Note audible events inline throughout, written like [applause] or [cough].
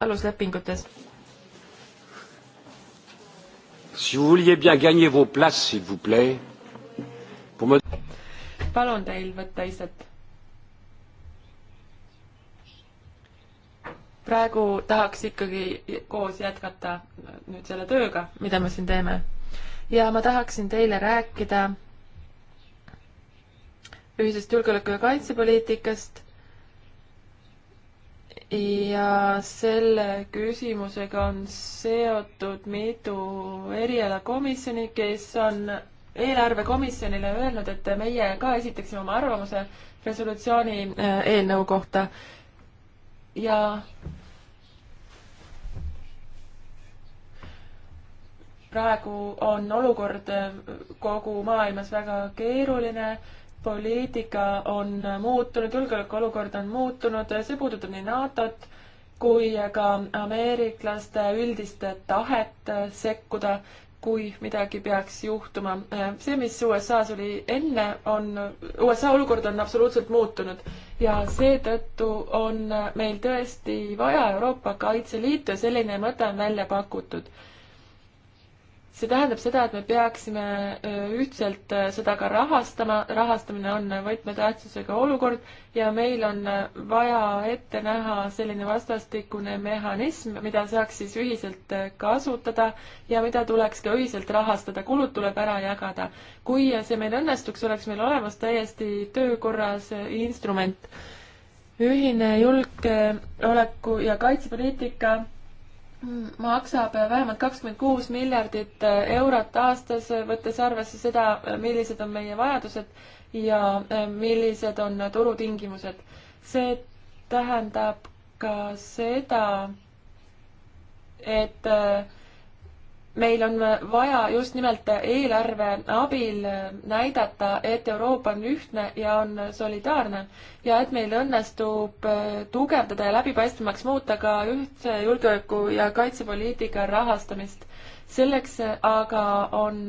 aluslepingutes. Si vous vouliez bien gagner vos places, s'il vous plaît. Pour me... Palun teil võtta istet. praegu tahaks ikkagi koos jätkata nüüd selle tööga, mida me siin teeme. ja ma tahaksin teile rääkida ühisest julgeoleku- ja kaitsepoliitikast ja selle küsimusega on seotud mitu erialakomisjoni, kes on eelarvekomisjonile öelnud, et meie ka esitaksime oma arvamuse resolutsiooni äh, eelnõu kohta ja praegu on olukord kogu maailmas väga keeruline poliitika on muutunud, julgeolekuolukord on muutunud, see puudutab nii NATO-t kui ka ameeriklaste üldist tahet sekkuda, kui midagi peaks juhtuma. see, mis USA-s oli enne, on, USA olukord on absoluutselt muutunud ja seetõttu on meil tõesti vaja Euroopa Kaitseliitu ja selline mõte on välja pakutud see tähendab seda, et me peaksime äh, ühtselt äh, seda ka rahastama, rahastamine on võtmetähtsusega olukord ja meil on äh, vaja ette näha selline vastastikune mehhanism, mida saaks siis ühiselt kasutada ja mida tuleks ka ühiselt rahastada, kulud tuleb ära jagada. kui see meil õnnestuks, oleks meil olemas täiesti töökorras instrument. ühine julgeoleku ja kaitsepoliitika maksab vähemalt kakskümmend kuus miljardit eurot aastas, võttes arvesse seda, millised on meie vajadused ja eh, millised on turutingimused. see tähendab ka seda, et äh, meil on vaja just nimelt eelarve abil näidata, et Euroopa on ühtne ja on solidaarne ja et meil õnnestub tugevdada ja läbipaistvamaks muuta ka ühtse julgeoleku- ja kaitsepoliitika rahastamist. selleks aga on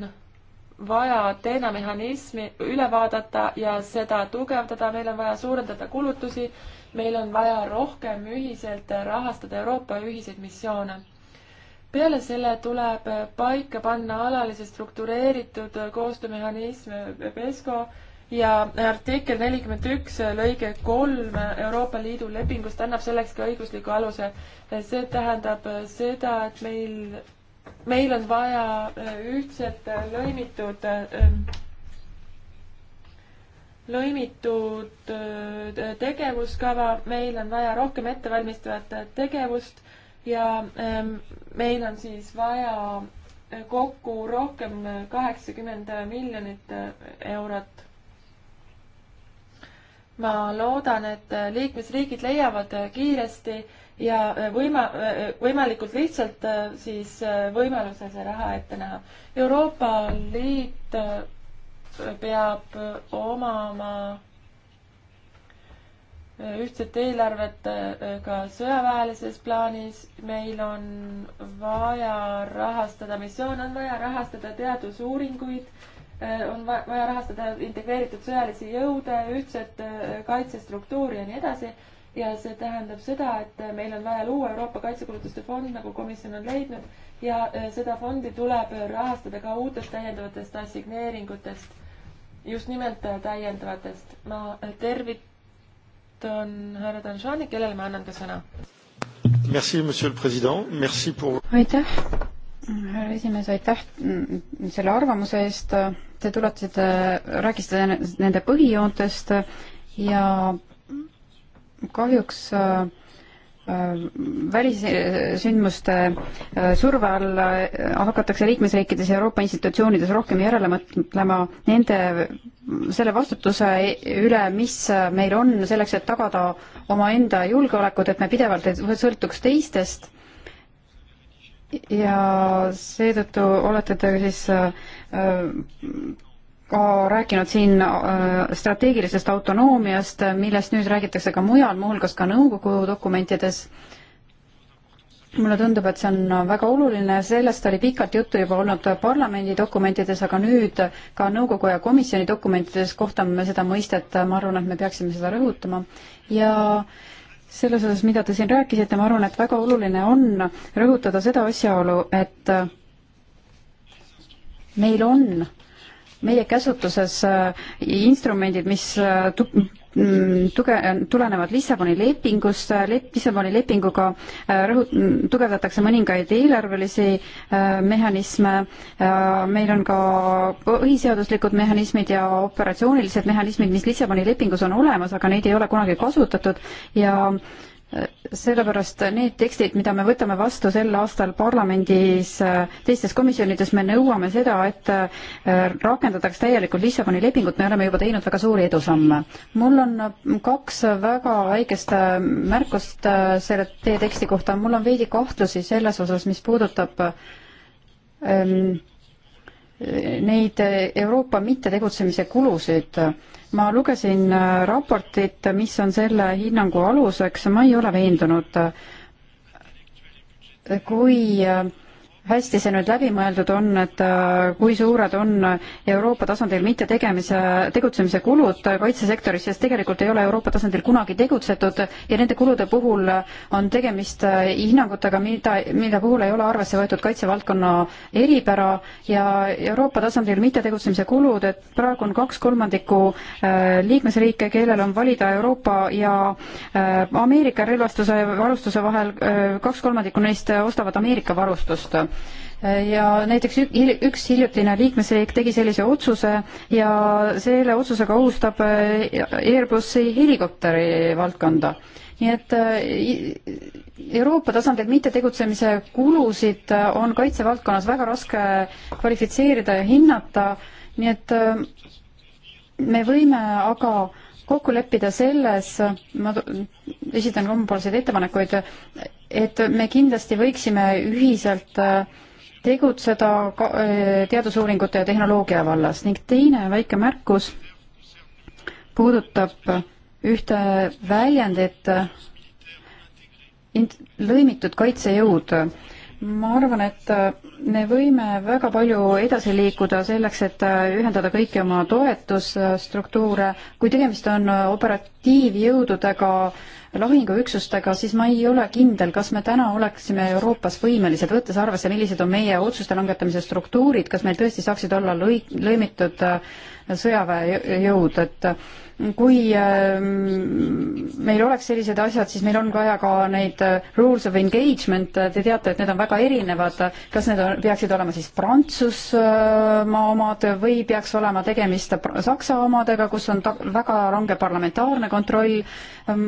vaja teenamehhanismi üle vaadata ja seda tugevdada, meil on vaja suurendada kulutusi, meil on vaja rohkem ühiselt rahastada Euroopa ühiseid missioone peale selle tuleb paika panna alalise struktureeritud koostöömehhanism PESCO ja artikkel nelikümmend üks lõige kolm Euroopa Liidu lepingust annab selleks ka õigusliku aluse. see tähendab seda, et meil, meil on vaja ühtset lõimitud lõimitud tegevuskava, meil on vaja rohkem ettevalmistavat tegevust ja ähm, meil on siis vaja äh, kokku rohkem äh, kaheksakümmend miljonit äh, eurot. ma loodan, et liikmesriigid leiavad kiiresti ja võima-, võimalikult lihtsalt siis võimaluse see raha ette näha. Euroopa Liit peab omama ühtset eelarvet äh, ka sõjaväelises plaanis, meil on vaja rahastada missioone, on vaja rahastada teadusuuringuid, äh, on vaja rahastada integreeritud sõjalisi jõude, ühtset äh, kaitsestruktuuri ja nii edasi. ja see tähendab seda, et meil on vaja luua Euroopa kaitsekulutuste fond, nagu komisjon on leidnud ja seda fondi tuleb rahastada ka uutest täiendavatest assigneeringutest just nimelt täiendavatest. ma tervit-, on härra Danšani, kellele ma annan ka sõna. Pour... aitäh, härra esimees, aitäh mm, selle arvamuse eest. Te tuletasite, rääkisite nende põhijoontest ja kahjuks äh, Äh, välissündmuste äh, surve all äh, hakatakse liikmesriikides ja Euroopa institutsioonides rohkem järele mõtlema nende, selle vastutuse üle, mis meil on selleks, et tagada omaenda julgeolekut, et me pidevalt ei sõltuks teistest. ja seetõttu olete te siis ka rääkinud siin äh, strateegilisest autonoomiast, millest nüüd räägitakse ka mujal, muuhulgas ka nõukogu dokumentides. mulle tundub, et see on väga oluline, sellest oli pikalt juttu juba olnud parlamendi dokumentides, aga nüüd ka nõukogu ja komisjoni dokumentides kohtame me seda mõistet, ma arvan, et me peaksime seda rõhutama ja selles osas, mida te siin rääkisite, ma arvan, et väga oluline on rõhutada seda asjaolu, et meil on meie käsutuses äh, instrumendid, mis äh, mm, tuge, tulenevad Lissaboni lepingust, äh, Lissaboni lepinguga rõhut-, tugevdatakse mõningaid eelarvelisi mehhanisme, meil on ka põhiseaduslikud mehhanismid ja operatsioonilised mehhanismid, mis Lissaboni lepingus on olemas, aga neid ei ole kunagi kasutatud ja äh, sellepärast need tekstid, mida me võtame vastu sel aastal parlamendis äh, teistes komisjonides, me nõuame seda, et äh, rakendataks täielikult Lissaboni lepingut, me oleme juba teinud väga suuri edusamme. mul on äh, kaks väga väikest märkust selle teie teksti kohta, mul on veidi kahtlusi selles osas, mis puudutab ähm, neid Euroopa mittetegutsemise kulusid äh, ma lugesin äh, raportit, mis on selle hinnangu aluseks, ma ei ole veendunud, kui äh, hästi see nüüd läbimõeldud on, et äh, kui suured on Euroopa tasandil mitte tegemise, tegutsemise kulud kaitsesektoris, sest tegelikult ei ole Euroopa tasandil kunagi tegutsetud ja nende kulude puhul on tegemist äh, hinnangutega, mida, mille puhul ei ole arvesse võetud kaitsevaldkonna eripära ja Euroopa tasandil mitte tegutsemise kulud, et praegu on kaks kolmandikku äh, liikmesriike, kellel on valida Euroopa ja Ameerika relvastuse, varustuse vahel, kaks kolmandikku neist ostavad Ameerika varustust ja näiteks üks hiljutine liikmesriik tegi sellise otsuse ja selle otsusega ohustab äh, Airbusi helikopteri valdkonda. nii et äh, Euroopa tasandil mittetegutsemise kulusid äh, on kaitsevaldkonnas väga raske kvalifitseerida ja hinnata, nii et me võime aga kokku leppida selles, ma esitan ka omapoolseid ettepanekuid, et me kindlasti võiksime ühiselt äh, tegutseda ka, äh, teadusuuringute ja tehnoloogia vallas ning teine väike märkus puudutab ühte väljendit, äh, lõimitud kaitsejõud ma arvan, et äh, me võime väga palju edasi liikuda selleks, et äh, ühendada kõiki oma toetusstruktuure. kui tegemist on äh, operatiivjõududega, lahinguüksustega, siis ma ei ole kindel, kas me täna oleksime Euroopas võimelised, võttes arvesse, millised on meie otsuste langetamise struktuurid, kas meil tõesti saaksid olla lõi-, lõimitud äh, sõjaväejõud, et kui ähm, meil oleks sellised asjad, siis meil on vaja ka neid äh, rules of engagement, te teate, et need on väga erinevad, kas need on, peaksid olema siis Prantsusmaa omad või peaks olema tegemist Saksa omadega, kus on ta, väga range parlamentaarne kontroll, ähm,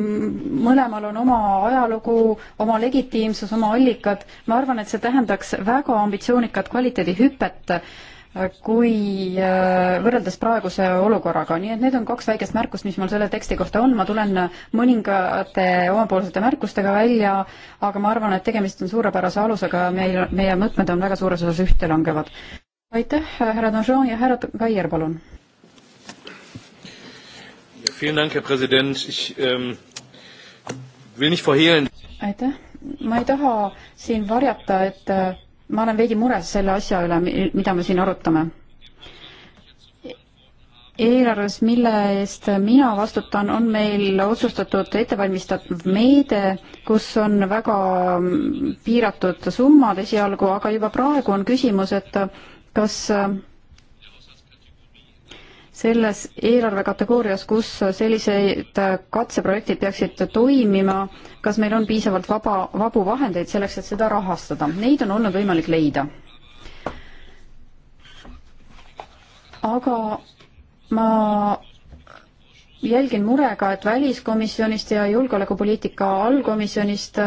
mõlemal on oma ajalugu, oma legitiimsus, oma allikad, ma arvan, et see tähendaks väga ambitsioonikat kvaliteedihüpet kui äh, võrreldes praeguse olukorraga, nii et need on kaks väikest märkust, mis mul selle teksti kohta on, ma tulen mõningate omapoolsete märkustega välja, aga ma arvan, et tegemist on suurepärase alusega ja meil, meie mõtmed on väga suures osas ühte langevad. aitäh, härra Donjon ja härra Kaier, palun. Ähm, aitäh, ma ei taha siin varjata, et äh, ma olen veidi mures selle asja üle, mida me siin arutame. eelarves, mille eest mina vastutan, on meil otsustatud ettevalmistatud meede, kus on väga piiratud summad esialgu, aga juba praegu on küsimus, et kas äh, selles eelarvekategoorias, kus sellised katseprojektid peaksid toimima, kas meil on piisavalt vaba, vabu vahendeid selleks, et seda rahastada? Neid on olnud võimalik leida. aga ma jälgin murega, et väliskomisjonist ja julgeolekupoliitika allkomisjonist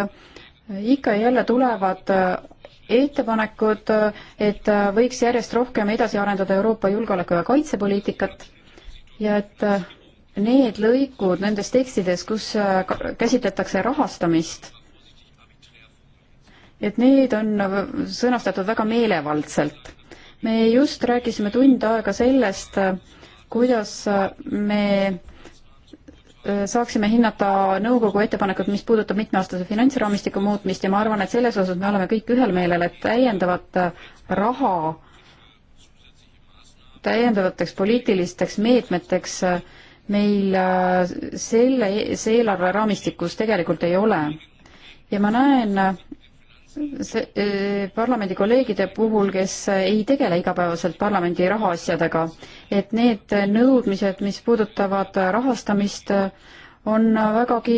ikka ja jälle tulevad ettepanekud, et võiks järjest rohkem edasi arendada Euroopa julgeoleku- ja kaitsepoliitikat ja et need lõikud nendes tekstides, kus käsitletakse rahastamist, et need on sõnastatud väga meelevaldselt. me just rääkisime tund aega sellest, kuidas me saaksime hinnata nõukogu ettepanekut, mis puudutab mitmeaastase finantsraamistiku muutmist ja ma arvan, et selles osas me oleme kõik ühel meelel, et täiendavat raha täiendavateks poliitilisteks meetmeteks meil selles eelarveraamistikus tegelikult ei ole. ja ma näen, see äh, parlamendi kolleegide puhul, kes äh, ei tegele igapäevaselt parlamendi rahaasjadega, et need äh, nõudmised, mis puudutavad rahastamist, on vägagi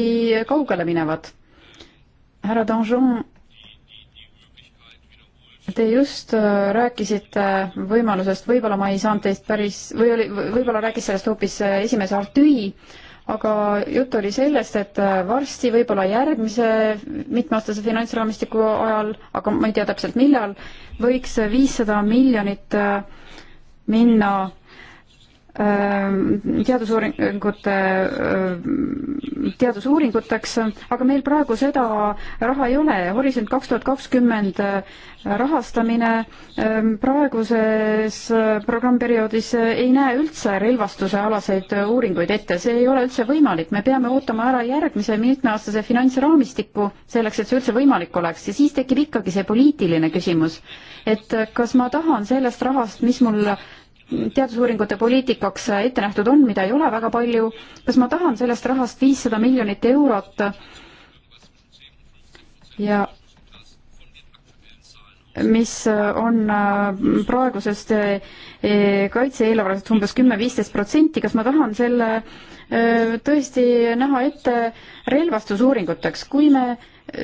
kaugele minevad. härra Danjon, te just rääkisite võimalusest, võib-olla ma ei saanud teist päris või oli, võib-olla rääkis sellest hoopis esimees Artüi, aga jutt oli sellest, et äh, varsti, võib-olla järgmise mitmeaastase finantsraamistiku ajal, aga ma ei tea täpselt, millal, võiks viissada miljonit äh, minna Äh, teadusuuringute, äh, teadusuuringuteks, aga meil praegu seda raha ei ole. Horisont kaks tuhat kakskümmend äh, rahastamine praeguses programmperioodis ei näe üldse relvastuse alaseid uuringuid ette, see ei ole üldse võimalik. me peame ootama ära järgmise mitmeaastase finantsraamistiku selleks, et see üldse võimalik oleks ja siis tekib ikkagi see poliitiline küsimus, et kas ma tahan sellest rahast, mis mul teadusuuringute poliitikaks ette nähtud on, mida ei ole väga palju, kas ma tahan sellest rahast viissada miljonit eurot ja mis on äh, praegusest äh, kaitse-eelarvest umbes kümme-viisteist protsenti, kas ma tahan selle äh, tõesti näha ette relvastusuuringuteks, kui me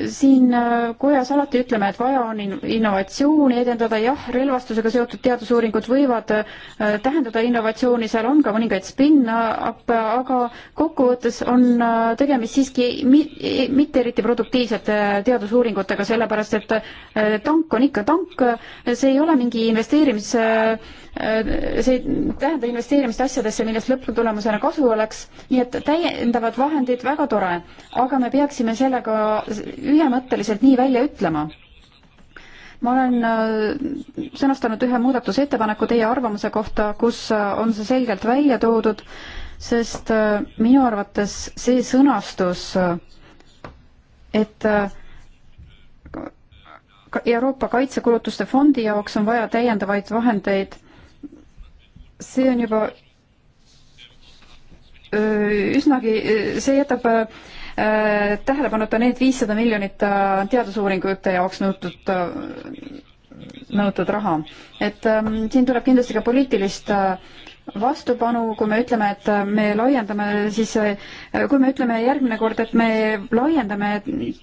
siin äh, kojas alati ütleme, et vaja on innovatsiooni edendada, jah, relvastusega seotud teadusuuringud võivad äh, tähendada innovatsiooni, seal on ka mõningaid spin-up'e, aga kokkuvõttes on äh, tegemist siiski mitte eriti produktiivsete teadusuuringutega, sellepärast et tank on ikka tank, see ei ole mingi investeerimise Äh, see ei tähenda investeerimist asjadesse, millest lõpptulemusena kasu oleks, nii et täiendavad vahendid, väga tore, aga me peaksime sellega ühemõtteliselt nii välja ütlema ma olen äh, sõnastanud ühe muudatusettepaneku teie arvamuse kohta, kus äh, on see selgelt välja toodud, sest minu arvates see sõnastus, et Euroopa Kaitsekulutuste Fondi jaoks on vaja täiendavaid vahendeid see on juba üsnagi, see jätab tähelepanuta need viissada miljonit äh, teadusuuringute jaoks nõutud, äh, nõutud raha. et ähm, siin tuleb kindlasti ka poliitilist äh, vastupanu, kui me ütleme, et me laiendame, siis kui me ütleme järgmine kord, et me laiendame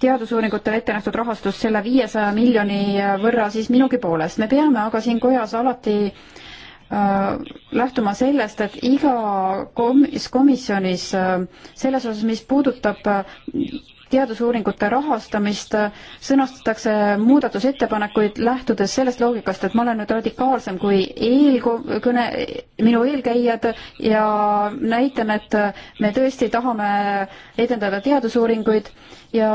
teadusuuringutele ette nähtud rahastust selle viiesaja miljoni võrra, siis minugi poolest. me peame aga siin kojas alati äh, Äh, lähtuma sellest, et iga komis-, komisjonis äh, selles osas, mis puudutab äh, teadusuuringute rahastamist sõnastatakse muudatusettepanekuid lähtudes sellest loogikast, et ma olen nüüd radikaalsem kui eelkõne, minu eelkäijad ja näitan, et me tõesti tahame edendada teadusuuringuid ja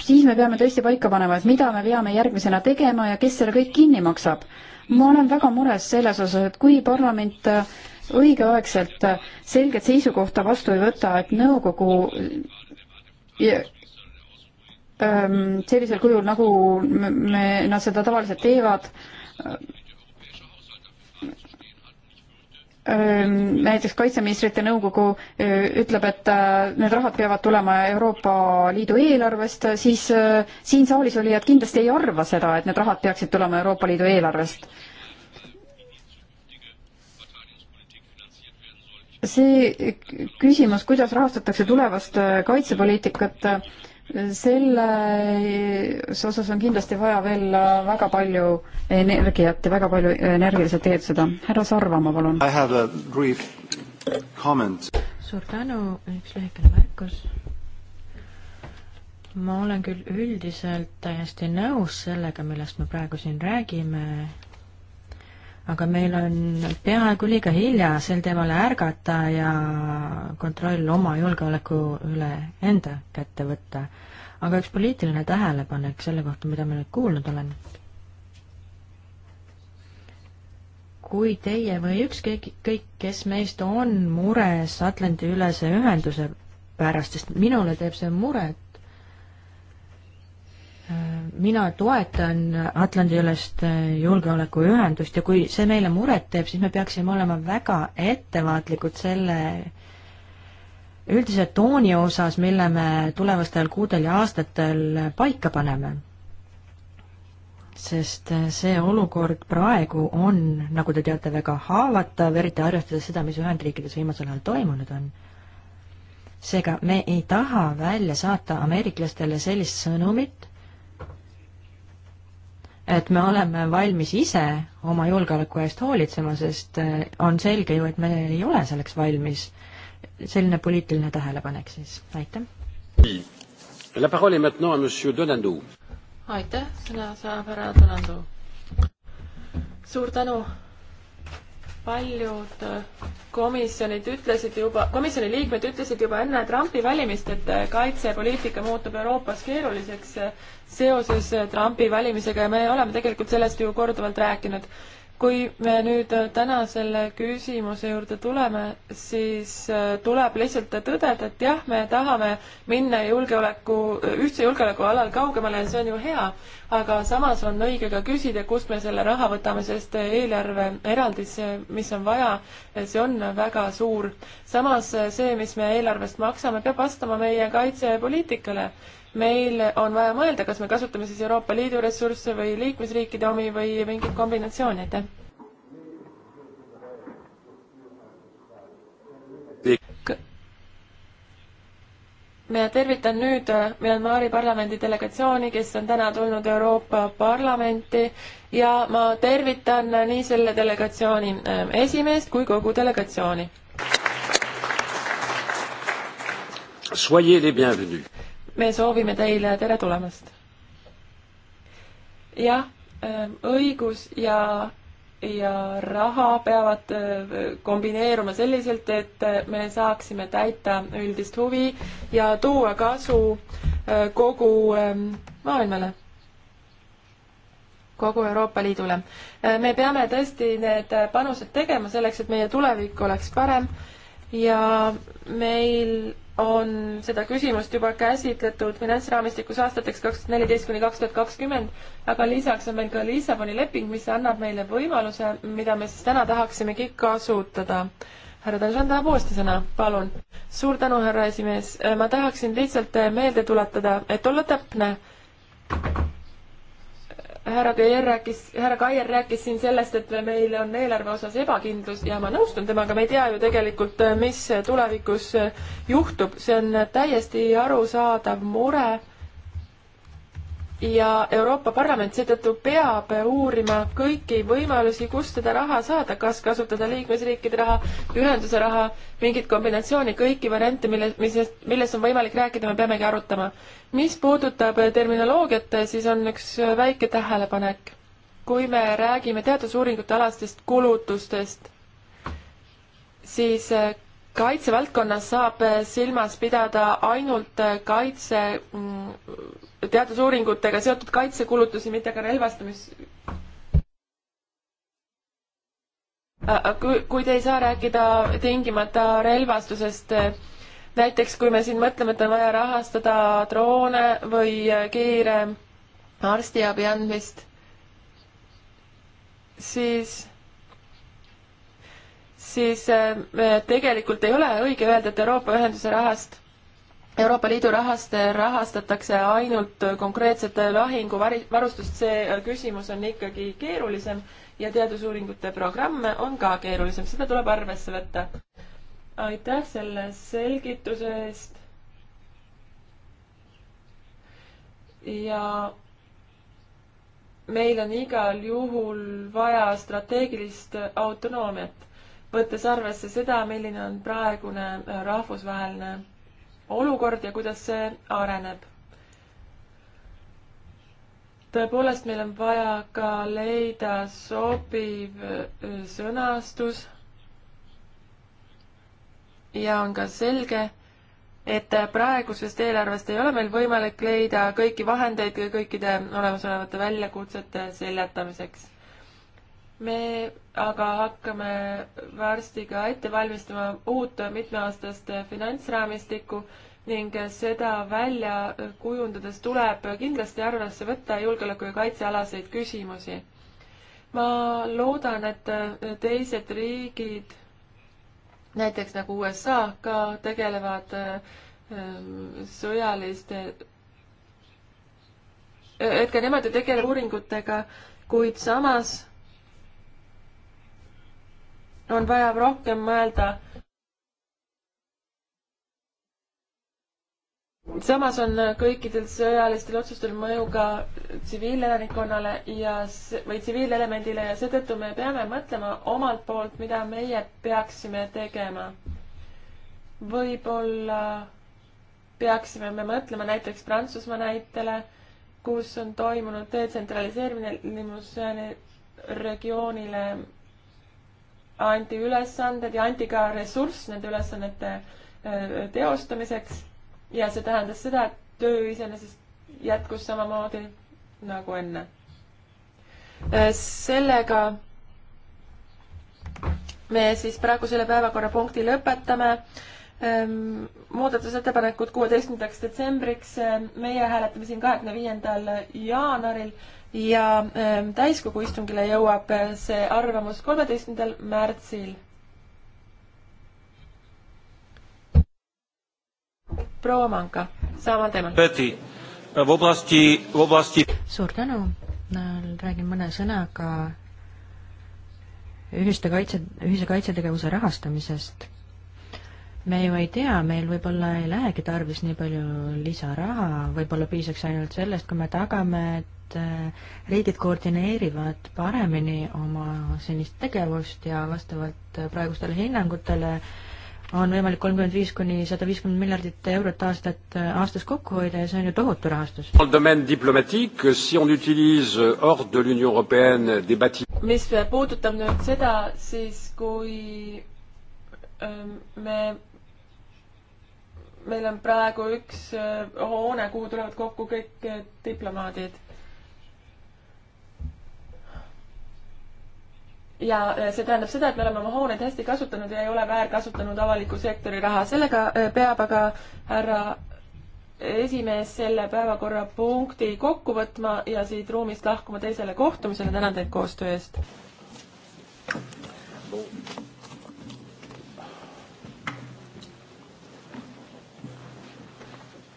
siis me peame tõesti paika panema, et mida me peame järgmisena tegema ja kes selle kõik kinni maksab ma olen väga mures selles osas, et kui parlament õigeaegselt selget seisukohta vastu ei võta, et nõukogu ja, ähm, sellisel kujul, nagu me, me, nad seda tavaliselt teevad ähm,, näiteks kaitseministrite nõukogu äh, ütleb, et äh, need rahad peavad tulema Euroopa Liidu eelarvest, siis äh, siin saalis olijad kindlasti ei arva seda, et need rahad peaksid tulema Euroopa Liidu eelarvest see küsimus, kuidas rahastatakse tulevast äh, kaitsepoliitikat, äh, selles äh, osas on kindlasti vaja veel väga palju energiat ja väga palju energiliselt tegutseda. härra Sarvamaa, palun. suur tänu, üks lühikene märkus. ma olen küll üldiselt täiesti nõus sellega, millest me praegu siin räägime aga meil on peaaegu liiga hilja sel teemal ärgata ja kontroll oma julgeoleku üle enda kätte võtta. aga üks poliitiline tähelepanek selle kohta, mida ma nüüd kuulnud olen. kui teie või ükskõik, kõik, kes meist on mures Atlandi-ülese ühenduse pärast, sest minule teeb see muret, mina toetan Atlandi-ülest eh, julgeolekuühendust ja kui see meile muret teeb, siis me peaksime olema väga ettevaatlikud selle üldise tooni osas, mille me tulevastel kuudel ja aastatel paika paneme. sest eh, see olukord praegu on, nagu te teate, väga haavatav, eriti arvestades seda, mis Ühendriikides viimasel ajal toimunud on seega me ei taha välja saata ameeriklastele sellist sõnumit, et me oleme valmis ise oma julgeoleku eest hoolitsema, sest äh, on selge ju, et me ei ole selleks valmis. selline poliitiline tähelepanek siis, aitäh. aitäh, sõna saab härra Donando. suur tänu paljud äh, komisjonid ütlesid juba, komisjoni liikmed ütlesid juba enne Trumpi valimist, et äh, kaitsepoliitika muutub Euroopas keeruliseks äh, seoses Trumpi valimisega ja me oleme tegelikult sellest ju korduvalt rääkinud kui me nüüd täna selle küsimuse juurde tuleme, siis äh, tuleb lihtsalt tõdeda, et jah, me tahame minna julgeoleku, ühtse julgeoleku alal kaugemale ja see on ju hea, aga samas on õige ka küsida, kust me selle raha võtame, sest eelarve eraldis, äh, mis on vaja, äh, see on väga suur. samas see, mis me eelarvest maksame, peab vastama meie kaitsepoliitikale meil on vaja mõelda, kas me kasutame siis Euroopa Liidu ressursse või liikmesriikide omi või mingit kombinatsiooni, aitäh. ma tervitan nüüd äh, Myanmari parlamendi delegatsiooni, kes on täna tulnud Euroopa Parlamenti ja ma tervitan äh, nii selle delegatsiooni äh, esimeest kui kogu delegatsiooni. Soyez les bienvenus me soovime teile tere tulemast. jah, ähm, õigus ja, ja raha peavad äh, kombineeruma selliselt, et äh, me saaksime täita üldist huvi ja tuua kasu äh, kogu ähm, maailmale kogu Euroopa Liidule. me peame tõesti need panused tegema selleks, et meie tulevik oleks parem ja meil on seda küsimust juba käsitletud finantsraamistikus aastateks kaks tuhat neliteist kuni kaks tuhat kakskümmend, aga lisaks on meil ka Lissaboni leping, mis annab meile võimaluse, mida me siis täna tahaksimegi kasutada. härra Danšan tahab uuesti sõna, palun. suur tänu, härra esimees, ma tahaksin lihtsalt meelde tuletada, et olla täpne härra Gaier rääkis, härra Gaier rääkis siin sellest, et meil on eelarve osas ebakindlus ja ma nõustun temaga, me ei tea ju tegelikult, mis tulevikus juhtub, see on täiesti arusaadav mure ja Euroopa Parlament seetõttu peab uurima kõiki võimalusi, kust seda raha saada, kas kasutada liikmesriikide raha, ühenduse raha, mingit kombinatsiooni, kõiki variante, mille, mis, millest on võimalik rääkida, me peamegi arutama. mis puudutab terminoloogiat, siis on üks väike tähelepanek. kui me räägime teadusuuringute alastest kulutustest, siis kaitsevaldkonnas saab silmas pidada ainult kaitse teadusuuringutega seotud kaitsekulutusi, mitte ka relvastamis. kui, kui te ei saa rääkida tingimata relvastusest, näiteks kui me siin mõtleme, et on vaja rahastada droone või kiire arstiabi andmist, siis siis eh, tegelikult ei ole õige öelda, et Euroopa ühenduse rahast Euroopa Liidu rahast rahastatakse ainult konkreetset lahinguvarustust, see äh, küsimus on ikkagi keerulisem ja teadusuuringute programm on ka keerulisem, seda tuleb arvesse võtta. aitäh selle selgituse eest. ja meil on igal juhul vaja strateegilist autonoomiat, võttes arvesse seda, milline on praegune äh, rahvusvaheline olukord ja kuidas see areneb. tõepoolest, meil on vaja ka leida sobiv sõnastus. ja on ka selge, et praegusest eelarvest ei ole meil võimalik leida kõiki vahendeid kõikide olemasolevate väljakutsete seljatamiseks me aga hakkame varsti ka ette valmistama uut mitmeaastast finantsraamistikku ning seda välja kujundades tuleb kindlasti arvesse võtta julgeoleku ja kaitsealaseid küsimusi. ma loodan, et teised riigid, näiteks nagu USA, ka tegelevad ähm, sõjaliste, et ka nemad ju tegelevad uuringutega, kuid samas on vaja rohkem mõelda. samas on kõikidel sõjalistel otsustel mõju ka tsiviilelanikkonnale ja, või tsiviilelemendile ja seetõttu me peame mõtlema omalt poolt, mida meie peaksime tegema. võib-olla peaksime me mõtlema näiteks Prantsusmaa näitele, kus on toimunud detsentraliseerimine Limousine'i regioonile anti ülesanded ja anti ka ressurss nende ülesannete teostamiseks. ja see tähendas seda, et töö iseenesest jätkus samamoodi nagu enne. sellega me siis praegu selle päevakorrapunkti lõpetame muudatusettepanekud kuueteistkümnendaks detsembriks, meie hääletame siin kahekümne viiendal jaanuaril ja ähm, täiskogu istungile jõuab äh, see arvamus kolmeteistkümnendal märtsil. proua Manka, samal teemal. Äh, v oblasti, v oblasti. suur tänu, räägin mõne sõnaga ühiste kaitse, ühise kaitsetegevuse rahastamisest me ju ei tea, meil võib-olla ei lähegi tarvis nii palju lisaraha, võib-olla piisaks ainult sellest, kui me tagame, et Äh, riigid koordineerivad paremini oma senist tegevust ja vastavalt äh, praegustele hinnangutele on võimalik kolmkümmend viis kuni sada viiskümmend miljardit eurot aastat, äh, aastas kokku hoida ja see on ju tohutu rahastus. mis puudutab nüüd seda, siis kui ähm, me, meil on praegu üks hoone, kuhu tulevad kokku kõik diplomaadid ja see tähendab seda, et me oleme oma hooneid hästi kasutanud ja ei ole väärkasutanud avaliku sektori raha. sellega äh, peab aga härra esimees selle päevakorrapunkti kokku võtma ja siit ruumist lahkuma teisele kohtumisele. tänan teid koostöö eest.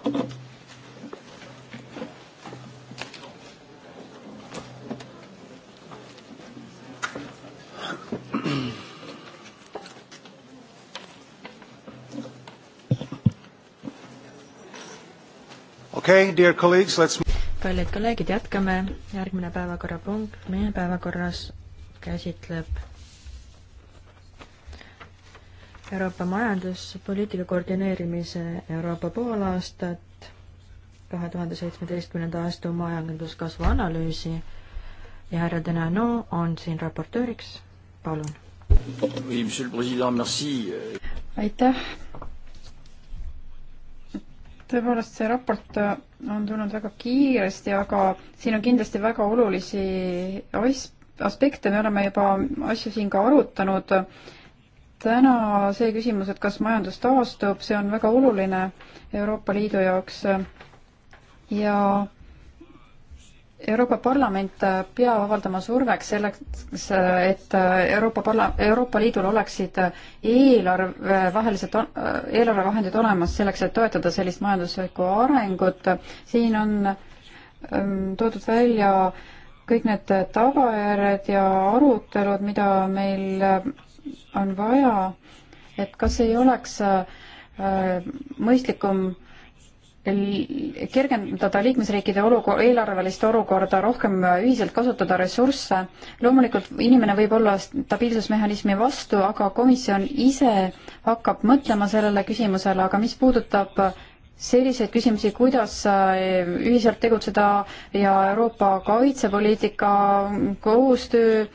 Thank you. [clears throat] Okay, dear colleagues, let's kallid kolleegid, jätkame, järgmine päevakorrapunkt meie päevakorras käsitleb Euroopa majanduspoliitika koordineerimise Euroopa poolaastat, kahe tuhande seitsmeteistkümnenda aasta majanduskasvu analüüsi ja härra Denano on siin raportööriks palun. aitäh. tõepoolest, see raport on tulnud väga kiiresti, aga siin on kindlasti väga olulisi as-, aspekte, me oleme juba asju siin ka arutanud. täna see küsimus, et kas majandus taastub, see on väga oluline Euroopa Liidu jaoks ja Euroopa Parlament peab avaldama surveks selleks, et Euroopa parla-, Euroopa Liidul oleksid eelarvevahelised, eelarvevahendid olemas selleks, et toetada sellist majanduslikku arengut. siin on ähm, toodud välja kõik need tagajärjed ja arutelud, mida meil on vaja, et kas ei oleks äh, mõistlikum kergendada liikmesriikide olukorra, eelarvelist olukorda, rohkem ühiselt kasutada ressursse. loomulikult inimene võib olla stabiilsusmehhanismi vastu, aga komisjon ise hakkab mõtlema sellele küsimusele, aga mis puudutab selliseid küsimusi, kuidas eh, ühiselt tegutseda ja Euroopa kaitsepoliitika koostöö,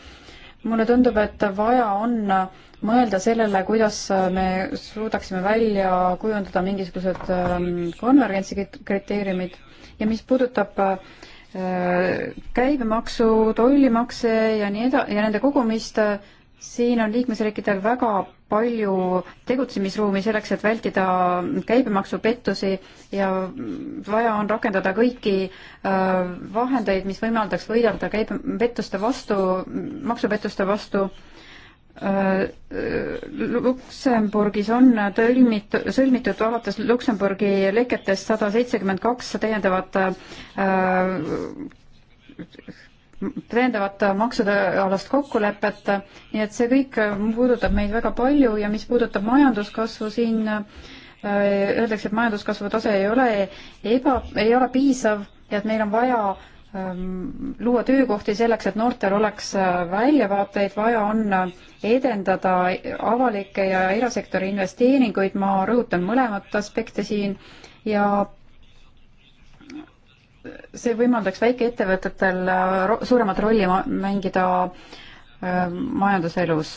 mulle tundub, et vaja on äh, mõelda sellele, kuidas me suudaksime välja kujundada mingisugused ähm, konvergentsi kriteeriumid ja mis puudutab äh, käibemaksu, tollimakse ja nii eda-, ja nende kogumist, äh, siin on liikmesriikidel väga palju tegutsemisruumi selleks, et vältida käibemaksupettusi ja vaja on rakendada kõiki äh, vahendeid, mis võimaldaks võidelda käibe-, pettuste vastu, maksupettuste vastu äh, Äh, äh, Luksemburgis on tõlmit-, sõlmitud alates Luksemburgi leketest sada seitsekümmend kaks täiendavat äh, täiendavat maksude alast kokkulepet, nii et see kõik puudutab meid väga palju ja mis puudutab majanduskasvu siin, öeldakse, et majanduskasvu tase ei ole eba, ei ole piisav ja et meil on vaja äh, Ehm, luua töökohti selleks, et noortel oleks äh, väljavaateid, vaja on äh, edendada avalikke ja erasektori investeeringuid, ma rõhutan mõlemat aspekti siin ja see võimaldaks väikeettevõtetel äh, ro suuremat rolli mängida majanduselus.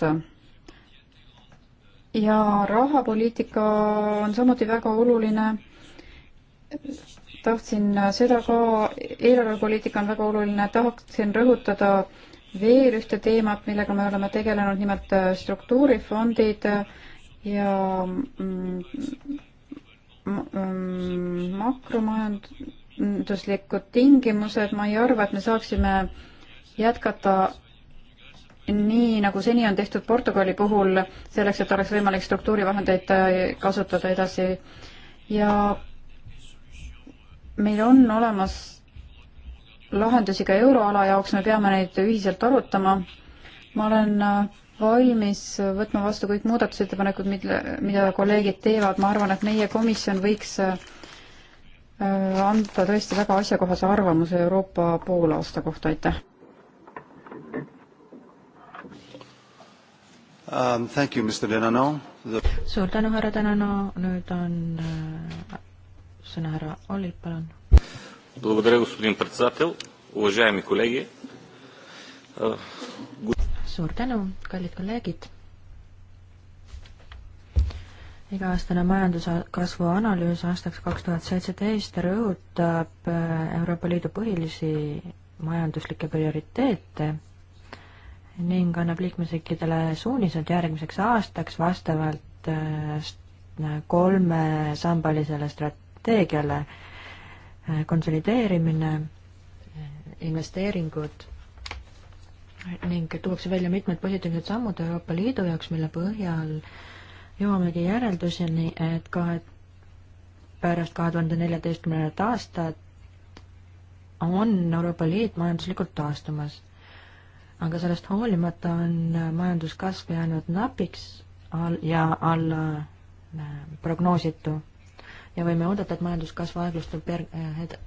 ja rahapoliitika on samuti väga oluline tahtsin äh, seda ka, eelarvepoliitika on väga oluline, tahaksin rõhutada veel ühte teemat, millega me oleme tegelenud, nimelt äh, struktuurifondid ja mm, mm, mm, makromajanduslikud tingimused, ma ei arva, et me saaksime jätkata nii, nagu seni on tehtud Portugali puhul, selleks, et oleks võimalik struktuurivahendeid äh, kasutada edasi ja meil on olemas lahendusi ka euroala jaoks, me peame neid ühiselt arutama. ma olen äh, valmis võtma vastu kõik muudatusettepanekud, mille, mida kolleegid teevad, ma arvan, et meie komisjon võiks äh, anda tõesti väga asjakohase arvamuse Euroopa poolaasta kohta, aitäh um,. The... suur tänu, härra Tänano, nüüd on äh, sõna härra Olli, palun. suur tänu, kallid kolleegid. iga-aastane majanduskasvu analüüs aastaks kaks tuhat seitseteist rõhutab äh, Euroopa Liidu põhilisi majanduslikke prioriteete ning annab liikmesriikidele suunised järgmiseks aastaks vastavalt äh, kolmesambalisele strat-, strateegiale. konsolideerimine, investeeringud ning tuuakse välja mitmed positiivsed sammud Euroopa Liidu jaoks, mille põhjal jõuamegi järelduseni, et kahe, pärast kahe tuhande neljateistkümnendat aastat on Euroopa Liit majanduslikult taastumas. aga sellest hoolimata on majanduskasv jäänud napiks all ja alla äh, prognoositu ja võime oodata, et majanduskasv aeglustub järg-, eh,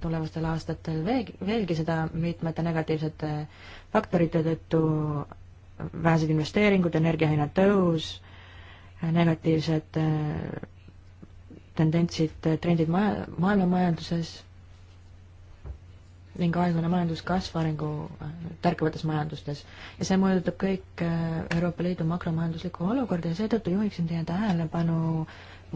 tulevastel aastatel veelgi, veelgi seda mitmete negatiivsete faktorite tõttu, vähesed investeeringud, energiahinna tõus, negatiivsed eh, tendentsid, eh, trendid maja, maailmamajanduses ning aeglane majanduskasv arengu tärkavates majandustes. ja see mõjutab kõik Euroopa Liidu makromajanduslikku olukorda ja seetõttu juhiksin teie tähelepanu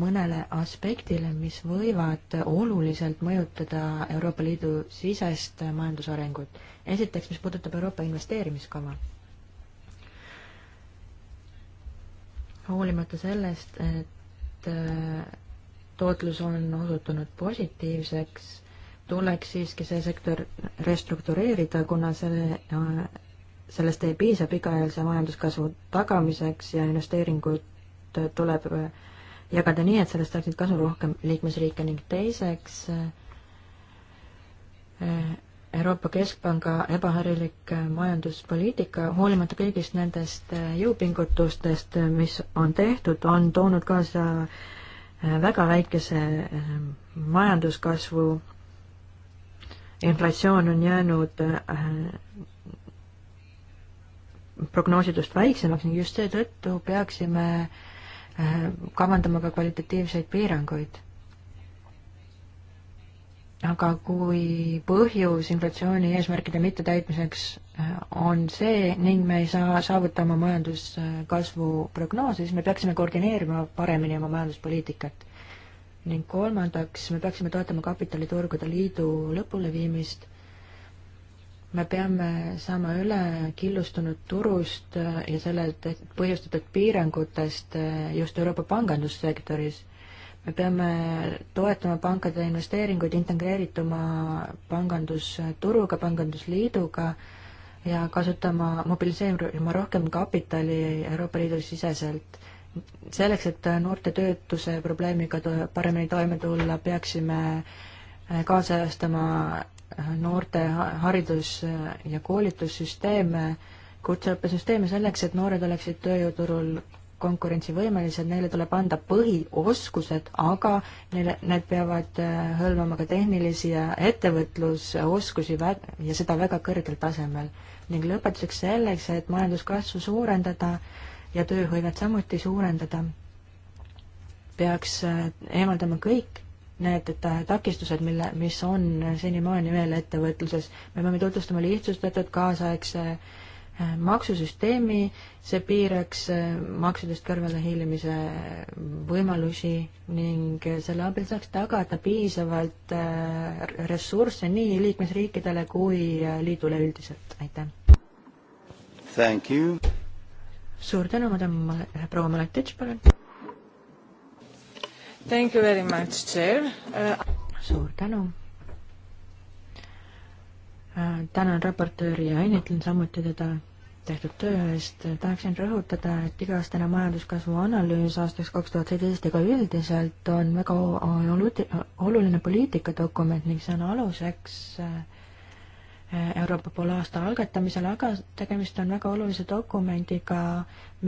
mõnele aspektile, mis võivad oluliselt mõjutada Euroopa Liidu sisest majandusarengut. esiteks, mis puudutab Euroopa investeerimiskava. hoolimata sellest, et äh, tootlus on osutunud positiivseks, tuleks siiski see sektor restruktureerida, kuna selle, äh, sellest ei piisa pikaajalise majanduskasvu tagamiseks ja investeeringud tuleb äh, jagada nii, et sellest saaksid kasu rohkem liikmesriike ning teiseks eh, Euroopa Keskpanga ebaharilik majanduspoliitika, hoolimata kõigist nendest eh, jõupingutustest, mis on tehtud, on toonud kaasa eh, väga väikese majanduskasvu, inflatsioon on jäänud prognoosidust väiksemaks ning just seetõttu peaksime äh, Äh, kavandama ka kvalitatiivseid piiranguid. aga kui põhjus inflatsiooni eesmärkide mittetäitmiseks äh, on see ning me ei saa saavuta oma majanduskasvu prognoose, siis me peaksime koordineerima paremini oma majanduspoliitikat. ning kolmandaks, me peaksime toetama kapitaliturgude liidu lõpuleviimist me peame saama üle killustunud turust ja selle põhjustatud piirangutest just Euroopa pangandussektoris. me peame toetama pankade investeeringuid, integreerituma pangandusturuga, pangandusliiduga ja kasutama, mobiliseerima rohkem kapitali Euroopa Liidu siseselt. selleks, et noorte töötuse probleemiga paremini toime tulla, peaksime kaasajastama noorte haridus- ja koolitussüsteeme, kutseõppesüsteeme selleks, et noored oleksid tööjõuturul konkurentsivõimelised, neile tuleb anda põhioskused, aga neile, need peavad äh, hõlmama ka tehnilisi ja ettevõtlusoskusi vä-, ja seda väga kõrgel tasemel. ning lõpetuseks selleks, et majanduskasvu suurendada ja tööhõivet samuti suurendada, peaks äh, eemaldama kõik need takistused, mille, mis on senimaani veel ettevõtluses. me peame tutvustama lihtsustatud kaasaegse äh, maksusüsteemi, see piiraks äh, maksudest kõrvalehiilimise äh, võimalusi ning selle abil saaks tagada piisavalt ressursse nii liikmesriikidele kui liidule üldiselt, aitäh. suur tänu, madam proua Maletitš, palun Thank you very much, Chair uh.... suur tänu. Uh, tänan raportööri ja õnnitlen samuti teda tehtud töö eest. tahaksin rõhutada, et iga-aastane majanduskasvu analüüs aastaks kaks tuhat seitseteist ja ka üldiselt on väga oluline poliitikadokument ning see on aluseks äh, Euroopa poolaasta algatamisel, aga tegemist on väga olulise dokumendiga,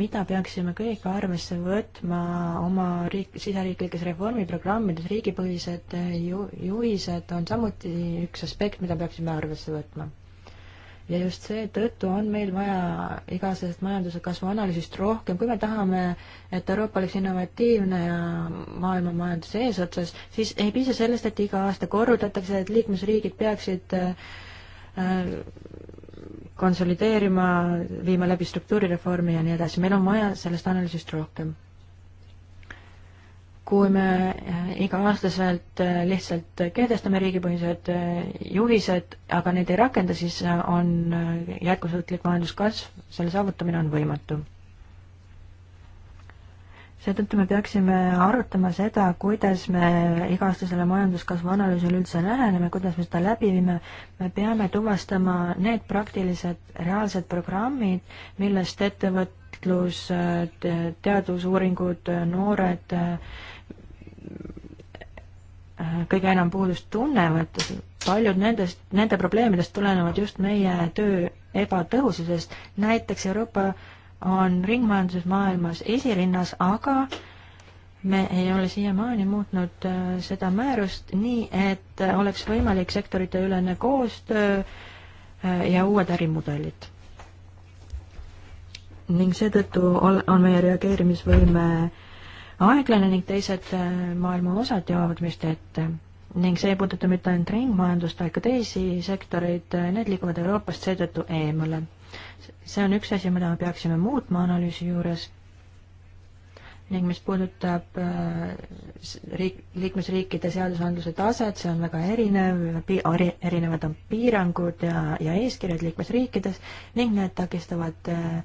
mida peaksime kõik arvesse võtma oma riik, siseriiklikes reformiprogrammides, riigipõhised ju-, juhised on samuti üks aspekt, mida peaksime arvesse võtma. ja just seetõttu on meil vaja igasugust majanduse kasvu analüüsist rohkem, kui me tahame, et Euroopa oleks innovatiivne ja maailma majanduse eesotsas, siis ei piisa sellest, et iga aasta korrutatakse, et liikmesriigid peaksid äh, Äh, konsolideerima, viima läbi struktuurireformi ja nii edasi, meil on vaja sellest analüüsist rohkem. kui me äh, iga-aastaselt äh, lihtsalt kehtestame riigipõhised juhised, aga neid ei rakenda, siis on jätkusuutlik majanduskasv, selle saavutamine on võimatu seetõttu me peaksime arutama seda, kuidas me iga-aastasele majanduskasvu analüüsile üldse läheneme, kuidas me seda läbi viime. me peame tuvastama need praktilised reaalsed programmid, millest ettevõtlus, teadusuuringud, noored kõige enam puudust tunnevad, paljud nendest, nende probleemidest tulenevad just meie töö ebatõhususest. näiteks Euroopa on ringmajanduses maailmas esirinnas, aga me ei ole siiamaani muutnud äh, seda määrust nii, et oleks võimalik sektoriteülene koostöö äh, ja uued ärimudelid. ning seetõttu on meie reageerimisvõime aeglane ning teised äh, maailma osad jõuavad meist ette. ning see ei puuduta mitte ainult ringmajandust, vaid ka teisi sektoreid, need liiguvad Euroopast seetõttu eemale see on üks asi, mida me peaksime muutma analüüsi juures ning mis puudutab äh, riik, liikmesriikide seadusandluse taset, see on väga erinev, erinevad on piirangud ja, ja eeskirjad liikmesriikides ning need takistavad äh,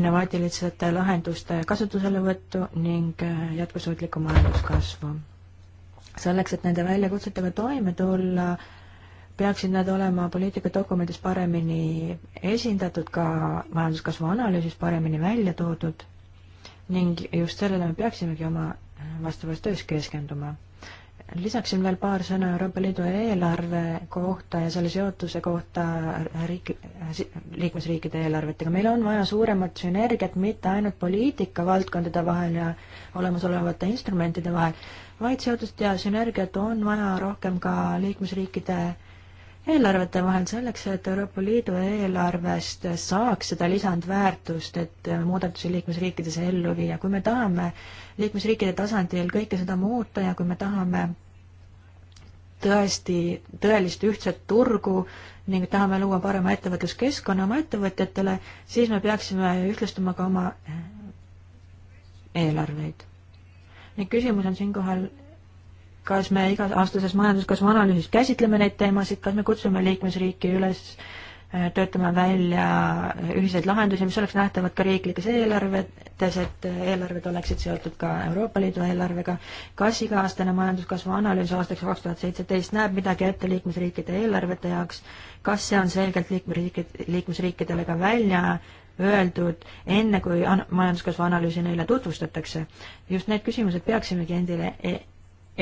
innovaatiliste lahenduste kasutuselevõttu ning äh, jätkusuutlikku majanduskasvu. selleks, et nende väljakutsetega toime tulla, peaksid nad olema poliitikadokumendis paremini esindatud, ka majanduskasvu analüüsis paremini välja toodud ning just sellele me peaksimegi oma vastavas töös keskenduma. lisaksin veel paar sõna Euroopa Liidu eelarve kohta ja selle seotuse kohta riik, liikmesriikide eelarvetega. meil on vaja suuremat sünergiat mitte ainult poliitikavaldkondade vahel ja olemasolevate instrumentide vahel, vaid seotust ja sünergiat on vaja rohkem ka liikmesriikide eelarvete vahel selleks, et Euroopa Liidu eelarvest saaks seda lisandväärtust, et muudatusi liikmesriikides ellu viia. kui me tahame liikmesriikide tasandil kõike seda muuta ja kui me tahame tõesti tõelist ühtset turgu ning tahame luua parema ettevõtluskeskkonna oma ettevõtjatele, siis me peaksime ühtlustama ka oma eelarveid. ning küsimus on siinkohal kas me iga-aastases majanduskasvu analüüsis käsitleme neid teemasid, kas me kutsume liikmesriiki üles äh, töötama välja äh, ühiseid lahendusi, mis oleks nähtavad ka riiklikes eelarvetes, et äh, eelarved oleksid seotud ka Euroopa Liidu eelarvega. kas iga-aastane majanduskasvu analüüs aastaks kaks tuhat seitseteist näeb midagi ette liikmesriikide eelarvete jaoks, kas see on selgelt liikmesriikid, liikmesriikidele ka välja öeldud, enne kui an-, majanduskasvu analüüsi neile tutvustatakse. just need küsimused peaksimegi endile e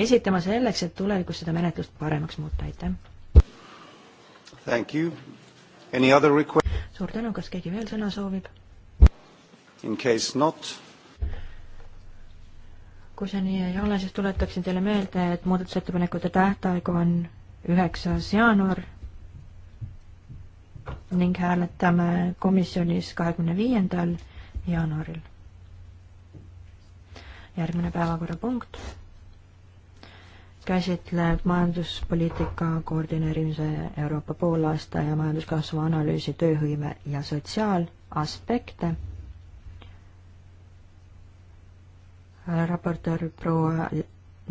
esitama selleks, et tulevikus seda menetlust paremaks muuta, aitäh! suur tänu, kas keegi veel sõna soovib? kui see nii ei ole, siis tuletaksin teile meelde, et muudatusettepanekute tähtaeg on üheksas jaanuar ning hääletame komisjonis kahekümne viiendal jaanuaril. järgmine päevakorrapunkt käsitleb majanduspoliitika koordineerimise Euroopa poolaasta ja majanduskasvu analüüsi tööhõive ja sotsiaalaspekte. raportöör proua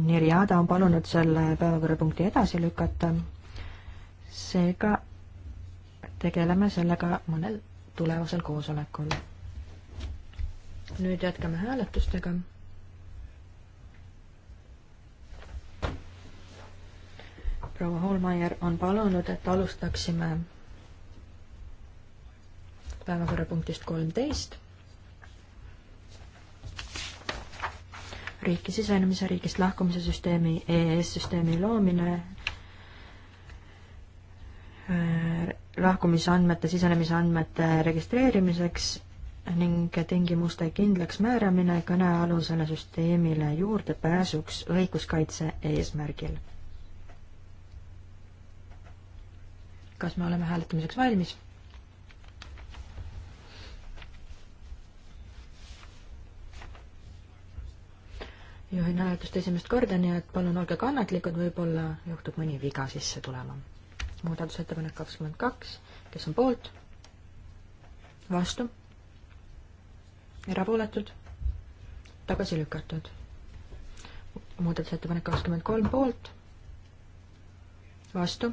Nirjada on palunud selle päevakorrapunkti edasi lükata. seega tegeleme sellega mõnel tulevasel koosolekul. nüüd jätkame hääletustega proua Holmeier on palunud, et alustaksime päevakorrapunktist kolmteist. riiki sisenemise, riigist lahkumise süsteemi, EES-süsteemi loomine, äh, lahkumisandmete, sisenemisandmete registreerimiseks ning tingimuste kindlaksmääramine kõnealusele süsteemile juurdepääsuks õiguskaitse eesmärgil kas me oleme hääletamiseks valmis? juhin hääletust esimest korda, nii et palun olge kannatlikud, võib-olla juhtub mõni viga sisse tulema. muudatusettepanek kakskümmend kaks, kes on poolt? vastu? erapooletud? tagasi lükatud. muudatusettepanek kakskümmend kolm poolt, vastu,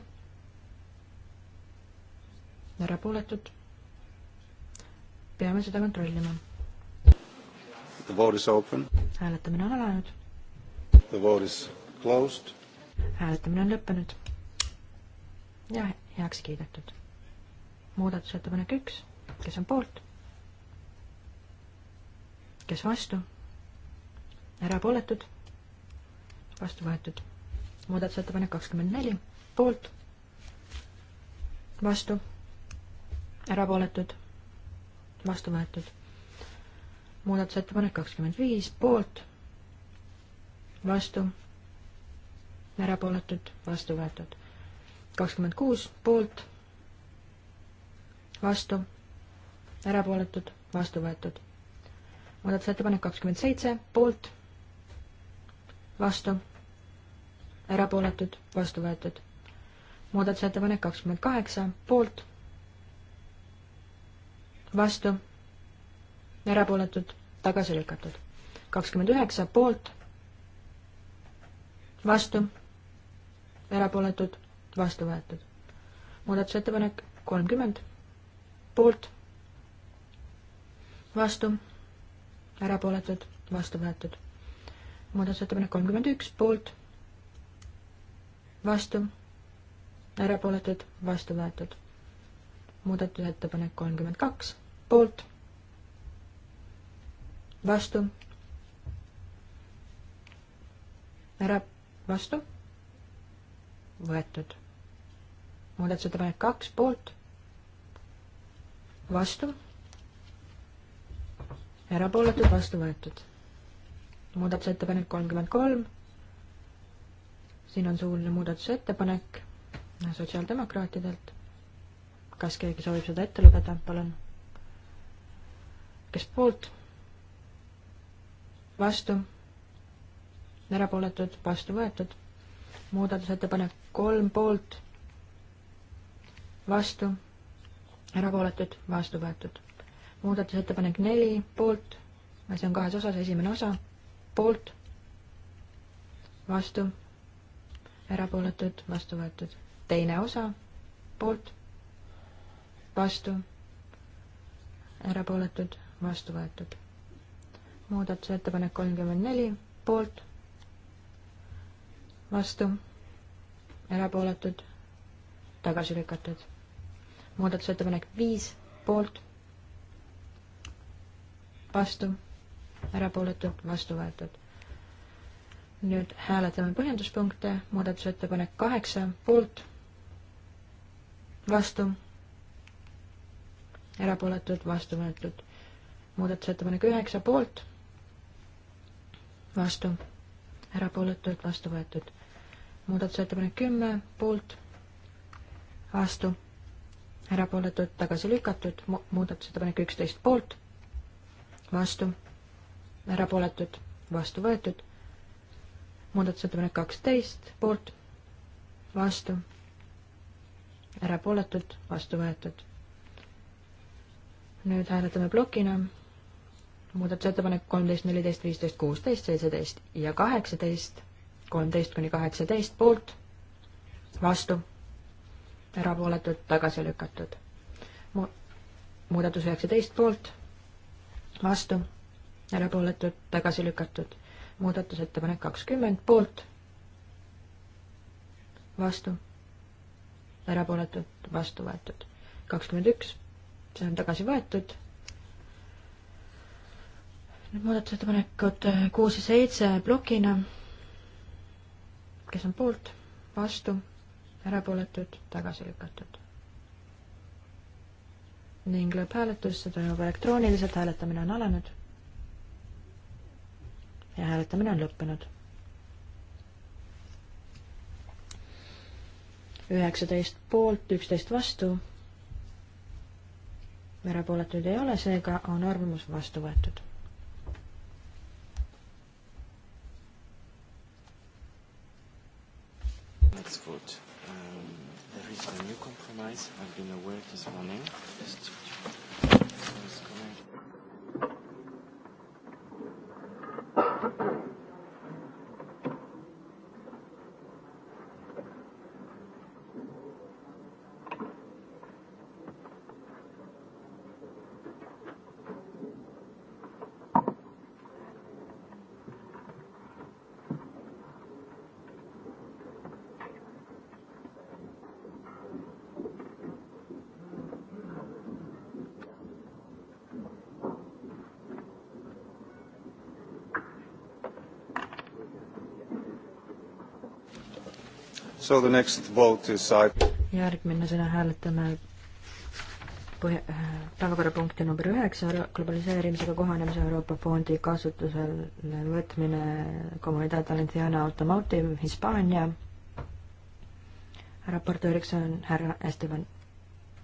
erapooletud. peame seda kontrollima. hääletamine on alanud. hääletamine on lõppenud ja heaks kiidetud. muudatusettepanek üks, kes on poolt? kes vastu? erapooletud? vastu võetud. muudatusettepanek kakskümmend neli, poolt? vastu? erapooletud, vastu võetud. muudatusettepanek kakskümmend viis, poolt, vastu, erapooletud, vastu võetud. kakskümmend kuus, poolt, vastu, erapooletud, vastu võetud. muudatusettepanek kakskümmend seitse, poolt, vastu, erapooletud, vastu võetud muudatusettepanek kakskümmend kaheksa, poolt vastu, erapooletud, tagasi lükatud. kakskümmend üheksa poolt, vastu, erapooletud, vastu võetud. muudatusettepanek kolmkümmend, poolt, vastu, erapooletud, vastu võetud. muudatusettepanek kolmkümmend üks, poolt, vastu, erapooletud, vastu võetud muudatusettepanek kolmkümmend kaks, poolt, vastu, ära, vastu, võetud. muudatusettepanek kaks, poolt, vastu, erapooletud, vastu võetud. muudatusettepanek kolmkümmend kolm, siin on suuline muudatusettepanek sotsiaaldemokraatidelt kas keegi soovib seda ette lugeda, palun? kes poolt? vastu? erapooletud, vastu võetud. muudatusettepanek kolm poolt, vastu, erapooletud, vastu võetud. muudatusettepanek neli poolt, see on kahes osas, esimene osa, poolt, vastu, erapooletud, vastu võetud. teine osa, poolt vastu, erapooletud, vastu võetud. muudatusettepanek kolmkümmend neli, poolt, vastu, erapooletud, tagasi lükatud. muudatusettepanek viis, poolt, vastu, erapooletu, vastu võetud. nüüd hääletame põhjenduspunkte, muudatusettepanek kaheksa, poolt, vastu erapooletud, vastu võetud. muudatusettepanek üheksa poolt, vastu, erapooletud, vastu võetud. muudatusettepanek kümme poolt, vastu, erapooletud, tagasi lükatud, muudatusettepanek üksteist poolt, vastu, erapooletud, vastu võetud. muudatusettepanek kaksteist poolt, vastu, erapooletud, vastu võetud nüüd hääletame plokina muudatusettepanek kolmteist, neliteist, viisteist, kuusteist, seitseteist ja kaheksateist, kolmteist kuni kaheksateist poolt, vastu, erapooletud, tagasi lükatud. Mu-, muudatus üheksateist poolt, vastu, erapooletud, tagasi lükatud. muudatusettepanek kakskümmend poolt, vastu, erapooletud, vastu võetud. kakskümmend üks see on tagasi võetud. nüüd muudatusettepanekud kuus ja seitse plokina. kes on poolt, vastu, erapooletud, tagasi lükatud. ning lõpphääletus, see toimub elektrooniliselt, hääletamine on alanud. ja hääletamine on lõppenud üheksateist poolt, üksteist vastu erapooletuid ei ole, seega on arvamus vastu võetud. Let's vote. Um, there is a new compromise I've been aware this morning. Just So the next vote is I... järgmisena hääletame põhi-, päevakorrapunkti number üheksa, globaliseerimisega kohanemise Euroopa Fondi kasutusele võtmine Comunidad Valenciana Automotive Hispaania. raportööriks on härra Esteban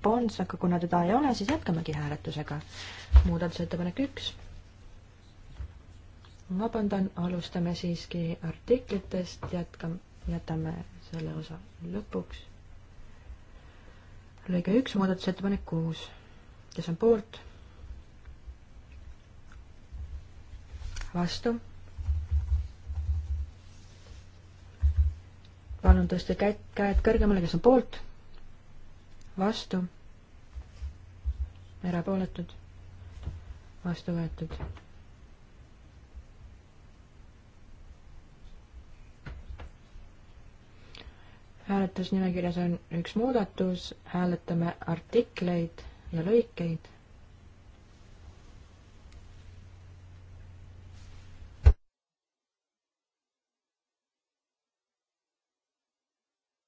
Pons, aga kuna teda ei ole, siis jätkamegi hääletusega. muudatusettepanek üks. vabandan, alustame siiski artiklitest, jätkame jätame selle osa lõpuks. lõige üks, muudatusettepanek kuus. kes on poolt? vastu? palun tõstke käed, käed kõrgemale, kes on poolt? vastu? erapooletud? vastu võetud? hääletusnimekirjas on üks muudatus, hääletame artikleid ja lõikeid.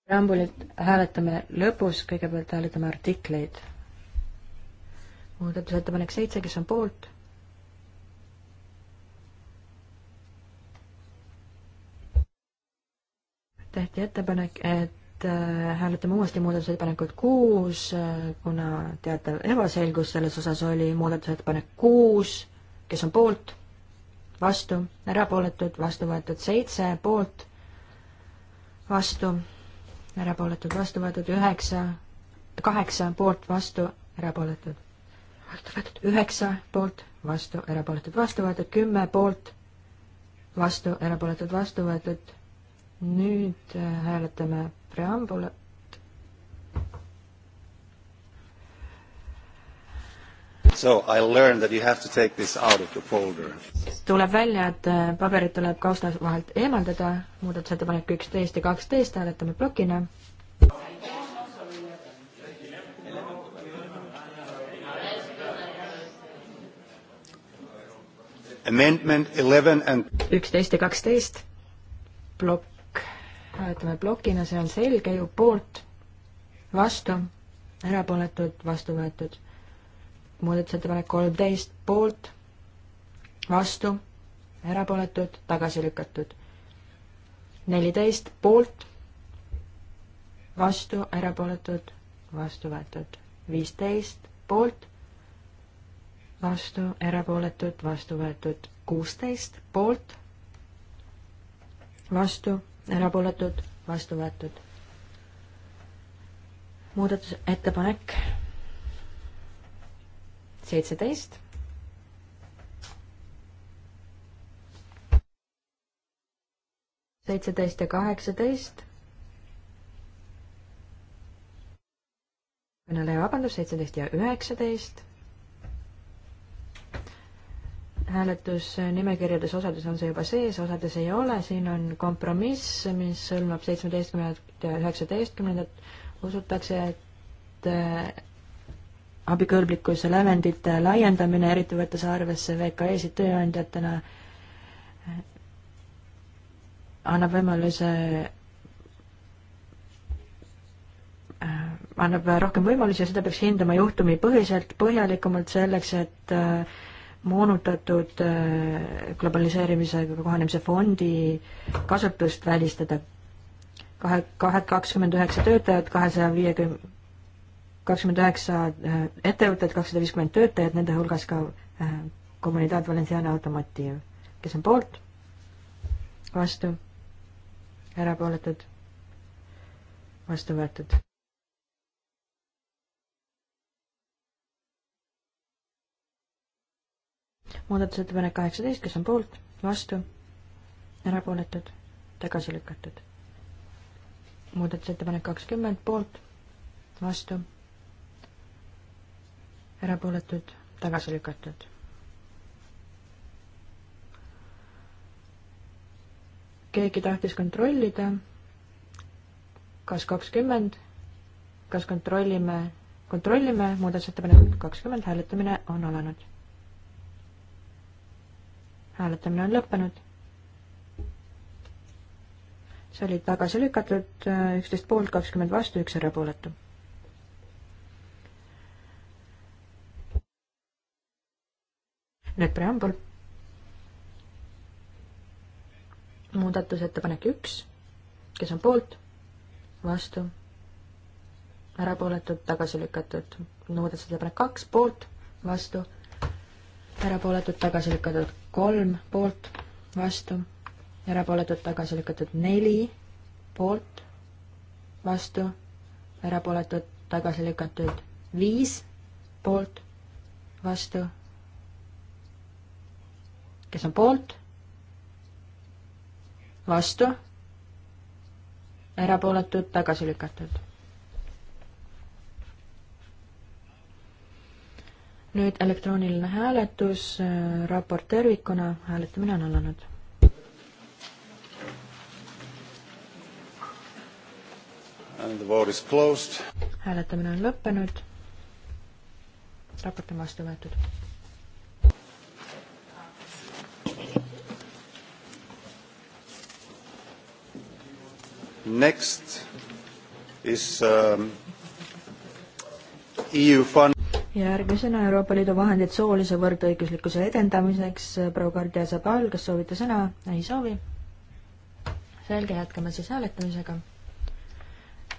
preambulit hääletame lõpus, kõigepealt hääletame artikleid. muudatusettepanek seitse, kes on poolt tehti ettepanek, et äh, hääletame uuesti muudatusettepanekut kuus, äh, kuna teatav ebaselgus selles osas oli muudatusettepanek kuus, kes on poolt, vastu, erapooletud, vastu võetud seitse, poolt, vastu, erapooletud, vastu võetud üheksa, kaheksa poolt, vastu, erapooletud, vastu võetud üheksa poolt, vastu, erapooletud, vastu võetud kümme poolt, vastu, erapooletud, vastu võetud nüüd äh, hääletame preambulat. So I learned that you have to take this out of the folder. tuleb välja, et äh, paberid tuleb kausta vahelt eemaldada, muudatusettepanek üksteist ja kaksteist hääletame plokina. Amendment eleven and üksteist ja kaksteist plokk hääletame plokina, see on selge ju, poolt, vastu, erapooletud, vastu võetud. muudatusettepanek kolmteist, poolt, vastu, erapooletud, tagasi lükatud. neliteist, poolt, vastu, erapooletud, vastu võetud. viisteist, poolt, vastu, erapooletud, vastu võetud. kuusteist, poolt, vastu erapooletud, vastu võetud. muudatusettepanek seitseteist seitseteist ja kaheksateist. kõneleja vabandab, seitseteist ja üheksateist hääletusnimekirjades osades on see juba sees, osades ei ole, siin on kompromiss, mis hõlmab seitsmeteistkümnendat ja üheksateistkümnendat, usutakse, et äh, abikõlblikkuse lävendite laiendamine, eriti võttes arvesse VKE-sid tööandjatena, äh, annab võimaluse, äh, annab rohkem võimalusi ja seda peaks hindama juhtumipõhiselt, põhjalikumalt selleks, et äh, moonutatud äh, globaliseerimisega kohanemise fondi kasutust välistada. kahe, kahe, kakskümmend üheksa töötajat, kahesaja viiekümne, kakskümmend üheksa äh, ettevõtet, kakssada viiskümmend töötajat, nende hulgas ka äh, Comunidad Valenciana Automotiiv. kes on poolt? vastu? erapooletud? vastu võetud? muudatusettepanek kaheksateist, kes on poolt, vastu, erapooletud, tagasi lükatud. muudatusettepanek kakskümmend, poolt, vastu, erapooletud, tagasi lükatud. keegi tahtis kontrollida, kas kakskümmend, kas kontrollime, kontrollime muudatusettepanekut kakskümmend, hääletamine on alanud hääletamine on lõppenud. see oli tagasi lükatud, äh, üksteist poolt, kakskümmend vastu, üks erapooletu. nüüd preambul. muudatusettepanek üks, kes on poolt, vastu, erapooletud, tagasi lükatud. muudatusettepanek kaks, poolt, vastu erapooletud, tagasi lükatud kolm poolt, vastu, erapooletud, tagasi lükatud neli poolt, vastu, erapooletud, tagasi lükatud viis poolt, vastu. kes on poolt? vastu, erapooletud, tagasi lükatud nüüd elektrooniline hääletus, äh, raport tervikuna, hääletamine on alanud. hääletamine on lõppenud. raport on vastu võetud. Next is um, EU fund järgmisena Euroopa Liidu vahendid soolise võrdõiguslikkuse edendamiseks, proua Kardia Zabal, kas soovite sõna? ei soovi. selge, jätkame siis hääletamisega.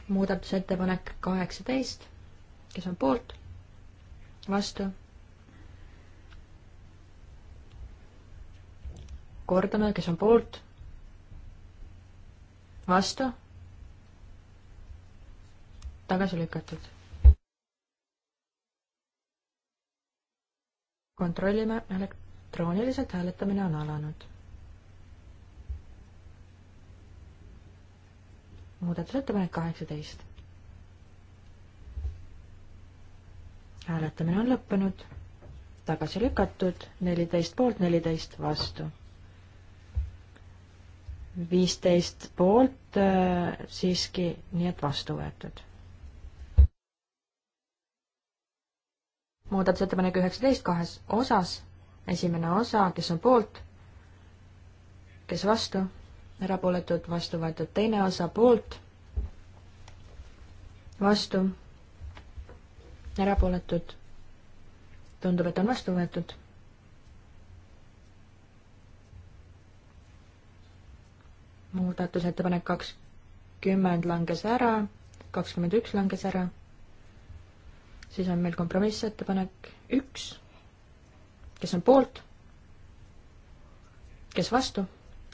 muudatusettepanek kaheksateist, kes on poolt? vastu? kordame, kes on poolt? vastu? tagasi lükatud kontrollime elektrooniliselt, hääletamine on alanud. muudatusettepanek kaheksateist. hääletamine on lõppenud, tagasi lükatud, neliteist poolt, neliteist vastu. viisteist poolt äh, siiski, nii et vastu võetud muudatusettepanek üheksateist kahes osas, esimene osa, kes on poolt, kes vastu, erapooletud, vastu võetud, teine osa poolt, vastu, erapooletud, tundub, et on vastu võetud muudatusettepanek kakskümmend langes ära, kakskümmend üks langes ära siis on meil kompromissettepanek üks, kes on poolt, kes vastu,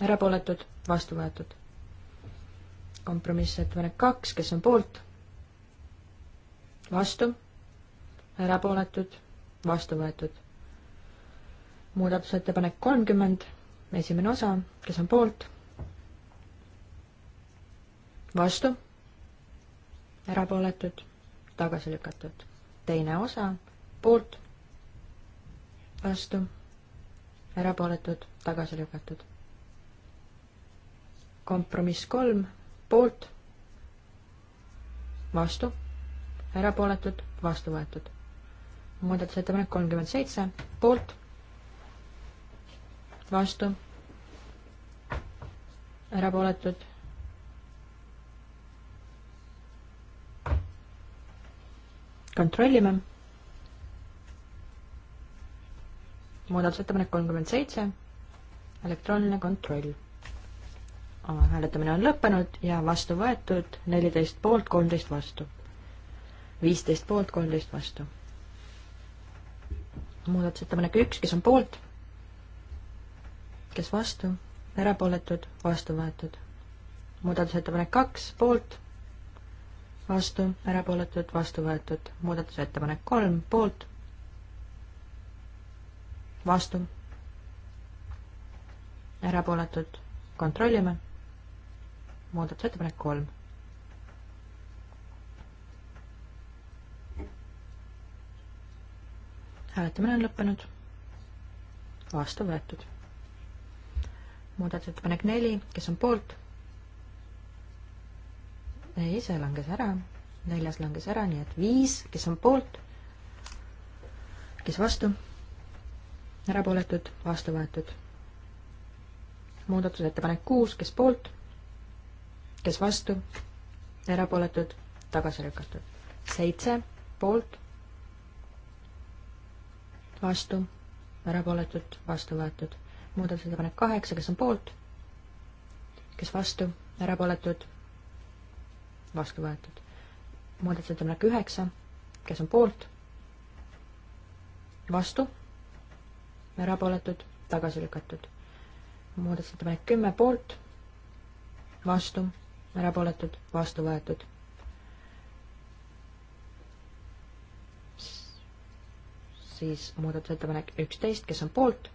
erapooletud, vastu võetud. kompromissettepanek kaks, kes on poolt, vastu, erapooletud, vastu võetud. muudatusettepanek kolmkümmend, esimene osa, kes on poolt, vastu, erapooletud, tagasi lükatud teine osa poolt, vastu, erapooletud, tagasi lükatud. kompromiss kolm poolt, vastu, erapooletud, vastu võetud. muudatusettepanek kolmkümmend seitse poolt, vastu, erapooletud kontrollime. muudatusettepanek kolmkümmend seitse, elektrooniline kontroll. hääletamine on lõppenud ja vastu võetud neliteist poolt, kolmteist vastu. viisteist poolt, kolmteist vastu. muudatusettepanek üks, kes on poolt, kes vastu, erapooletud, vastu võetud. muudatusettepanek kaks, poolt vastu, erapooletud, vastu võetud. muudatusettepanek kolm, poolt, vastu, erapooletud, kontrollime. muudatusettepanek kolm. hääletamine on lõppenud. vastu võetud. muudatusettepanek neli, kes on poolt ei, see langes ära, neljas langes ära, nii et viis, kes on poolt, kes vastu, erapooletud, vastu võetud. muudatusettepanek kuus, kes poolt, kes vastu, erapooletud, tagasi lükatud. seitse poolt, vastu, erapooletud, vastu võetud. muudatusettepanek kaheksa, kes on poolt, kes vastu, erapooletud, vastu võetud. muudatusettepanek üheksa, kes on poolt? vastu? erapooletud, tagasi lükatud. muudatusettepanek kümme poolt, vastu, erapooletud, vastu võetud siis muudatusettepanek üksteist, kes on poolt?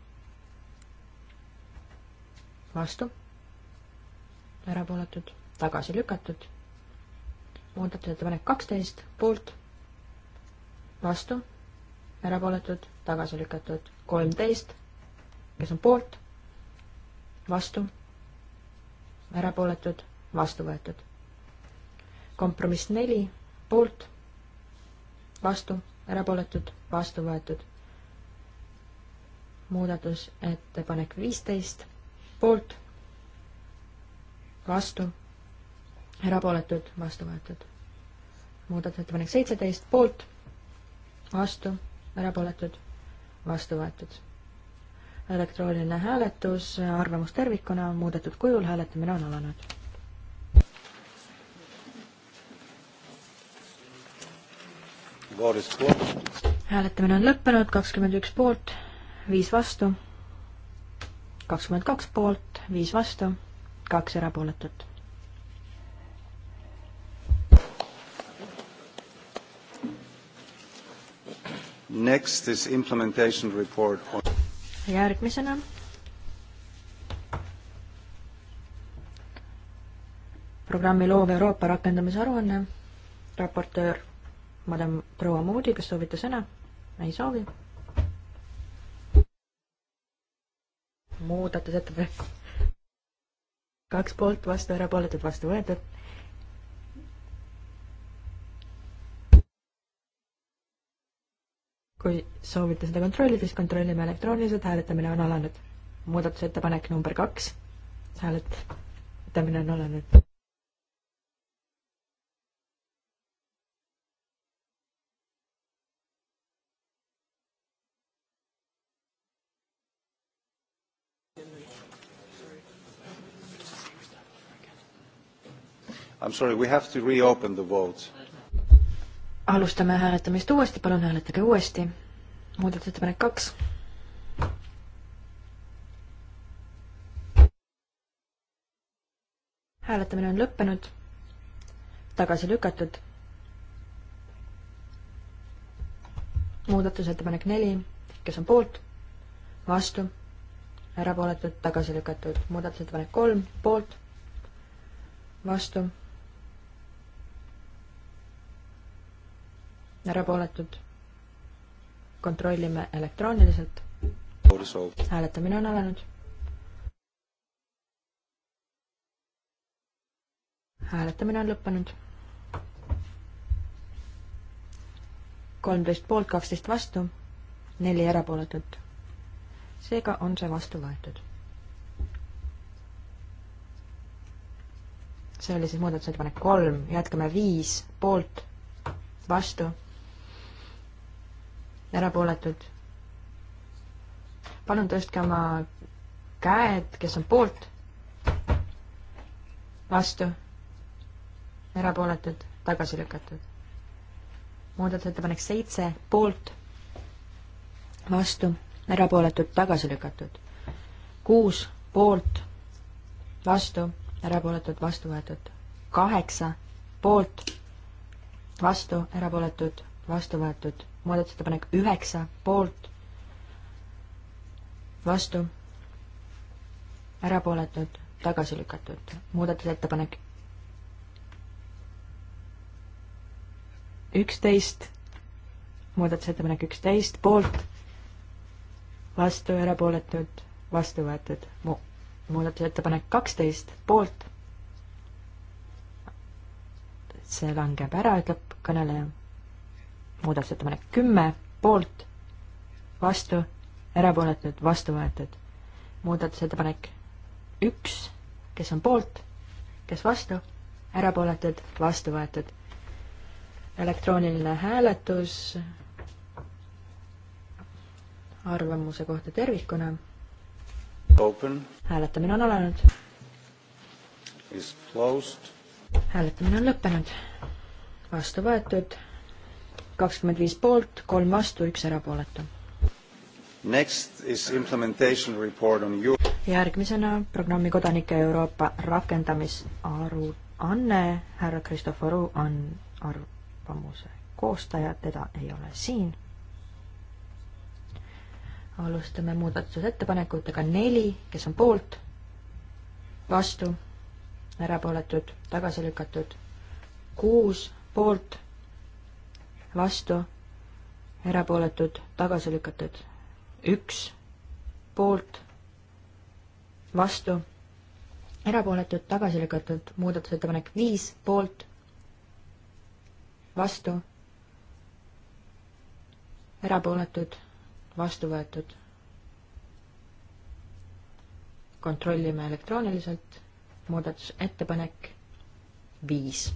vastu? erapooletud? tagasi lükatud? muudatusettepanek kaksteist, poolt, vastu, erapooletud, tagasi lükatud. kolmteist, kes on poolt, vastu, erapooletud, vastu võetud. kompromiss neli, poolt, vastu, erapooletud, vastu võetud. muudatusettepanek viisteist, poolt, vastu erapooletud, vastu võetud. muudatusettepanek seitseteist, poolt, vastu, erapooletud, vastu võetud. elektrooniline hääletus, arvamus tervikuna muudetud kujul, hääletamine on alanud. hääletamine on lõppenud, kakskümmend üks poolt, viis vastu, kakskümmend kaks poolt, viis vastu, kaks erapooletut Next is implementation report. järgmisena programmi Loov Euroopa rakendamise aruanne, raportöör madam proua Moodi, kas soovite sõna? ei soovi. muudatusettepanek kaks poolt, vastu, erapooletud, vastu võetud. kui soovite seda kontrollida, siis kontrollime elektrooniliselt, hääletamine on alanud. muudatusettepanek number kaks, hääletamine on alanud. I am sorry, we have to reopen the vote alustame hääletamist uuesti, palun hääletage uuesti. muudatusettepanek kaks. hääletamine on lõppenud, tagasi lükatud. muudatusettepanek neli, kes on poolt, vastu, erapooletud, tagasi lükatud. muudatusettepanek kolm, poolt, vastu erapooletud. kontrollime elektrooniliselt. hääletamine on alanud. hääletamine on lõppenud. kolmteist poolt, kaksteist vastu, neli erapooletut. seega on see vastu võetud. see oli siis muudatusettepanek kolm, jätkame viis poolt, vastu erapooletud. palun tõstke oma käed, kes on poolt, vastu, erapooletud, tagasi lükatud. muudatusettepanek seitse, poolt, vastu, erapooletud, tagasi lükatud. kuus, poolt, vastu, erapooletud, vastu võetud. kaheksa, poolt, vastu, erapooletud, vastu võetud muudatusettepanek üheksa poolt, vastu, erapooletud, tagasi lükatud. muudatusettepanek üksteist, muudatusettepanek üksteist poolt, vastu, erapooletud, vastu võetud. mu-, muudatusettepanek kaksteist poolt, see langeb ära, ütleb kõneleja muudatusettepanek kümme, poolt, vastu, erapooletud, vastu võetud. muudatusettepanek üks, kes on poolt, kes vastu, erapooletud, vastu võetud. elektrooniline hääletus arvamuse kohta tervikuna. hääletamine on alanud. hääletamine on lõppenud. vastu võetud kakskümmend viis poolt, kolm vastu, üks erapooletu. järgmisena programmi Kodanike Euroopa rakendamisaruanne, härra Kristoforu on arvamuse koostaja, teda ei ole siin. alustame muudatusettepanekutega neli, kes on poolt, vastu, erapooletud, tagasi lükatud, kuus poolt vastu, erapooletud, tagasi lükatud. üks poolt, vastu, erapooletud, tagasi lükatud, muudatusettepanek viis poolt, vastu, erapooletud, vastu võetud. kontrollime elektrooniliselt, muudatusettepanek viis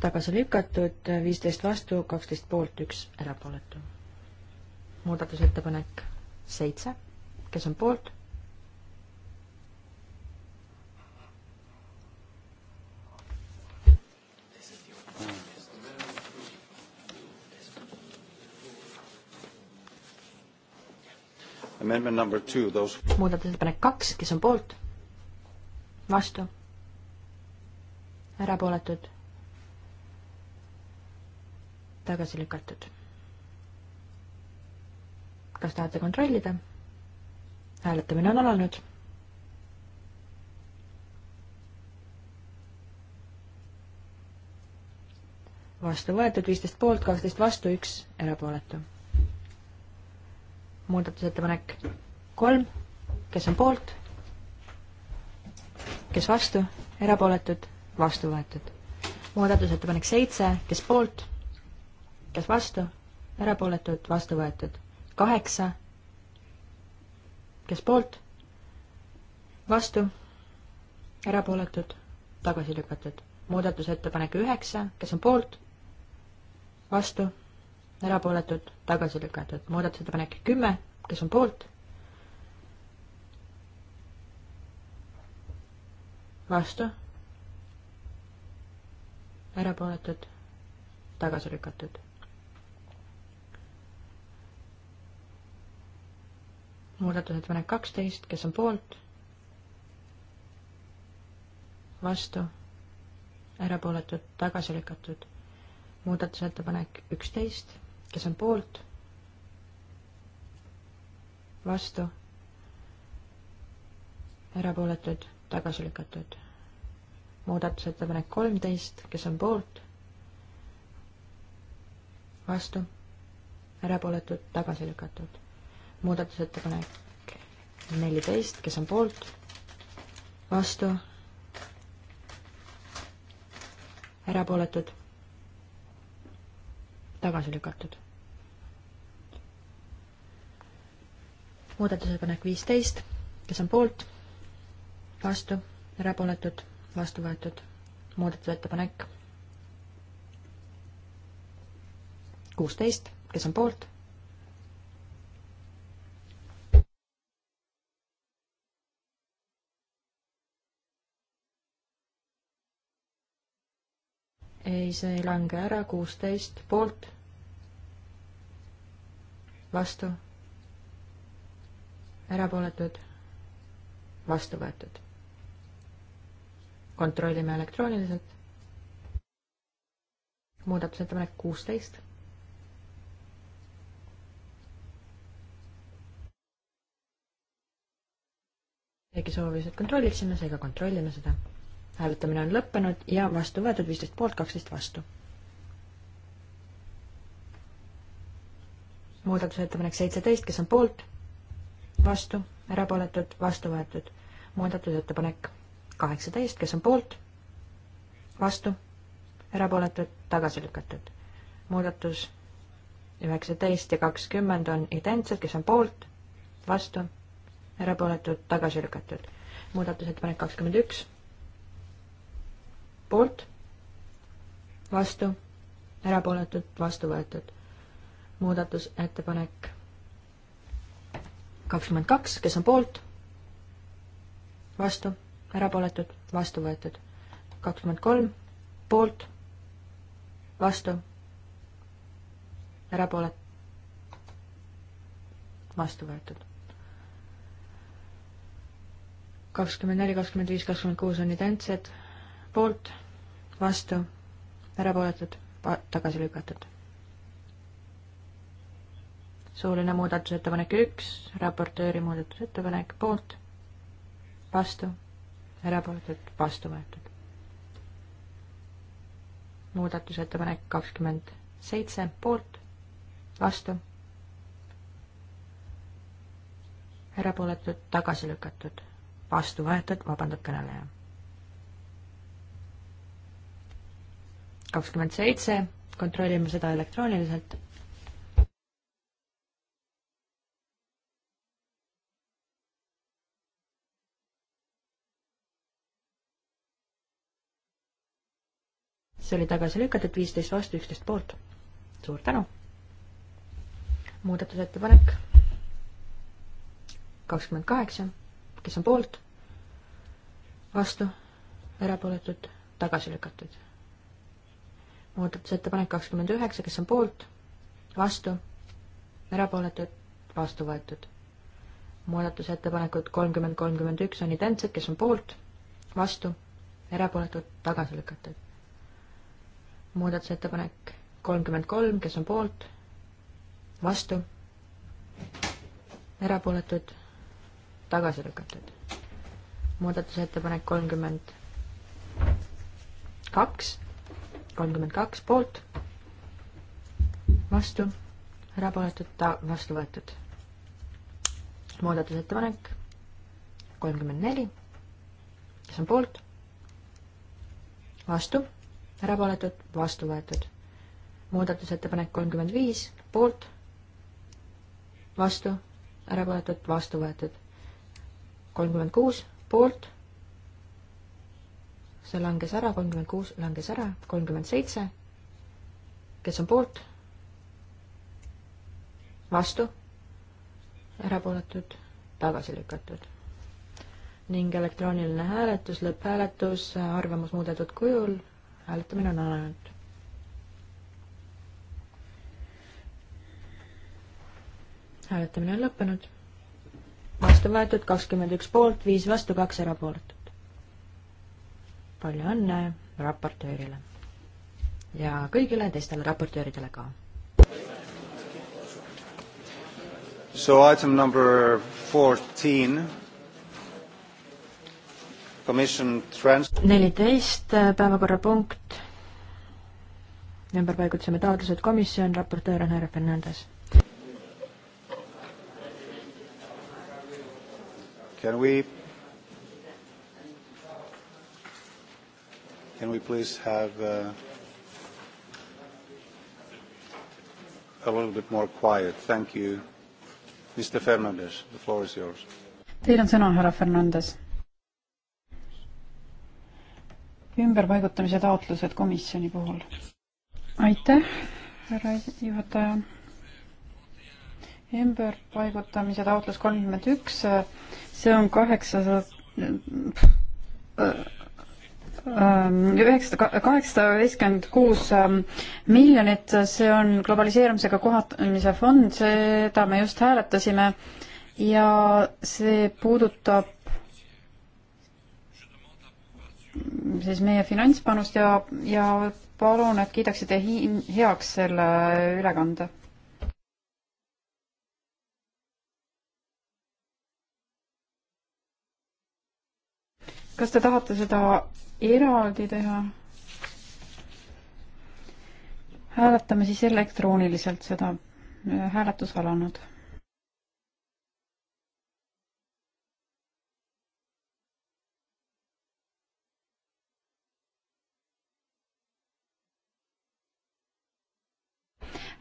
tagasi lükatud, viisteist vastu, kaksteist poolt, üks erapooletu. muudatusettepanek seitse, kes on poolt? Amendment number two, those muudatusettepanek kaks, kes on poolt? vastu? erapooletud tagasi lükatud. kas tahate kontrollida? hääletamine on alanud. vastu võetud viisteist poolt, kaksteist vastu, üks erapooletu. muudatusettepanek kolm, kes on poolt, kes vastu, erapooletud, vastu võetud. muudatusettepanek seitse, kes poolt hääletas vastu, erapooletud, vastu võetud. kaheksa, kes poolt, vastu, erapooletud, tagasi lükatud. muudatusettepanek üheksa, kes on poolt, vastu, erapooletud, tagasi lükatud. muudatusettepanek kümme, kes on poolt, vastu, erapooletud, tagasi lükatud muudatusettepanek kaksteist, kes on poolt? vastu, erapooletud, tagasi lükatud. muudatusettepanek üksteist, kes on poolt? vastu, erapooletud, tagasi lükatud. muudatusettepanek kolmteist, kes on poolt? vastu, erapooletud, tagasi lükatud muudatusettepanek neliteist, kes on poolt, vastu, erapooletud, tagasi lükatud. muudatusettepanek viisteist, kes on poolt, vastu, erapooletud, vastu võetud, muudatusettepanek kuusteist, kes on poolt ei, see ei lange ära, kuusteist poolt, vastu, erapooletud, vastu võetud. kontrollime elektrooniliselt. muudatusettepanek kuusteist. keegi soovis, et kontrolliksime, seega kontrollime seda hääletamine on lõppenud ja vastu võetud viisteist poolt, kaksteist vastu. muudatusettepanek seitseteist, kes on poolt, vastu, erapooletud, vastu võetud. muudatusettepanek kaheksateist, kes on poolt, vastu, erapooletud, tagasi lükatud. muudatus üheksateist ja kakskümmend on identsed, kes on poolt, vastu, erapooletud, tagasi lükatud. muudatusettepanek kakskümmend üks poolt, vastu, erapooletud, vastu võetud. muudatusettepanek kakskümmend kaks, kes on poolt, vastu, erapooletud, vastu võetud. kakskümmend kolm, poolt, vastu, erapooletud, vastu võetud kakskümmend neli, kakskümmend viis, kakskümmend kuus on identsed, poolt, vastu, erapooletud, tagasi lükatud. suuline muudatusettepanek üks, raportööri muudatusettepanek poolt, vastu, erapooletud, vastu võetud. muudatusettepanek kakskümmend seitse poolt, vastu, erapooletud, tagasi lükatud, vastu võetud, vabandab kõneleja kakskümmend seitse, kontrollime seda elektrooniliselt. see oli tagasi lükatud, viisteist vastu, üksteist poolt. suur tänu! muudatusettepanek kakskümmend kaheksa, kes on poolt, vastu, erapooletud, tagasi lükatud muudatusettepanek kakskümmend üheksa, kes on poolt, vastu, erapooletud, vastu võetud. muudatusettepanekud kolmkümmend, kolmkümmend üks on identsed, kes on poolt, vastu, erapooletud, tagasi lükatud. muudatusettepanek kolmkümmend kolm, kes on poolt, vastu, erapooletud, tagasi lükatud. muudatusettepanek kolmkümmend kaks kolmkümmend kaks poolt, vastu, erapooletud, ta-, vastu võetud. muudatusettepanek kolmkümmend neli, kes on poolt, vastu, erapooletud, vastu võetud. muudatusettepanek kolmkümmend viis, poolt, vastu, erapooletud, vastu võetud. kolmkümmend kuus, poolt see langes ära, kolmkümmend kuus langes ära, kolmkümmend seitse. kes on poolt? vastu? erapooletud? tagasi lükatud? ning elektrooniline hääletus, lõpphääletus, arvamus muudetud kujul, hääletamine on alanud. hääletamine on lõppenud. vastu võetud kakskümmend üks poolt, viis vastu, kaks erapoolt palju õnne raportöörile ja kõigile teistele raportööridele ka. So item number fourteen neliteist äh, päevakorrapunkt, ümberpaigutasime taotlused, komisjon, raportöör on härra Fernandes. Can we Can we please have uh, a little bit more quiet? Thank you. Mr Fernandes, the floor is yours. Teil on sõna, härra Fernandes. ümberpaigutamise taotlused komisjoni puhul. aitäh, härra juhataja. ümberpaigutamise taotlus kolmkümmend üks, see on kaheksasada Ähm, üheksasada, kaheksasada viiskümmend kuus ähm, miljonit, see on globaliseerumisega kohatamise fond, seda me just hääletasime ja see puudutab siis meie finantspanust ja, ja palun, et kiidaksite hi-, heaks selle ülekande. kas te tahate seda eraldi teha. hääletame siis elektrooniliselt seda, äh, hääletus alanud.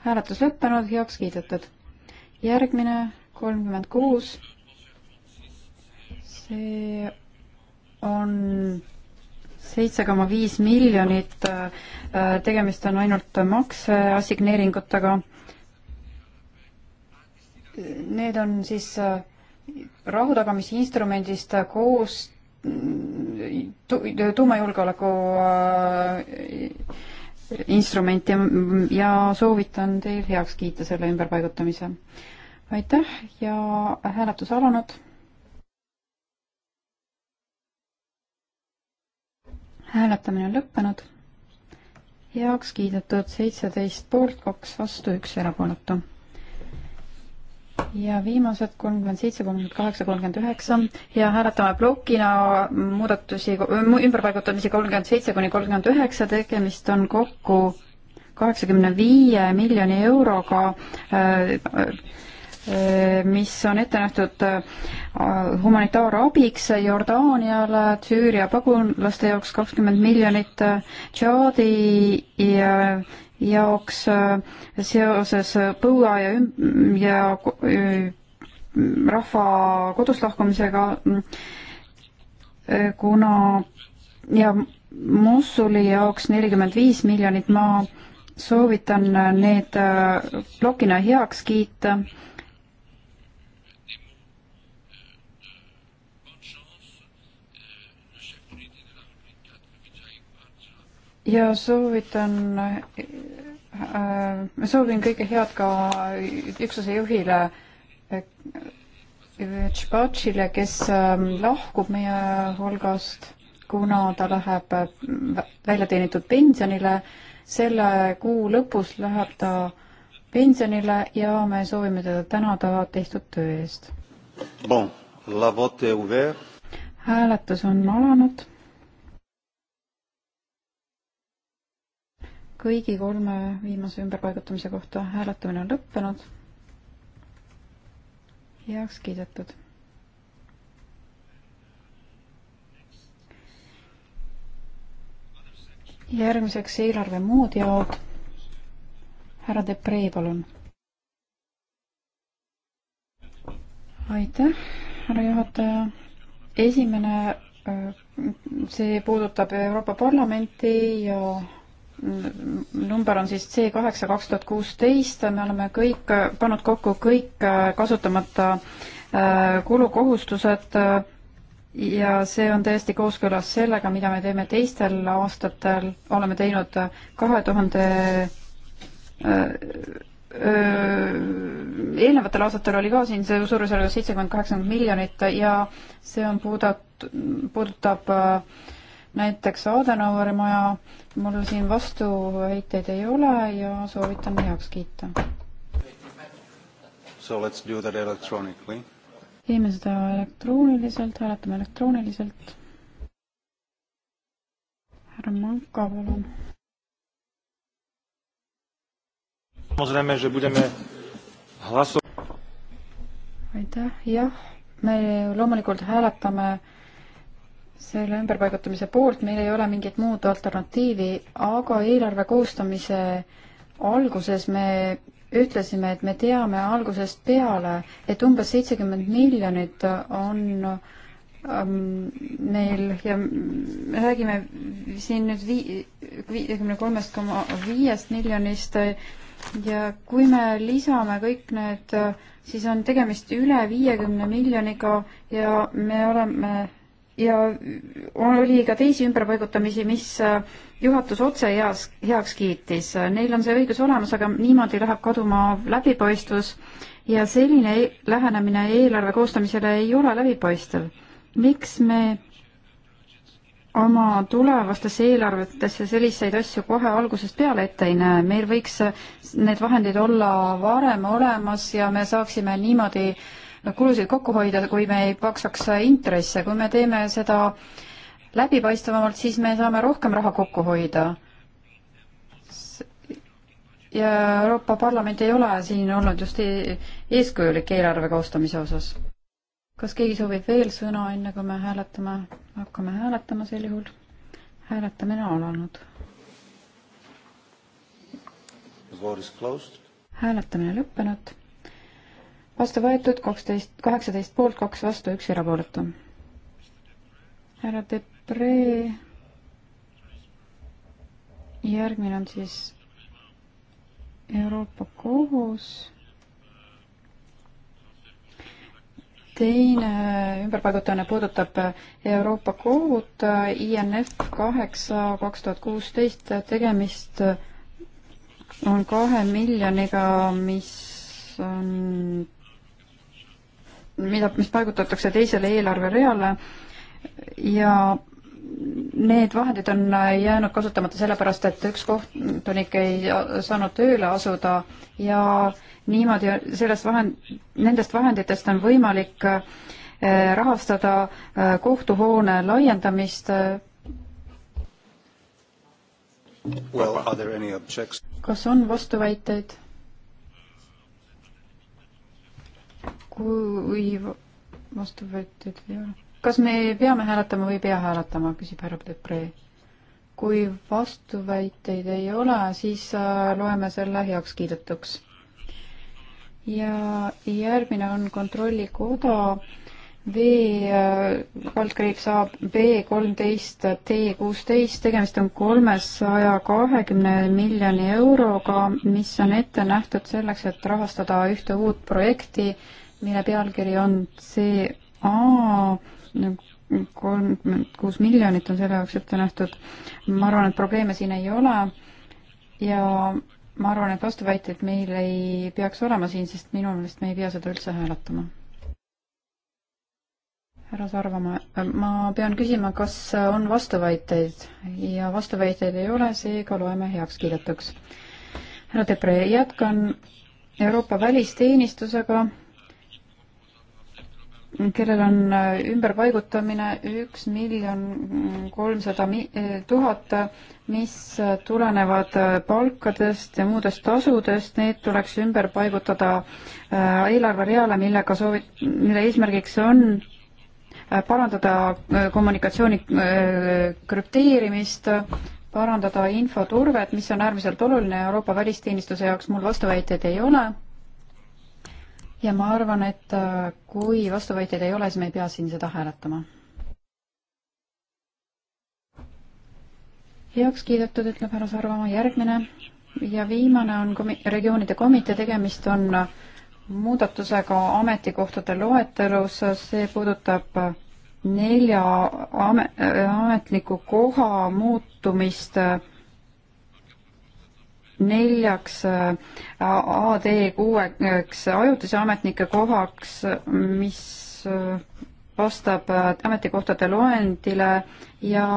hääletus lõppenud, heaks kiidetud. järgmine kolmkümmend kuus. see on seitse koma viis miljonit, äh, tegemist on ainult makse assigneeringutega. Need on siis äh, rahutagamisinstrumendist koos mm, tu-, tuumajulgeoleku äh, instrument ja, ja soovitan teil heaks kiita selle ümberpaigutamise. aitäh ja hääletus alanud hääletamine on lõppenud. heaks kiidetud seitseteist poolt, kaks vastu, üks erapooletu. ja viimased kolmkümmend seitse, kolmkümmend kaheksa, kolmkümmend üheksa ja hääletame plokina muudatusi, ümberpaigutamisi kolmkümmend seitse kuni kolmkümmend üheksa, tegemist on kokku kaheksakümne viie miljoni euroga äh, Äh, mis on ette nähtud äh, humanitaarabiks Jordaaniale, Süüria pagulaste jaoks kakskümmend miljonit, äh, Tšaadi ja jaoks seoses põua ja üm- ja rahva kodust lahkumisega, kuna ja Mosuli jaoks nelikümmend viis miljonit, ma soovitan need plokina heaks kiita ja soovitan äh, ma soovin kõike head ka üksuse juhile äh, Tšpatšile, kes ähm, lahkub meie hulgast, kuna ta läheb äh, väljateenitud pensionile. selle kuu lõpus läheb ta pensionile ja me soovime teda tänada tehtud töö eest bon,. hääletus on alanud kõigi kolme viimase ümberpaigutamise kohta. hääletamine on lõppenud. heaks kiidetud. järgmiseks eelarve muud jaod. härra Depree, palun. aitäh, härra juhataja. esimene, äh, see puudutab Euroopa Parlamenti ja number on siis C kaheksa kaks tuhat kuusteist, me oleme kõik pannud kokku kõik äh, kasutamata äh, kulukohustused äh, ja see on täiesti kooskõlas sellega, mida me teeme teistel aastatel, oleme teinud kahe tuhande eelnevatel aastatel oli ka siin see suurusjärgus seitsekümmend, kaheksakümmend miljonit ja see on puudat-, puudutab äh, näiteks Adenauri maja. mul siin vastuväiteid ei ole ja soovitan heaks kiita. So let's do that electronically. teeme seda elektrooniliselt, hääletame elektrooniliselt. härra Manka, palun. Samozrejme, že budeme hlasovať. Aitäh, jah, me loomulikult hääletame selle ümberpaigutamise poolt, meil ei ole mingit muud alternatiivi, aga eelarve koostamise alguses me ütlesime, et me teame algusest peale, et umbes seitsekümmend miljonit on ähm, meil ja me räägime siin nüüd viiekümne kolmest koma viiest miljonist ja kui me lisame kõik need, siis on tegemist üle viiekümne miljoniga ja me oleme ja oli ka teisi ümberpaigutamisi, mis äh, juhatus otse heas, heaks kiitis. Neil on see õigus olemas, aga niimoodi läheb kaduma läbipaistvus ja selline e lähenemine eelarve koostamisele ei ole läbipaistev. miks me oma tulevastesse eelarvetesse selliseid asju kohe algusest peale ette ei näe, meil võiks need vahendid olla varem olemas ja me saaksime niimoodi äh, kulusid kokku hoida, kui me ei maksaks intresse, kui me teeme seda läbipaistvamalt, siis me saame rohkem raha kokku hoida. ja Euroopa Parlament ei ole siin olnud just e-, eeskujulik eelarve koostamise osas. kas keegi soovib veel sõna, enne kui me hääletame, hakkame hääletama sel juhul? hääletamine on alanud. hääletamine lõppenud vastu võetud, kaksteist, kaheksateist poolt, kaks vastu, üks erapooletu. härra Depre. järgmine on siis Euroopa Kohus. teine ümberpaigutamine puudutab Euroopa Kohut, INF kaheksa, kaks tuhat kuusteist, tegemist on kahe miljoniga, mis on mida, mis paigutatakse teisele eelarvereale ja need vahendid on jäänud kasutamata sellepärast, et üks kohtunik ei saanud tööle asuda ja niimoodi sellest vahend, nendest vahenditest on võimalik eh, rahastada eh, kohtuhoone laiendamist. kas on vastuväiteid? kui vastu võetud ei ole. kas me peame hääletama või ei pea hääletama, küsib härra Depree. kui vastuväiteid ei ole, siis äh, loeme selle heakskiidetuks. ja järgmine on Kontrollikoda V äh, kaldkriips A B kolmteist T kuusteist, tegemist on kolmesaja kahekümne miljoni euroga, mis on ette nähtud selleks, et rahastada ühte uut projekti mille pealkiri on CA kolmkümmend kuus miljonit on selle jaoks ette nähtud. ma arvan, et probleeme siin ei ole ja ma arvan, et vastuväiteid meil ei peaks olema siin, sest minu meelest me ei pea seda üldse hääletama. härra Sarvamaa, ma pean küsima, kas on vastuväiteid ja vastuväiteid ei ole, seega loeme heakskiidetuks. härra Debre, jätkan Euroopa välisteenistusega kellel on äh, ümberpaigutamine üks miljon kolmsada äh, tuhat, mis äh, tulenevad palkadest ja muudest tasudest, need tuleks ümber paigutada eelarvereale, millega soovi-, mille eesmärgiks on parandada kommunikatsiooni krüpteerimist, parandada infoturvet, mis on äärmiselt oluline Euroopa välisteenistuse jaoks, mul vastuväiteid ei ole ja ma arvan, et äh, kui vastuvõtjaid ei ole, siis me ei pea siin seda hääletama. heaks kiidetud, ütleb härra Sarvamaa, järgmine ja viimane on komi-, regioonide komitee, tegemist on äh, muudatusega ametikohtade loetelus, see puudutab äh, nelja ame-, ametniku koha muutumist äh, neljaks äh, AD kuueks ajutise ametnike kohaks, mis äh, vastab äh, ametikohtade loendile ja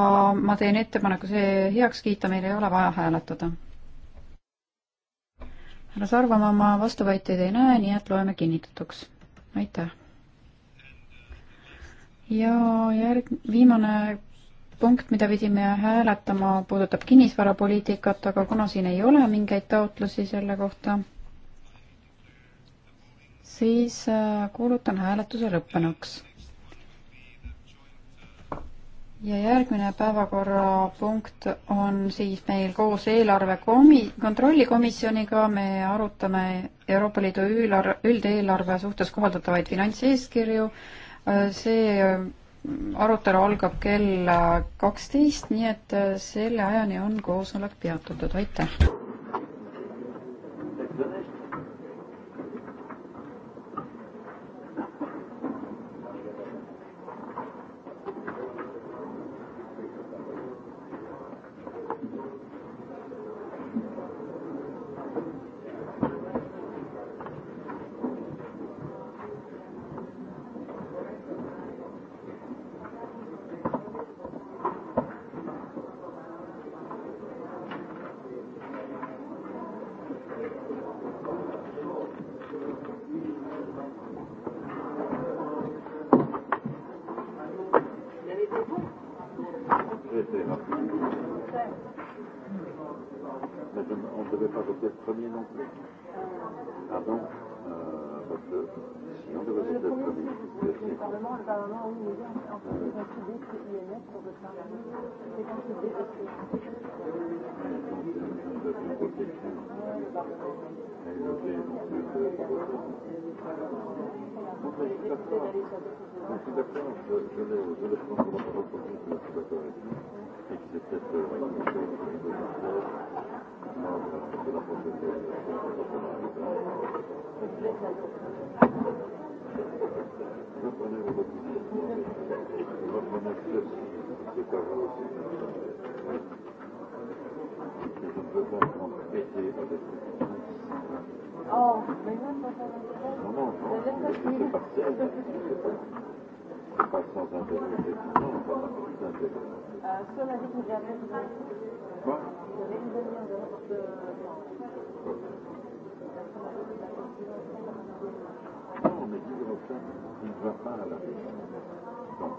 ma teen ettepaneku see heaks kiita, meil ei ole vaja hääletada. härra Sarvamaa, ma vastuväiteid ei näe, nii et loeme kinnitatuks. aitäh. ja järg-, viimane punkt, mida pidime hääletama, puudutab kinnisvarapoliitikat, aga kuna siin ei ole mingeid taotlusi selle kohta, siis äh, kuulutan hääletuse lõppenuks. ja järgmine päevakorrapunkt on siis meil koos eelarve komi-, kontrollikomisjoniga, me arutame Euroopa Liidu üülar-, üldeelarve suhtes kohaldatavaid finantseeskirju, äh, see arutelu algab kell kaksteist, nii et äh, selle ajani on koosolek peatatud, aitäh! je, je, le, je le prends comme un proposé, je suis d'accord avec lui, et que c'est peut-être euh, une mission pour les deux acteurs, membre de la prochaine délégation Reprenez vos positions, reprenez ceci, c'est à vous aussi. Oui. Et je ne veux pas m'embêter avec Oh, mais non, non, non, c'est partiel pas sans interroger. Non, on va pas sans interroger. Euh, si on a dit qu'il y avait une Quoi Il y avait une demi-heure de reste. Non, mais Guy Rochard, il ne va pas à la réunion. Non.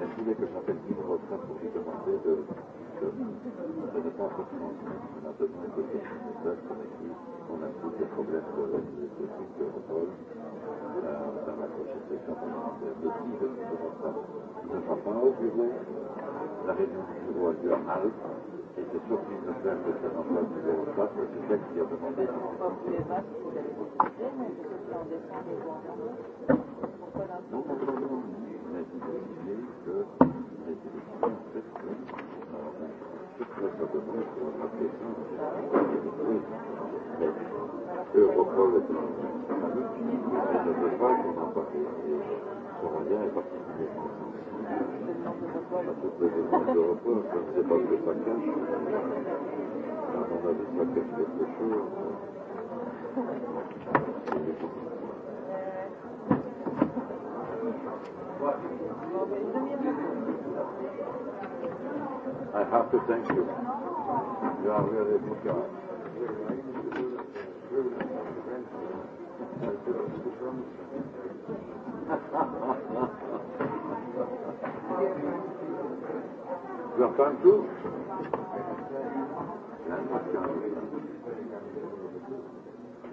Elle voulait que j'appelle Guy Rochard pour lui demander de. de je pense que on a besoin de questions de messages qu'on écrit, qu'on implique les problèmes de l'équipe de Europol dans la prochaine section parlementaire. Le 6 de ne sera pas au bureau. La réunion du bureau a lieu à Malte. Et c'est surpris de faire que ça n'en soit plus au parce que c'est celle qui a demandé. Donc on peut en demander. Mais il est que les décisions en fait que. Eux reproduisent et ne veulent pas qu'on en parle. Ce rondien est particulièrement sensible à toutes les demandes de repos. Je ne sais pas ce que ça cache. À mon avis, ça cache quelque chose. Thank you. I have to thank you. You are really a good guy. [laughs] you are coming too? Yeah, I'm not coming.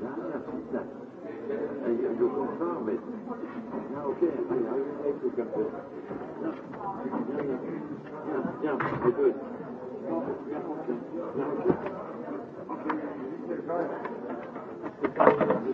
Yeah, yeah, yeah and you, you confirm it. Yeah, okay, I, I will make you confirm. Yeah, yeah, yeah, yeah, yeah I do it. Yeah, okay, yeah, okay. Okay.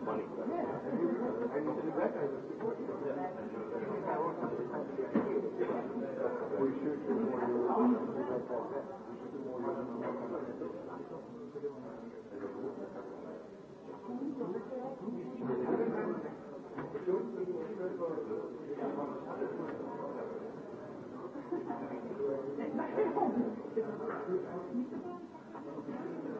money for that. And to that I would support you. We should do more Thank you. [laughs]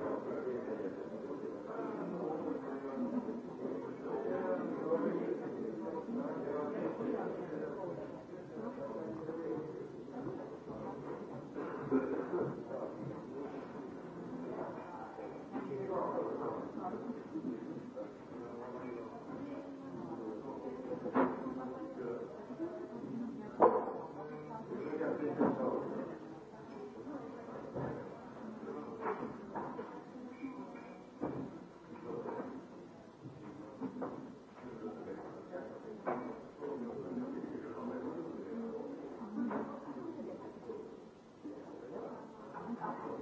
Gracias.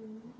Mm-hmm.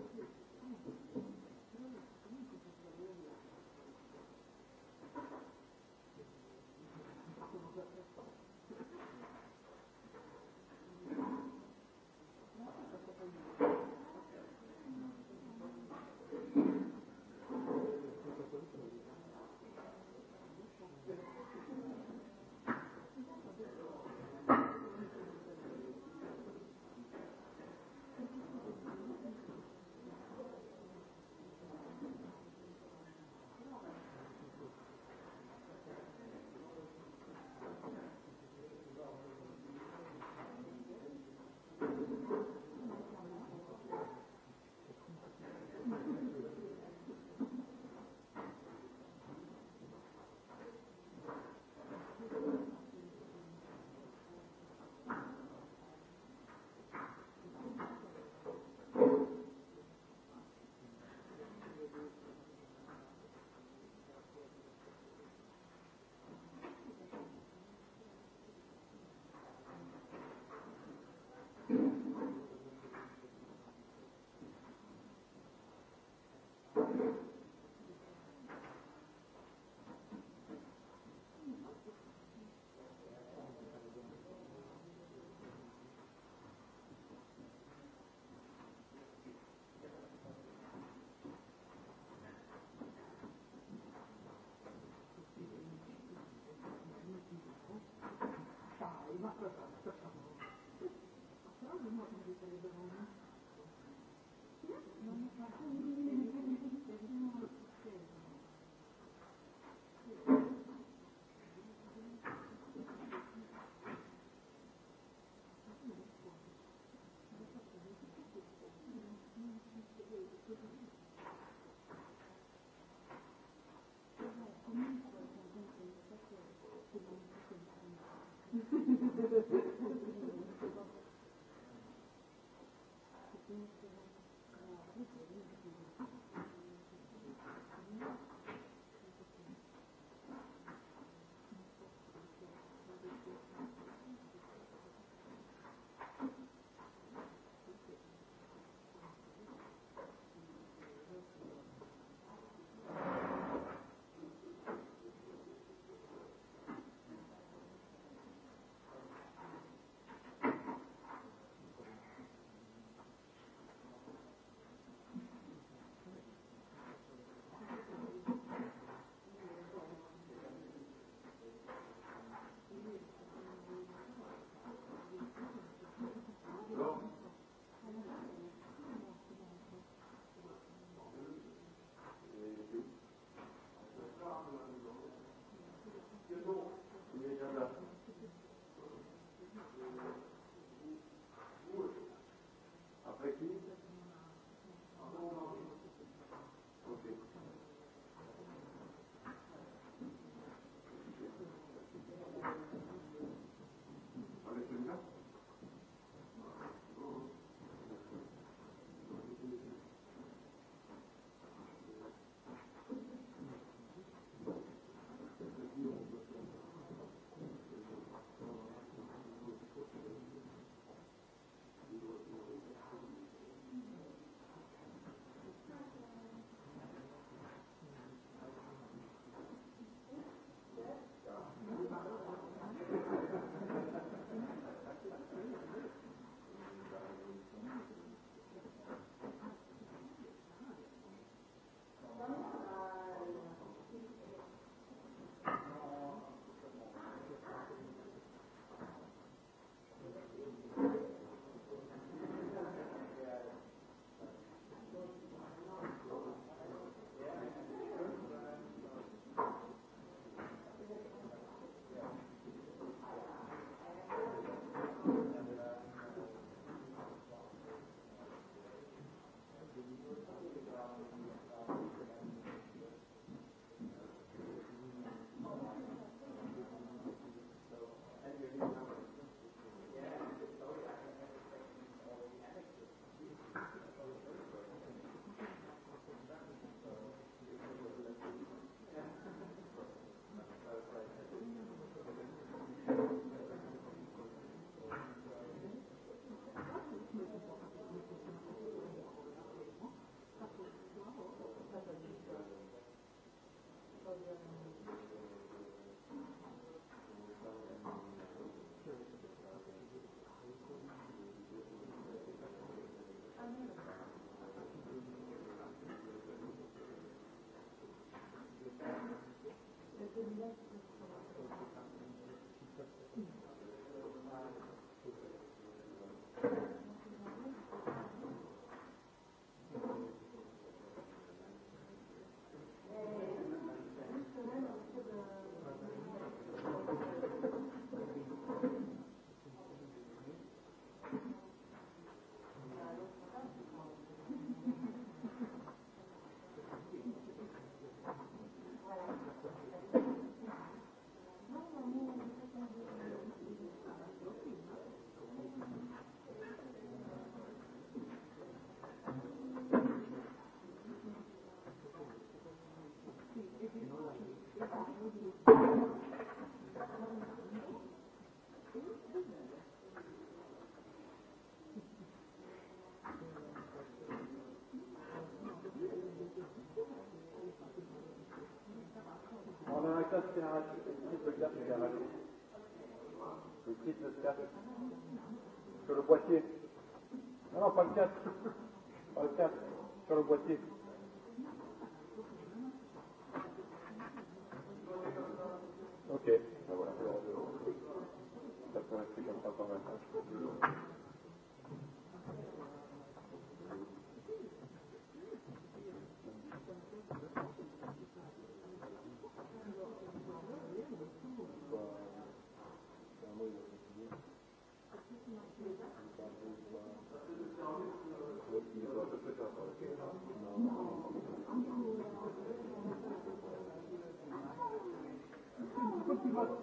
ma cosa? Facciamo. Facciamo un modo di telefonare. Thank [laughs] you. had, it's une triple carte qu'il a raté. Une triple carte. Sur le boîtier. Non, non, pas le 4. Pas le 4. Sur le boîtier. Ok, ben ah, voilà. Ça peut rester comme ça pendant un temps.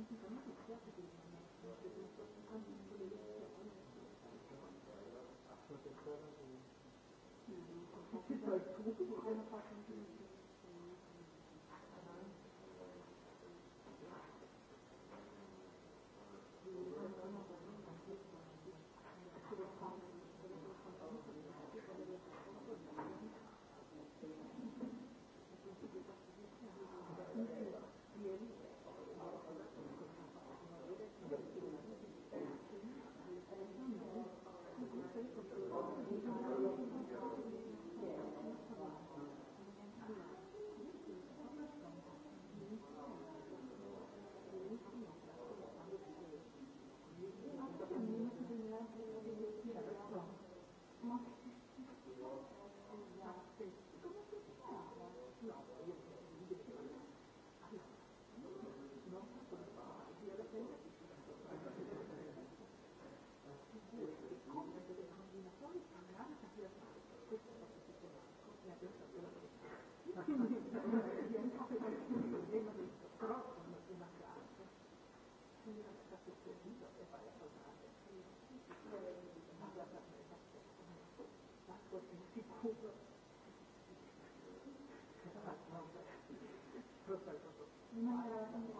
Ich bin halt tot, ich kann einfach nicht. No, no, no.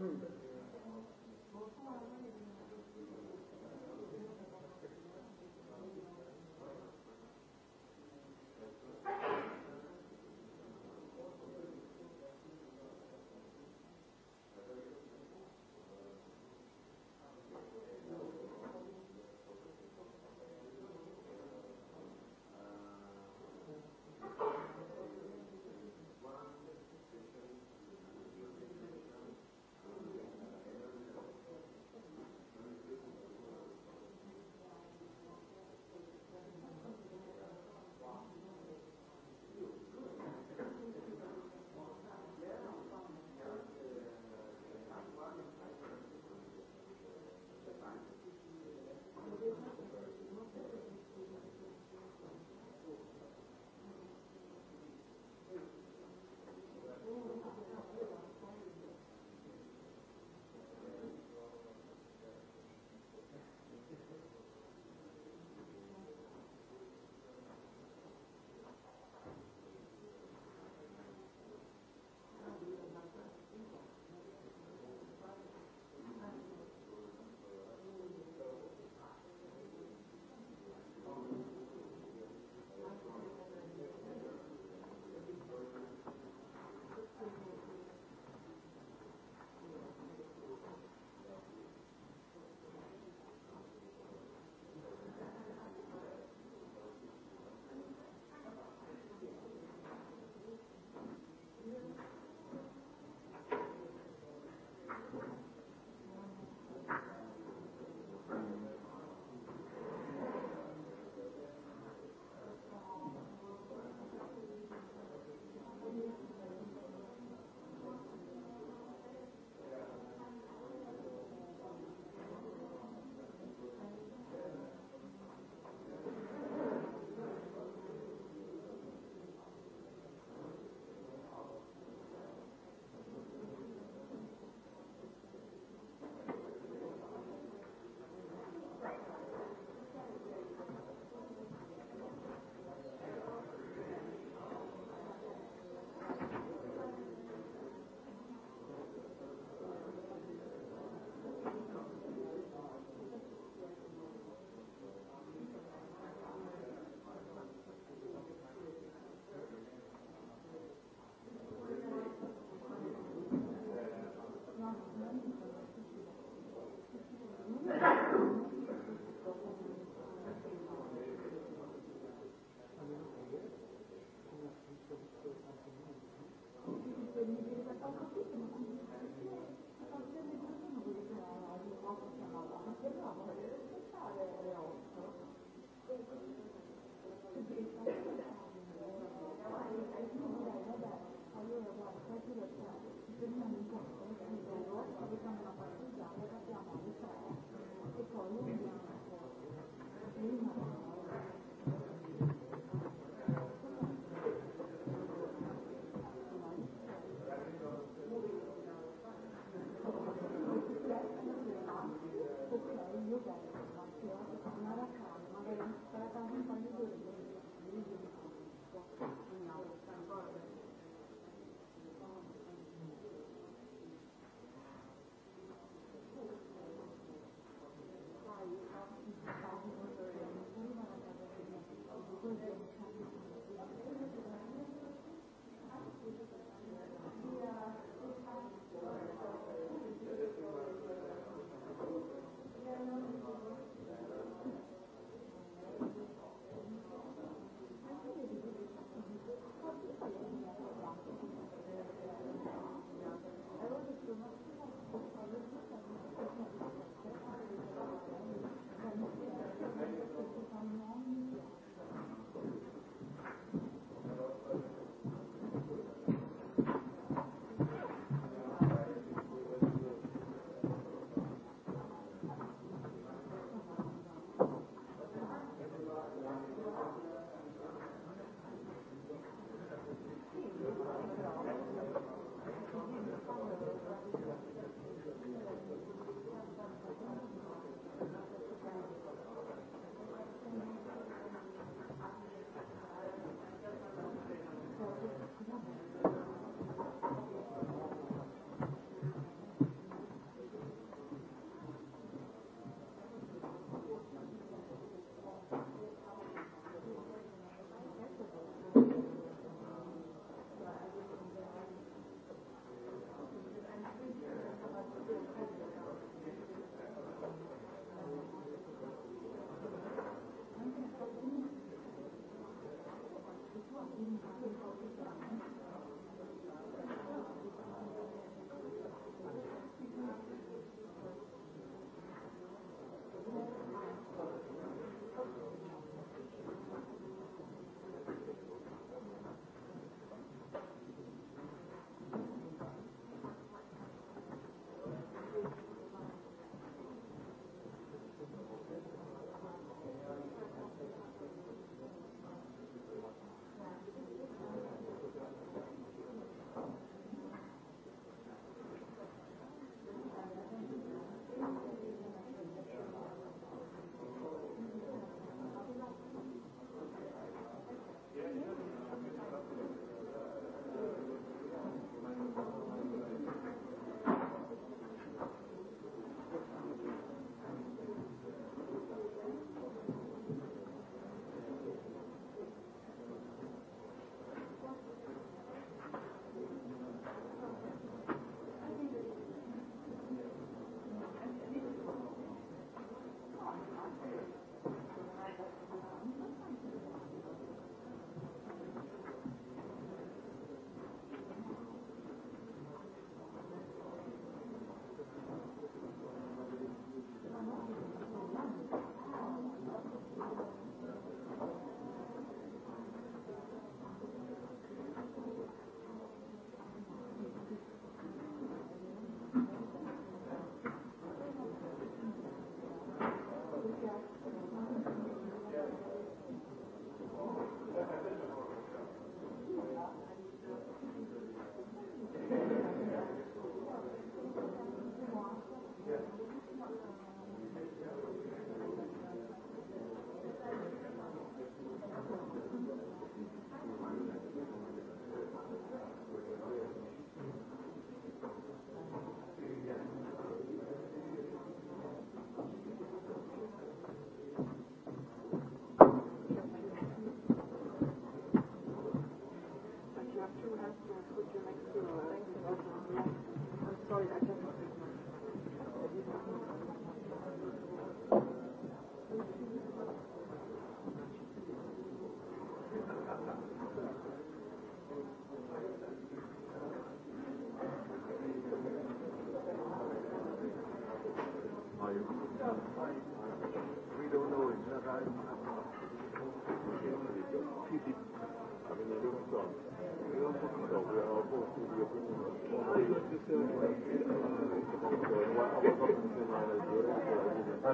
mm. Thank you.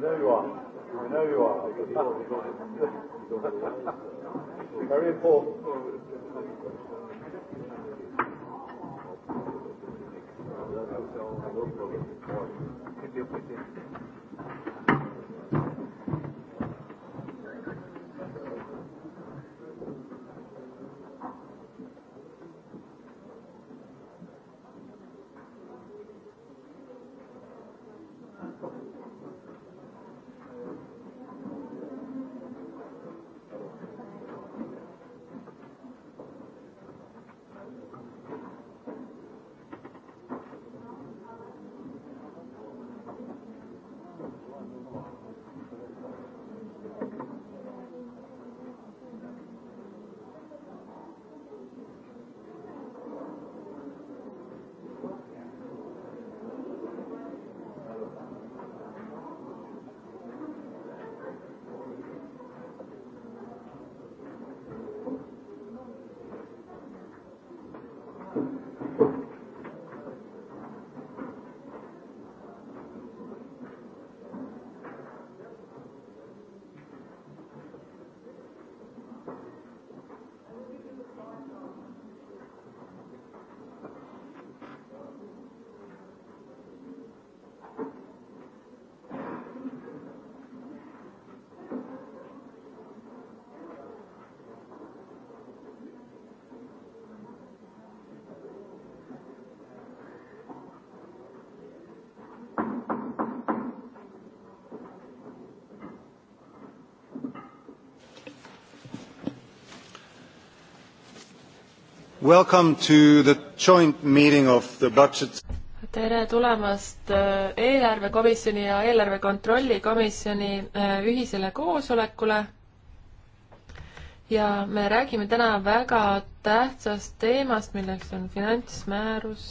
know you are. I know you are. Very important. Thank you. Welcome to the joint meeting of the budget. tere tulemast äh, eelarvekomisjoni ja eelarve kontrolli komisjoni äh, ühisele koosolekule. ja me räägime täna väga tähtsast teemast, milleks on finantsmäärus.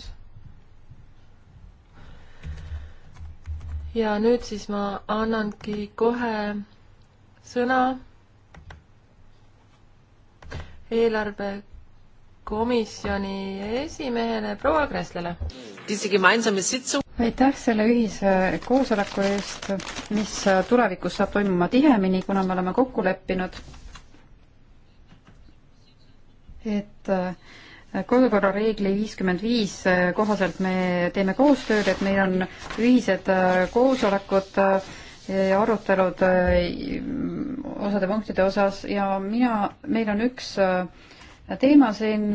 ja nüüd siis ma annangi kohe sõna eelarve komisjoni esimehele proua Kresslale. aitäh selle ühise koosoleku eest, mis tulevikus saab toimuma tihemini, kuna me oleme kokku leppinud, et kodukorra reegli viiskümmend viis kohaselt me teeme koostööd, et meil on ühised koosolekud ja arutelud osade punktide osas ja mina, meil on üks äh, teema siin,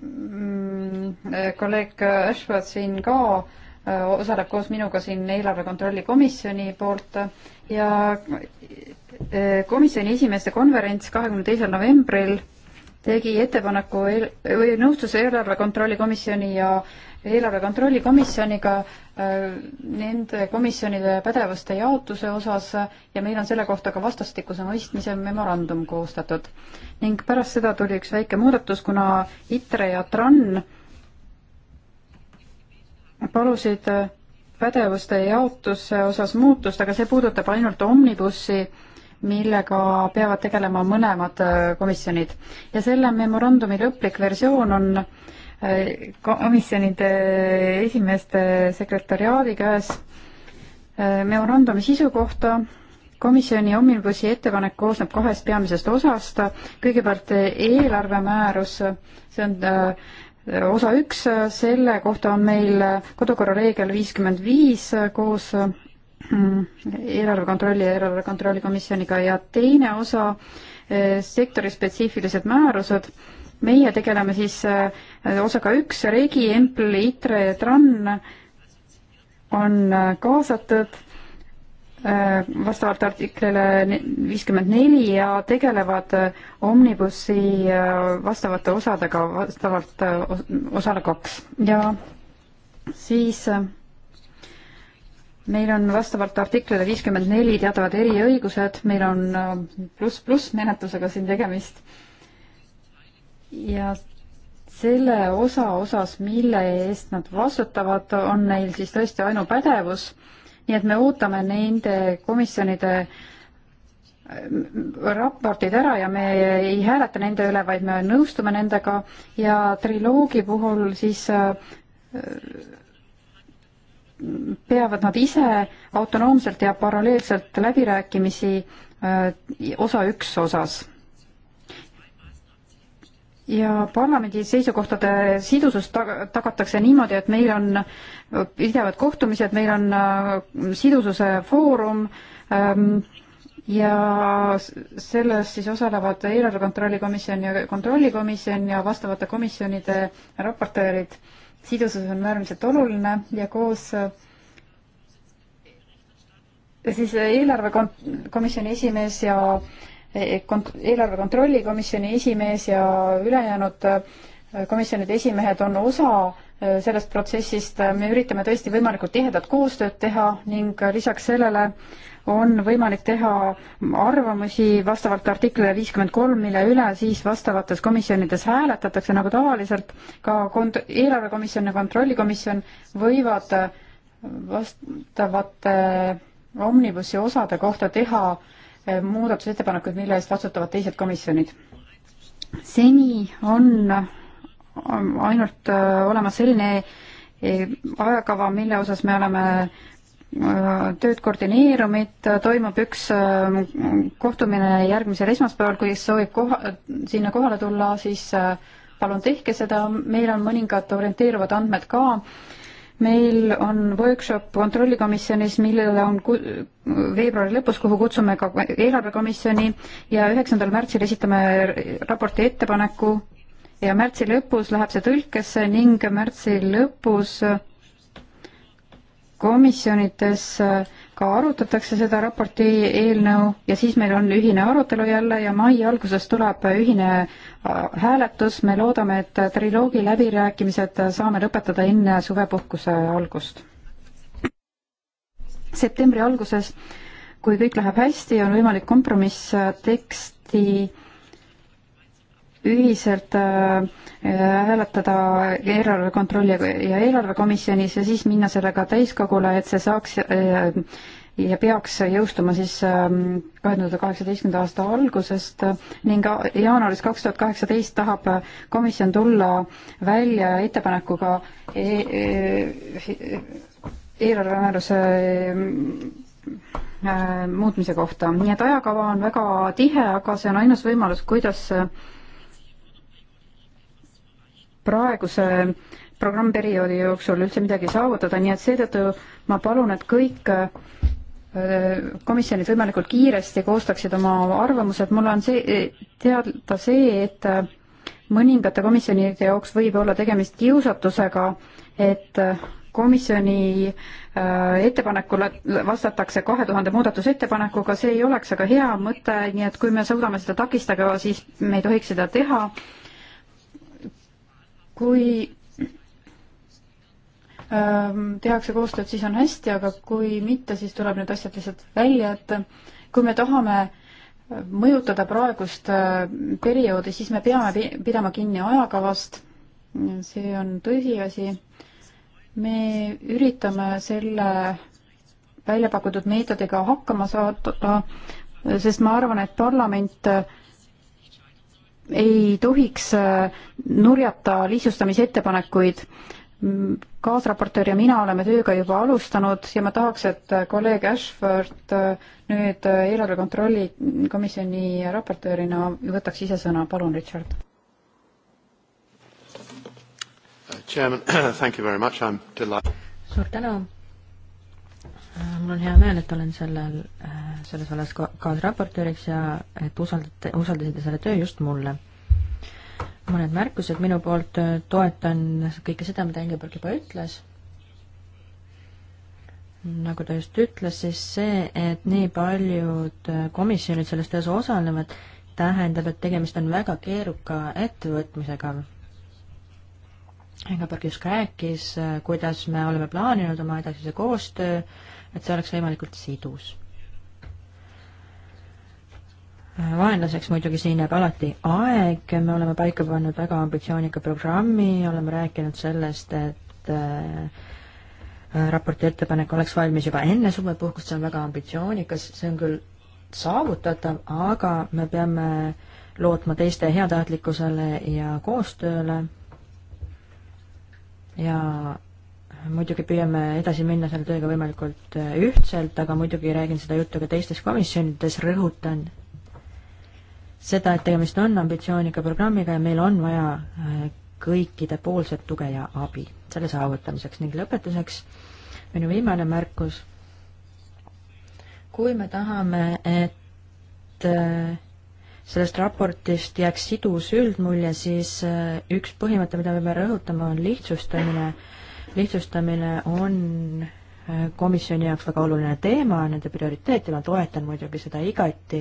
mm, kolleeg Ashworth siin ka äh, osaleb koos minuga siin eelarve kontrolli komisjoni poolt ja äh, komisjoni esimeeste konverents kahekümne teisel novembril tegi ettepaneku või nõustus eelarve kontrolli komisjoni ja eelarve kontrolli komisjoniga äh, nende komisjonide pädevuste jaotuse osas ja meil on selle kohta ka vastastikuse mõistmise memorandum koostatud. ning pärast seda tuli üks väike muudatus, kuna ITRE ja TRAN palusid äh, pädevuste jaotuse osas muutust, aga see puudutab ainult omnibussi, millega peavad tegelema mõlemad äh, komisjonid. ja selle memorandumi lõplik versioon on äh, komisjonide esimeeste sekretariaadi käes memorandumi sisu kohta. komisjoni omnibussi ettepanek koosneb kahest peamisest osast. kõigepealt eelarvemäärus, see on äh, osa üks, selle kohta on meil kodukorra reegel viiskümmend viis koos mm, eelarve kontrolli ja eelarve kontrolli komisjoniga ja teine osa äh, sektori spetsiifilised määrused meie tegeleme siis äh, osaga üks, Regi, Empl, ITRE ja TRAN on äh, kaasatud äh, vastavalt artiklile viiskümmend neli ja tegelevad Omnibussi vastavate osadega vastavalt osale kaks ja siis meil on vastavalt artiklile viiskümmend neli teatavad eriõigused, meil on pluss-pluss menetlusega siin tegemist ja selle osa osas, mille eest nad vastutavad, on neil siis tõesti ainupädevus, nii et me ootame nende komisjonide äh, raportid ära ja me ei hääleta nende üle, vaid me nõustume nendega ja triloogi puhul siis äh, peavad nad ise autonoomselt ja paralleelselt läbirääkimisi äh, osa üks osas ja parlamendi seisukohtade sidusust tag-, tagatakse niimoodi, et meil on pidevad kohtumised, meil on äh, sidususe foorum ähm, ja selles siis osalevad eelarve kontrolli komisjon ja kontrollikomisjon ja vastavate komisjonide raportöörid. sidusus on äärmiselt oluline ja koos ja äh, siis eelarve komisjoni esimees ja äh, Eh, kont-, eelarve kontrolli komisjoni esimees ja ülejäänud eh, komisjonide esimehed on osa eh, sellest protsessist, me üritame tõesti võimalikult tihedat koostööd teha ning lisaks sellele on võimalik teha arvamusi vastavalt artiklile viiskümmend kolm, mille üle siis vastavates komisjonides hääletatakse, nagu tavaliselt ka kont-, eelarvekomisjon ja kontrollikomisjon võivad vastavate omnibussi osade kohta teha äh, muudatusettepanekuid, mille eest vastutavad teised komisjonid. seni on ainult äh, olemas selline äh, ajakava, mille osas me oleme äh, tööd koordineerumid, toimub üks kohtumine järgmisel esmaspäeval, kui soovib koha, sinna kohale tulla, siis palun tehke seda, meil on mõningad orienteeruvad andmed ka meil on workshop kontrollikomisjonis, millele on veebruari lõpus, kuhu kutsume ka eelarvekomisjoni ja üheksandal märtsil esitame raporti ettepaneku ja märtsi lõpus läheb see tõlkesse ning märtsi lõpus komisjonides äh, ka arutatakse seda raporti eelnõu ja siis meil on ühine arutelu jälle ja mai alguses tuleb ühine äh, hääletus. me loodame, et triloogi läbirääkimised saame lõpetada enne suvepuhkuse algust. septembri alguses, kui kõik läheb hästi, on võimalik kompromissteksti ühiselt äh, hääletada eelarvekontrolli ja eelarvekomisjonis ja siis minna sellega täiskogule, et see saaks äh, ja peaks jõustuma siis ähm, kahe tuhande kaheksateistkümnenda aasta algusest ning jaanuaris kaks tuhat kaheksateist tahab komisjon tulla välja ettepanekuga e, e, e, eelarvemääruse äh, muutmise kohta, nii et ajakava on väga tihe, aga see on ainus võimalus, kuidas praeguse programmperioodi jooksul üldse midagi saavutada, nii et seetõttu ma palun, et kõik äh, komisjonid võimalikult kiiresti koostaksid oma arvamused, mul on see, teada see, et äh, mõningate komisjonide jaoks võib olla tegemist kiusatusega, et äh, komisjoni ettepanekule vastatakse kahe tuhande muudatusettepanekuga, see ei oleks aga hea mõte, nii et kui me suudame seda takistada, siis me ei tohiks seda teha kui ähm, tehakse koostööd, siis on hästi, aga kui mitte, siis tuleb need asjad lihtsalt välja, et kui me tahame mõjutada praegust äh, perioodi, siis me peame pidama kinni ajakavast. see on tõsiasi. me üritame selle välja pakutud meetodiga hakkama saada, sest ma arvan, et parlament äh, ei tohiks äh, nurjata lihtsustamisettepanekuid. kaasraportöör ja mina oleme tööga juba alustanud ja ma tahaks, et kolleeg Ashford äh, nüüd äh, eelarve kontrolli komisjoni raportöörina võtaks ise sõna, palun, Richard. [clears throat] suur tänu Äh, mul on hea meel, et olen sellel, äh, selles vallas ka kaasraportööriks ja et usaldate, usaldasite selle töö just mulle. mõned märkused minu poolt, äh, toetan kõike seda, mida Ingeborg juba ütles. nagu ta just ütles, siis see, et nii paljud komisjonid selles töös osalevad, tähendab, et tegemist on väga keeruka ettevõtmisega. Ingeborg just rääkis, kuidas me oleme plaaninud oma edasise koostöö et see oleks võimalikult sidus. vaenlaseks muidugi siin jääb alati aeg, me oleme paika pannud väga ambitsioonika programmi, oleme rääkinud sellest, et äh, raporti ettepanek oleks valmis juba enne suvepuhkust, see on väga ambitsioonikas, see on küll saavutatav, aga me peame lootma teiste heatahtlikkusele ja koostööle ja muidugi püüame edasi minna selle tööga võimalikult äh, ühtselt, aga muidugi räägin seda juttu ka teistes komisjonides, rõhutan seda, et tegemist on ambitsiooniga programmiga ja meil on vaja äh, kõikide poolset tuge ja abi selle saavutamiseks ning lõpetuseks minu viimane märkus. kui me tahame, et äh, sellest raportist jääks sidus üldmulje, siis üks põhimõte, mida me peame rõhutama, on lihtsustamine lihtsustamine on äh, komisjoni jaoks väga oluline teema, nende prioriteet ja ma toetan muidugi seda igati,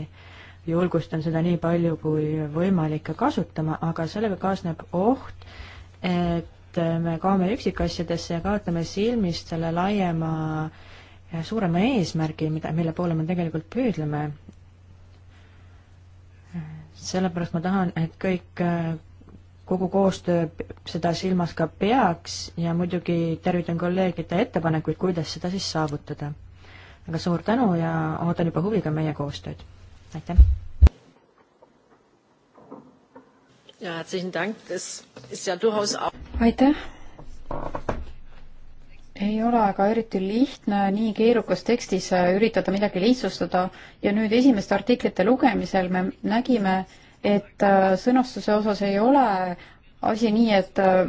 julgustan seda nii palju kui võimalik ka kasutama, aga sellega kaasneb oht, et äh, me kaome üksikasjadesse ja kaotame silmist selle laiema, äh, suurema eesmärgi, mida, mille poole me tegelikult püüdleme. sellepärast ma tahan, et kõik kogu koostöö seda silmas ka peaks ja muidugi tervitan kolleegide ettepanekuid, kuidas seda siis saavutada. aga suur tänu ja ootan juba huviga meie koostööd. aitäh! aitäh! ei ole aga eriti lihtne nii keerukas tekstis üritada midagi lihtsustada ja nüüd esimeste artiklite lugemisel me nägime, et äh, sõnastuse osas ei ole asi nii, et äh,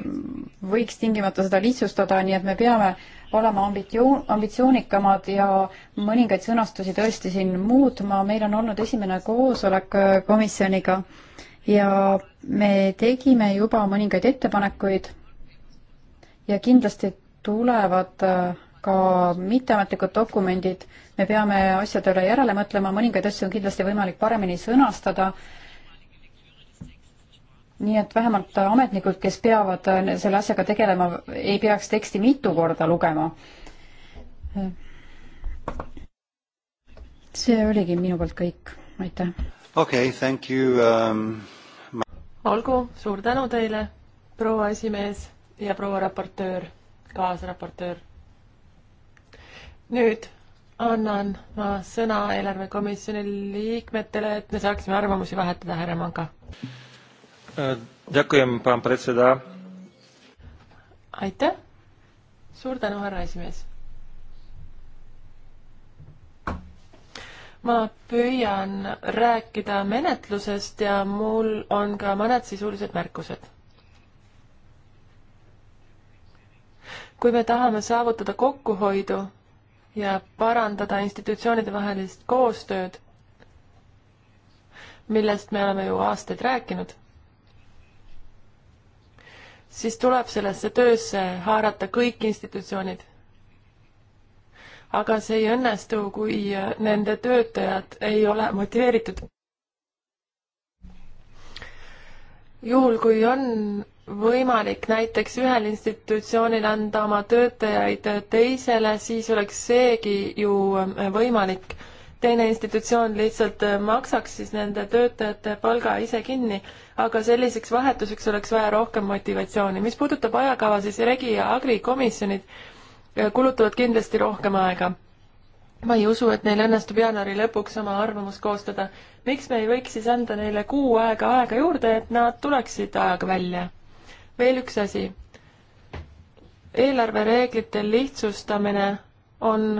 võiks tingimata seda lihtsustada, nii et me peame olema ambitsioon, ambitsioonikamad ja mõningaid sõnastusi tõesti siin muutma. meil on olnud esimene koosolek äh, komisjoniga ja me tegime juba mõningaid ettepanekuid ja kindlasti tulevad ka mitteametlikud dokumendid, me peame asjade üle järele mõtlema, mõningaid asju on kindlasti võimalik paremini sõnastada nii et vähemalt ametnikud, kes peavad selle asjaga tegelema, ei peaks teksti mitu korda lugema. see oligi minu poolt kõik, aitäh. okei okay,, thank you um,. Ma... olgu, suur tänu teile, proua esimees ja proua raportöör, kaasraportöör. nüüd annan ma sõna eelarvekomisjoni liikmetele, et me saaksime arvamusi vahetada härra Manga. Ďakujem, pán predseda. aitäh, suur tänu, härra esimees. ma püüan rääkida menetlusest ja mul on ka mõned sisulised märkused kui me tahame saavutada kokkuhoidu ja parandada institutsioonide vahelist koostööd, millest me oleme ju aastaid rääkinud, siis tuleb sellesse töösse haarata kõik institutsioonid. aga see ei õnnestu, kui äh, nende töötajad ei ole motiveeritud. juhul, kui on võimalik näiteks ühel institutsioonil anda oma töötajaid teisele, siis oleks seegi ju äh, võimalik teine institutsioon lihtsalt äh, maksaks siis nende töötajate palga ise kinni, aga selliseks vahetuseks oleks vaja rohkem motivatsiooni. mis puudutab ajakava, siis Regi ja Agri komisjonid äh, kulutavad kindlasti rohkem aega. ma ei usu, et neil õnnestub jaanuari lõpuks oma arvamus koostada. miks me ei võiks siis anda neile kuu aega aega juurde, et nad tuleksid ajaga välja? veel üks asi. eelarvereeglite lihtsustamine on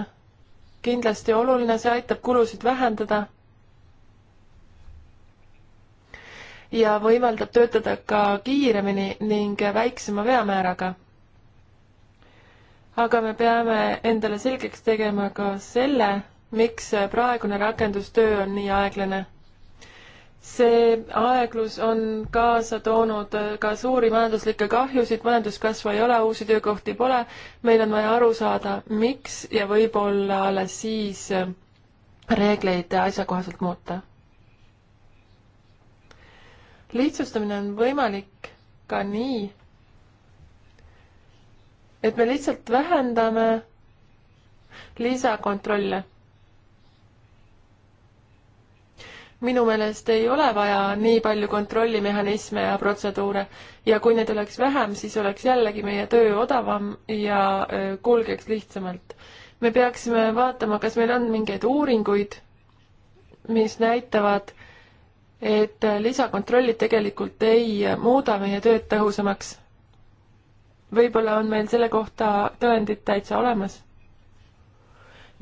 kindlasti oluline, see aitab kulusid vähendada ja võimaldab töötada ka kiiremini ning väiksema veamääraga. aga me peame endale selgeks tegema ka selle, miks praegune rakendustöö on nii aeglane see aeglus on kaasa toonud äh, ka suuri majanduslikke kahjusid, majanduskasvu ei ole, uusi töökohti pole. meil on vaja aru saada, miks ja võib-olla alles siis äh, reegleid asjakohaselt muuta. lihtsustamine on võimalik ka nii, et me lihtsalt vähendame lisakontrolle minu meelest ei ole vaja nii palju kontrollimehhanisme ja protseduure ja kui neid oleks vähem, siis oleks jällegi meie töö odavam ja kulgeks lihtsamalt. me peaksime vaatama, kas meil on mingeid uuringuid, mis näitavad, et lisakontrollid tegelikult ei muuda meie tööd tõhusamaks. võib-olla on meil selle kohta tõendid täitsa olemas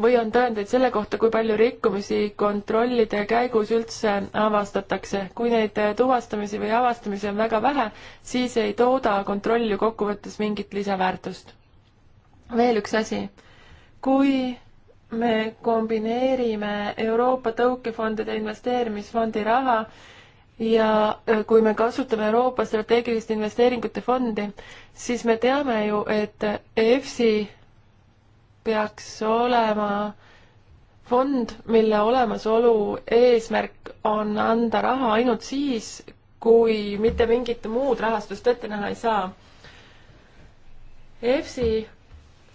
või on tõendeid selle kohta, kui palju rikkumisi kontrollide käigus üldse avastatakse. kui neid tuvastamisi või avastamisi on väga vähe, siis ei tooda kontroll ju kokkuvõttes mingit lisaväärtust. veel üks asi. kui me kombineerime Euroopa tõukefondide investeerimisfondi raha ja äh, kui me kasutame Euroopa strateegiliste investeeringute fondi, siis me teame ju, et EFSI peaks olema fond, mille olemasolu eesmärk on anda raha ainult siis, kui mitte mingit muud rahastust ette näha ei saa. EFSI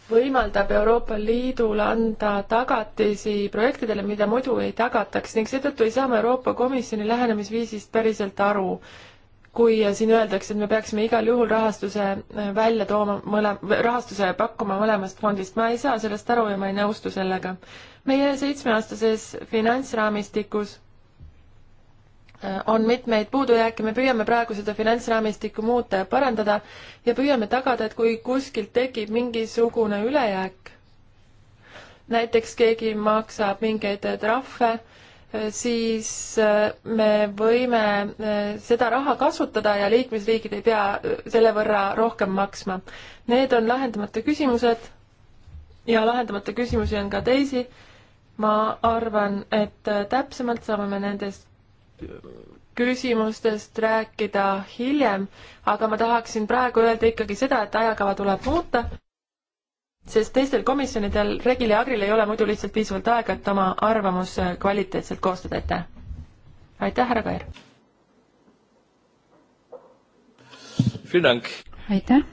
võimaldab Euroopa Liidul anda tagatisi projektidele, mida muidu ei tagataks ning seetõttu ei saa me Euroopa Komisjoni lähenemisviisist päriselt aru kui siin öeldakse, et me peaksime igal juhul rahastuse äh, välja tooma mõle-, rahastuse pakkuma mõlemast fondist, ma ei saa sellest aru ja ma ei nõustu sellega. meie seitsmeaastases finantsraamistikus äh, on mitmeid puudujääke, me püüame praegu seda finantsraamistikku muuta ja parandada ja püüame tagada, et kui kuskilt tekib mingisugune ülejääk, näiteks keegi maksab mingeid trahve äh, Äh, siis äh, me võime äh, seda raha kasutada ja liikmesriigid ei pea selle võrra rohkem maksma. Need on lahendamata küsimused ja lahendamata küsimusi on ka teisi. ma arvan, et täpsemalt saame me nendest küsimustest rääkida hiljem, aga ma tahaksin praegu öelda ikkagi seda, et ajakava tuleb muuta sest teistel komisjonidel, Regil ja Agril ei ole muidu lihtsalt piisavalt aega, et oma arvamus äh, kvaliteetselt koostada, aitäh. aitäh, härra Kair. aitäh.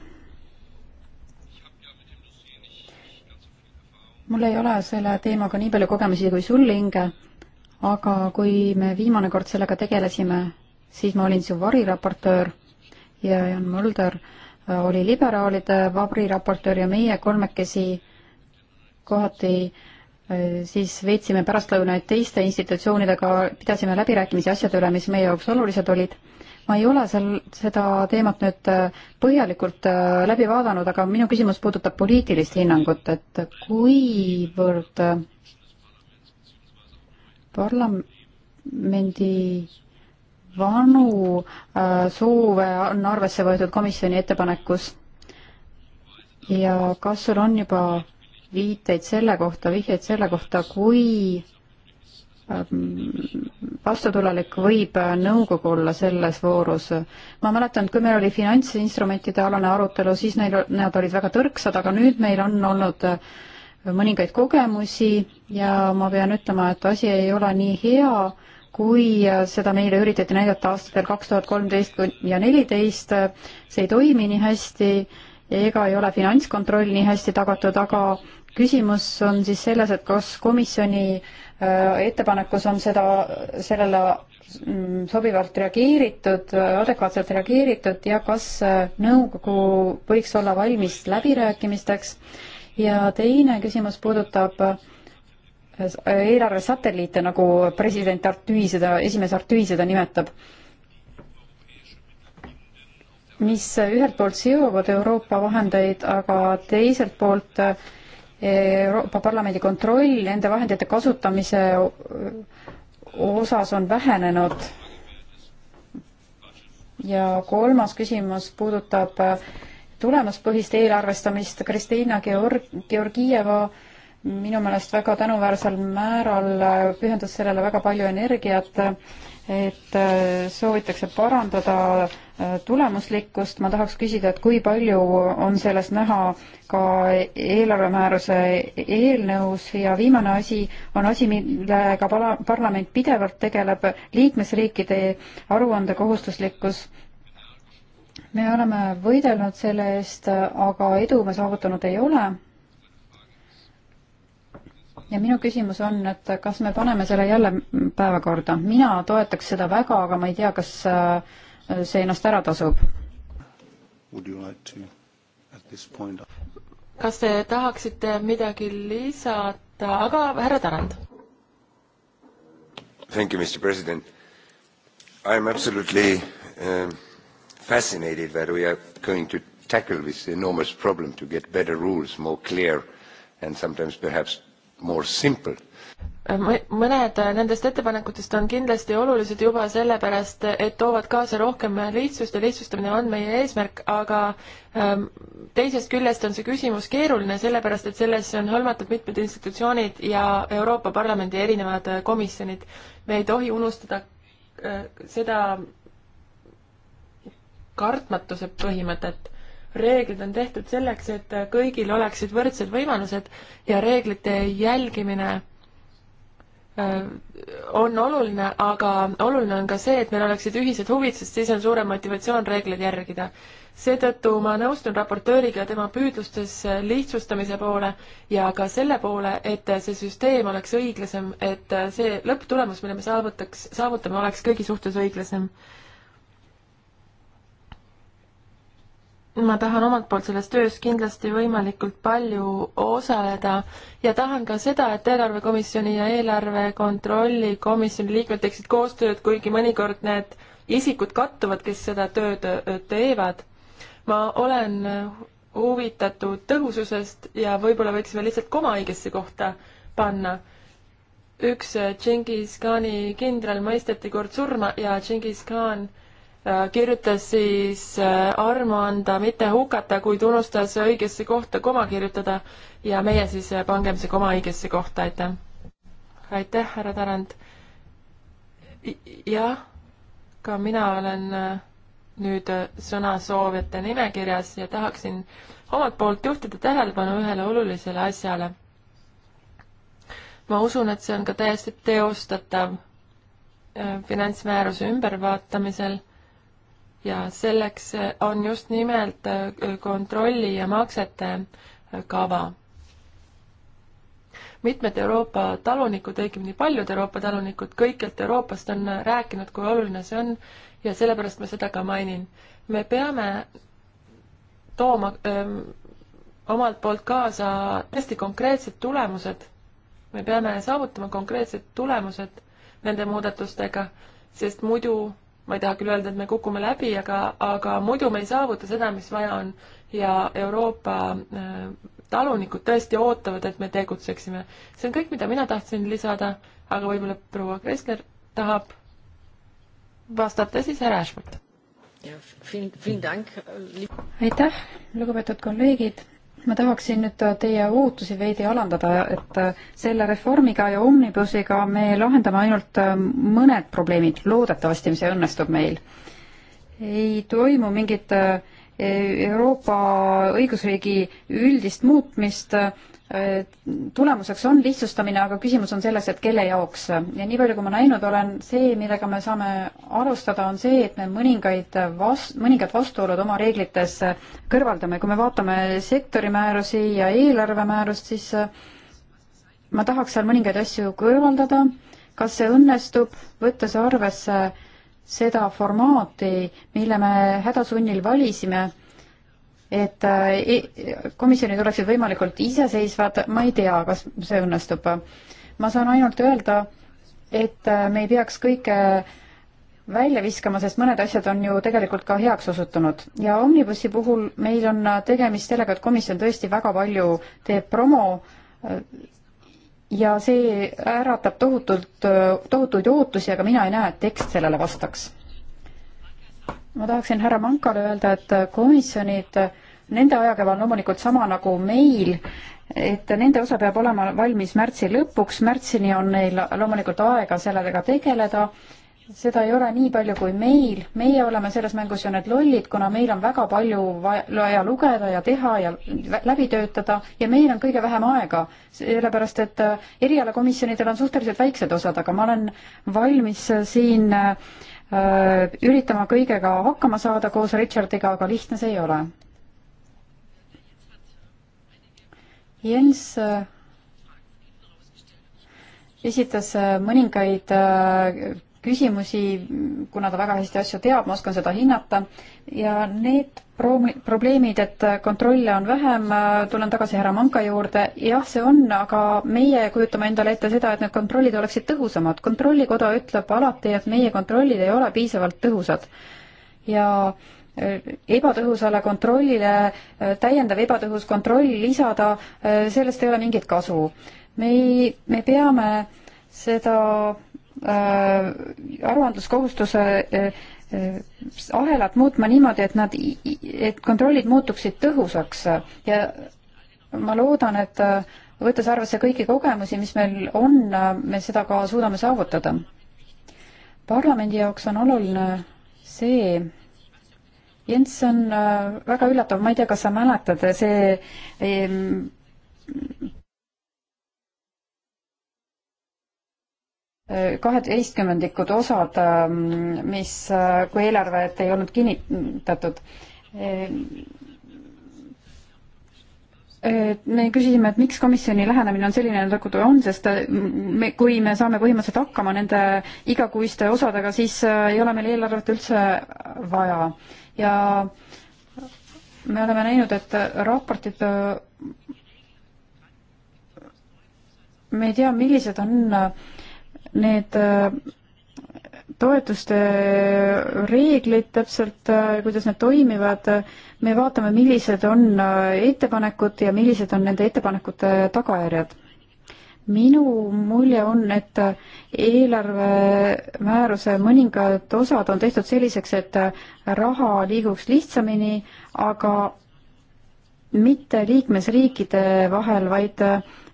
mul ei ole selle teemaga nii palju kogemusi kui sul, Inge, aga kui me viimane kord sellega tegelesime, siis ma olin su variraportöör ja Jan Mulder äh, oli liberaalide vabri raportöör ja meie kolmekesi kohati äh, siis veetsime pärastlõunaid teiste institutsioonidega, pidasime läbirääkimisi asjade üle, mis meie jaoks olulised olid. ma ei ole seal seda teemat nüüd äh, põhjalikult äh, läbi vaadanud, aga minu küsimus puudutab poliitilist hinnangut, et kuivõrd parlamendi vanu äh, soove on arvesse võetud komisjoni ettepanekus? ja kas sul on juba viiteid selle kohta, vihjeid selle kohta, kui ähm, vastutulelik võib äh, nõukogu olla selles voorus. ma mäletan, et kui meil oli finantsinstrumentide alane arutelu, siis neil, nad olid väga tõrksad, aga nüüd meil on olnud äh, mõningaid kogemusi ja ma pean ütlema, et asi ei ole nii hea, kui äh, seda meile üritati näidata aastatel kaks tuhat kolmteist ja neliteist, äh, see ei toimi nii hästi ega ei ole finantskontroll nii hästi tagatud, aga küsimus on siis selles, et kas komisjoni äh, ettepanekus on seda, sellele mm, sobivalt reageeritud, adekvaatselt reageeritud ja kas nõukogu võiks olla valmis läbirääkimisteks. ja teine küsimus puudutab äh, eelarve satelliite, nagu president Artüi seda, esimees Artüi seda nimetab, mis ühelt poolt seovad Euroopa vahendeid, aga teiselt poolt eh, Euroopa Parlamendi kontroll nende vahendite kasutamise osas on vähenenud. ja kolmas küsimus puudutab eh, tulemuspõhist eelarvestamist. Kristiina Georg-, Georgieva äh, minu meelest väga tänuväärsel määral äh, pühendas sellele väga palju energiat, et äh, soovitakse parandada äh, tulemuslikkust, ma tahaks küsida, et kui palju on selles näha ka eelarvemääruse eelnõus ja viimane asi on asi, millega parlament pidevalt tegeleb, liikmesriikide aruande kohustuslikkus. me oleme võidelnud selle eest, aga edu me saavutanud ei ole ja minu küsimus on, et kas me paneme selle jälle päevakorda? mina toetaks seda väga, aga ma ei tea, kas äh, see ennast ära tasub. kas te tahaksite midagi lisada, aga härra Tarand? Thank you, Mr President. I am absolutely um, fascinated that we are going to tackle this enormous problem to get better rules, more clear and sometimes perhaps more simple mõned äh, nendest ettepanekutest on kindlasti olulised juba sellepärast, et toovad kaasa rohkem lihtsust ja lihtsustamine on meie eesmärk, aga ähm, teisest küljest on see küsimus keeruline, sellepärast et sellesse on hõlmatud mitmed institutsioonid ja Euroopa Parlamendi erinevad äh, komisjonid. me ei tohi unustada äh, seda kartmatuse põhimõtet reeglid on tehtud selleks, et kõigil oleksid võrdsed võimalused ja reeglite jälgimine äh, on oluline, aga oluline on ka see, et meil oleksid ühised huvid, sest siis on suurem motivatsioon reegleid järgida. seetõttu ma nõustun raportööriga tema püüdlustes lihtsustamise poole ja ka selle poole, et see süsteem oleks õiglasem, et see lõpptulemus, mille me saavutaks, saavutame, oleks kõigi suhtes õiglasem ma tahan omalt poolt selles töös kindlasti võimalikult palju osaleda ja tahan ka seda, et eelarvekomisjoni ja eelarve kontrolli komisjoni liikmed teeksid koostööd, kuigi mõnikord need isikud kattuvad, kes seda tööd teevad. ma olen huvitatud tõhususest ja võib-olla võiksime lihtsalt koma õigesse kohta panna. üks Tšingis Khani kindral mõisteti kord surma ja Tšingis Khan Khan Äh, kirjutas siis äh, armu anda, mitte hukata, kuid unustas õigesse kohta koma kirjutada ja meie siis äh, pangem see koma õigesse kohta, aitäh. aitäh, härra Tarand. jah, ka mina olen nüüd sõnasoovijate nimekirjas ja tahaksin omalt poolt juhtida tähelepanu ühele olulisele asjale. ma usun, et see on ka täiesti teostatav finantsmääruse ümbervaatamisel ja selleks on just nimelt äh, kontrolli ja maksete äh, kava mitmed Euroopa talunikud, õigemini paljud Euroopa talunikud kõikjalt Euroopast on äh, rääkinud, kui oluline see on ja sellepärast ma seda ka mainin. me peame tooma öö, ähm, omalt poolt kaasa hästi konkreetsed tulemused. me peame saavutama konkreetsed tulemused nende muudatustega, sest muidu ma ei taha küll öelda, et me kukume läbi, aga, aga muidu me ei saavuta seda, mis vaja on. ja Euroopa äh, talunikud tõesti ootavad, et me tegutseksime. see on kõik, mida mina tahtsin lisada, aga võib-olla proua Kressler tahab vastata siis härra Ashford. aitäh, lugupeetud kolleegid ma tahaksin nüüd teie ootusi veidi alandada, et selle reformiga ja omnibusiga me lahendame ainult äh, mõned probleemid, loodetavasti see õnnestub meil. ei toimu mingit äh, Euroopa õigusriigi üldist muutmist. tulemuseks on lihtsustamine, aga küsimus on selles, et kelle jaoks. ja nii palju, kui ma näinud olen, see, millega me saame alustada, on see, et me mõningaid vast-, mõningad vastuolud oma reeglites kõrvaldame. kui me vaatame sektorimäärusi ja eelarvemäärust, siis äh, ma tahaks seal mõningaid asju kõrvaldada. kas see õnnestub, võttes arvesse seda formaati, mille me hädasunnil valisime, et äh, e-, komisjonid oleksid võimalikult iseseisvad, ma ei tea, kas see õnnestub. ma saan ainult öelda, et äh, me ei peaks kõike välja viskama, sest mõned asjad on ju tegelikult ka heaks osutunud. ja Omnibussi puhul meil on äh, tegemist sellega, et komisjon tõesti väga palju teeb promo ja see äratab tohutult, tohutuid ootusi, aga mina ei näe, et tekst sellele vastaks. ma tahaksin härra Mankale öelda, et komisjonid, nende ajakava on loomulikult sama nagu meil, et nende osa peab olema valmis märtsi lõpuks, märtsini on neil loomulikult aega sellega tegeleda seda ei ole nii palju kui meil, meie oleme selles mängus ju need lollid, kuna meil on väga palju vaja lugeda ja teha ja läbi töötada ja meil on kõige vähem aega, sellepärast et äh, erialakomisjonidel on suhteliselt väiksed osad, aga ma olen valmis äh, siin äh, üritama kõigega hakkama saada koos Richardiga, aga lihtne see ei ole. Jens esitas mõningaid küsimusi, kuna ta väga hästi asju teab, ma oskan seda hinnata, ja need pro-, probleemid, et kontrolle on vähem, tulen tagasi härra Manka juurde, jah, see on, aga meie kujutame endale ette seda, et need kontrollid oleksid tõhusamad. kontrollikoda ütleb alati, et meie kontrollid ei ole piisavalt tõhusad. ja äh, ebatõhusale kontrollile äh, täiendav ebatõhus kontroll lisada, äh, sellest ei ole mingit kasu. me ei, me peame seda Äh, aruandluskohustuse äh, äh, ahelat muutma niimoodi, et nad, et kontrollid muutuksid tõhusaks ja ma loodan, et võttes arvesse kõiki kogemusi, mis meil on, me seda ka suudame saavutada. parlamendi jaoks on oluline see, Jens, see on väga üllatav, ma ei tea, kas sa mäletad, see kaheteistkümnendikud osad, ähm, mis, äh, kui eelarvet ei olnud kinnitatud. Äh, me küsisime, et miks komisjoni lähenemine on selline, nagu ta on, sest äh, me, kui me saame põhimõtteliselt hakkama nende igakuiste osadega, siis ei ole meil eelarvet üldse vaja. ja me oleme näinud, et raportid me ei tea, millised on äh, need äh, toetuste reeglid täpselt, äh, kuidas need toimivad, me vaatame, millised on äh, ettepanekud ja millised on nende ettepanekute tagajärjed. minu mulje on, et eelarvemääruse mõningad osad on tehtud selliseks, et raha liiguks lihtsamini, aga mitte liikmesriikide vahel, vaid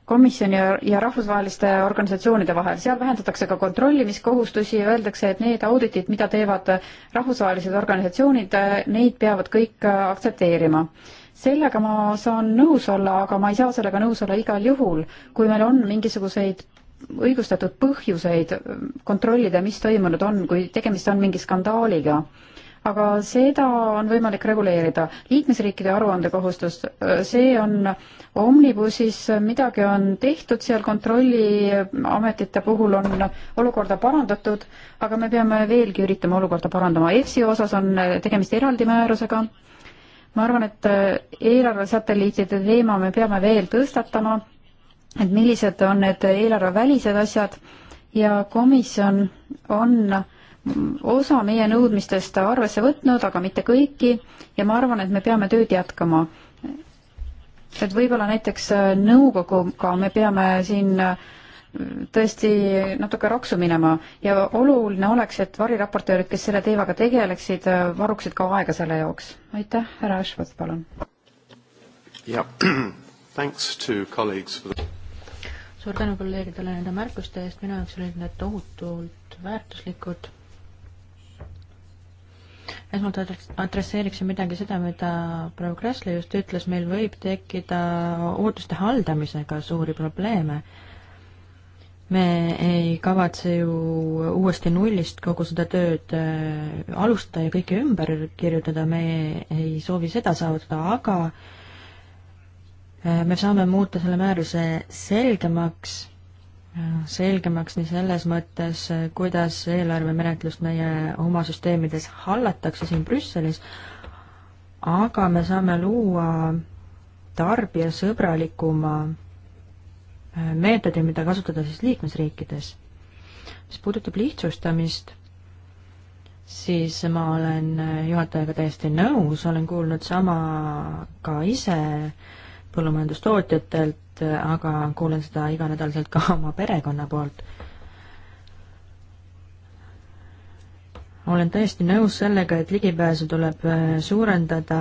komisjoni ja rahvusvaheliste organisatsioonide vahel, seal vähendatakse ka kontrollimiskohustusi ja öeldakse, et need auditid, mida teevad rahvusvahelised organisatsioonid, neid peavad kõik aktsepteerima. sellega ma saan nõus olla, aga ma ei saa sellega nõus olla igal juhul, kui meil on mingisuguseid õigustatud põhjuseid kontrollida, mis toimunud on, kui tegemist on mingi skandaaliga aga seda on võimalik reguleerida. liikmesriikide aruandekohustus, äh, see on omnibusis, midagi on tehtud seal kontrolliametite puhul, on olukorda parandatud, aga me peame veelgi üritama olukorda parandama. EFSi osas on tegemist eraldi määrusega, ma arvan, et äh, eelarvesatelliitide teema me peame veel tõstatama, et millised on need eelarvevälised asjad ja komisjon on osa meie nõudmistest arvesse võtnud, aga mitte kõiki ja ma arvan, et me peame tööd jätkama. et võib-olla näiteks äh, nõukoguga me peame siin äh, tõesti natuke raksu minema ja oluline oleks, et variraportöörid, kes selle teemaga tegeleksid, äh, varuksid ka aega selle jaoks. aitäh, härra Ashworth, palun. jah, [clears throat] thanks to colleagues for the suur tänu kolleegidele nende märkuste eest, minu jaoks olid need tohutult väärtuslikud esmalt adresseeriksin midagi seda, mida proua Kressle just ütles, meil võib tekkida ootuste haldamisega suuri probleeme. me ei kavatse ju uuesti nullist kogu seda tööd äh, alustada ja kõike ümber kirjutada, me ei soovi seda saavutada, aga äh, me saame muuta selle määruse selgemaks selgemaks nii selles mõttes, kuidas eelarvemenetlust meie oma süsteemides hallatakse siin Brüsselis, aga me saame luua tarbijasõbralikuma äh, meetodi, mida kasutada siis liikmesriikides. mis puudutab lihtsustamist, siis ma olen äh, juhatajaga täiesti nõus, olen kuulnud sama ka ise äh, põllumajandustootjatelt, aga kuulen seda iganädalaselt ka oma perekonna poolt. olen täiesti nõus sellega, et ligipääsu tuleb äh, suurendada,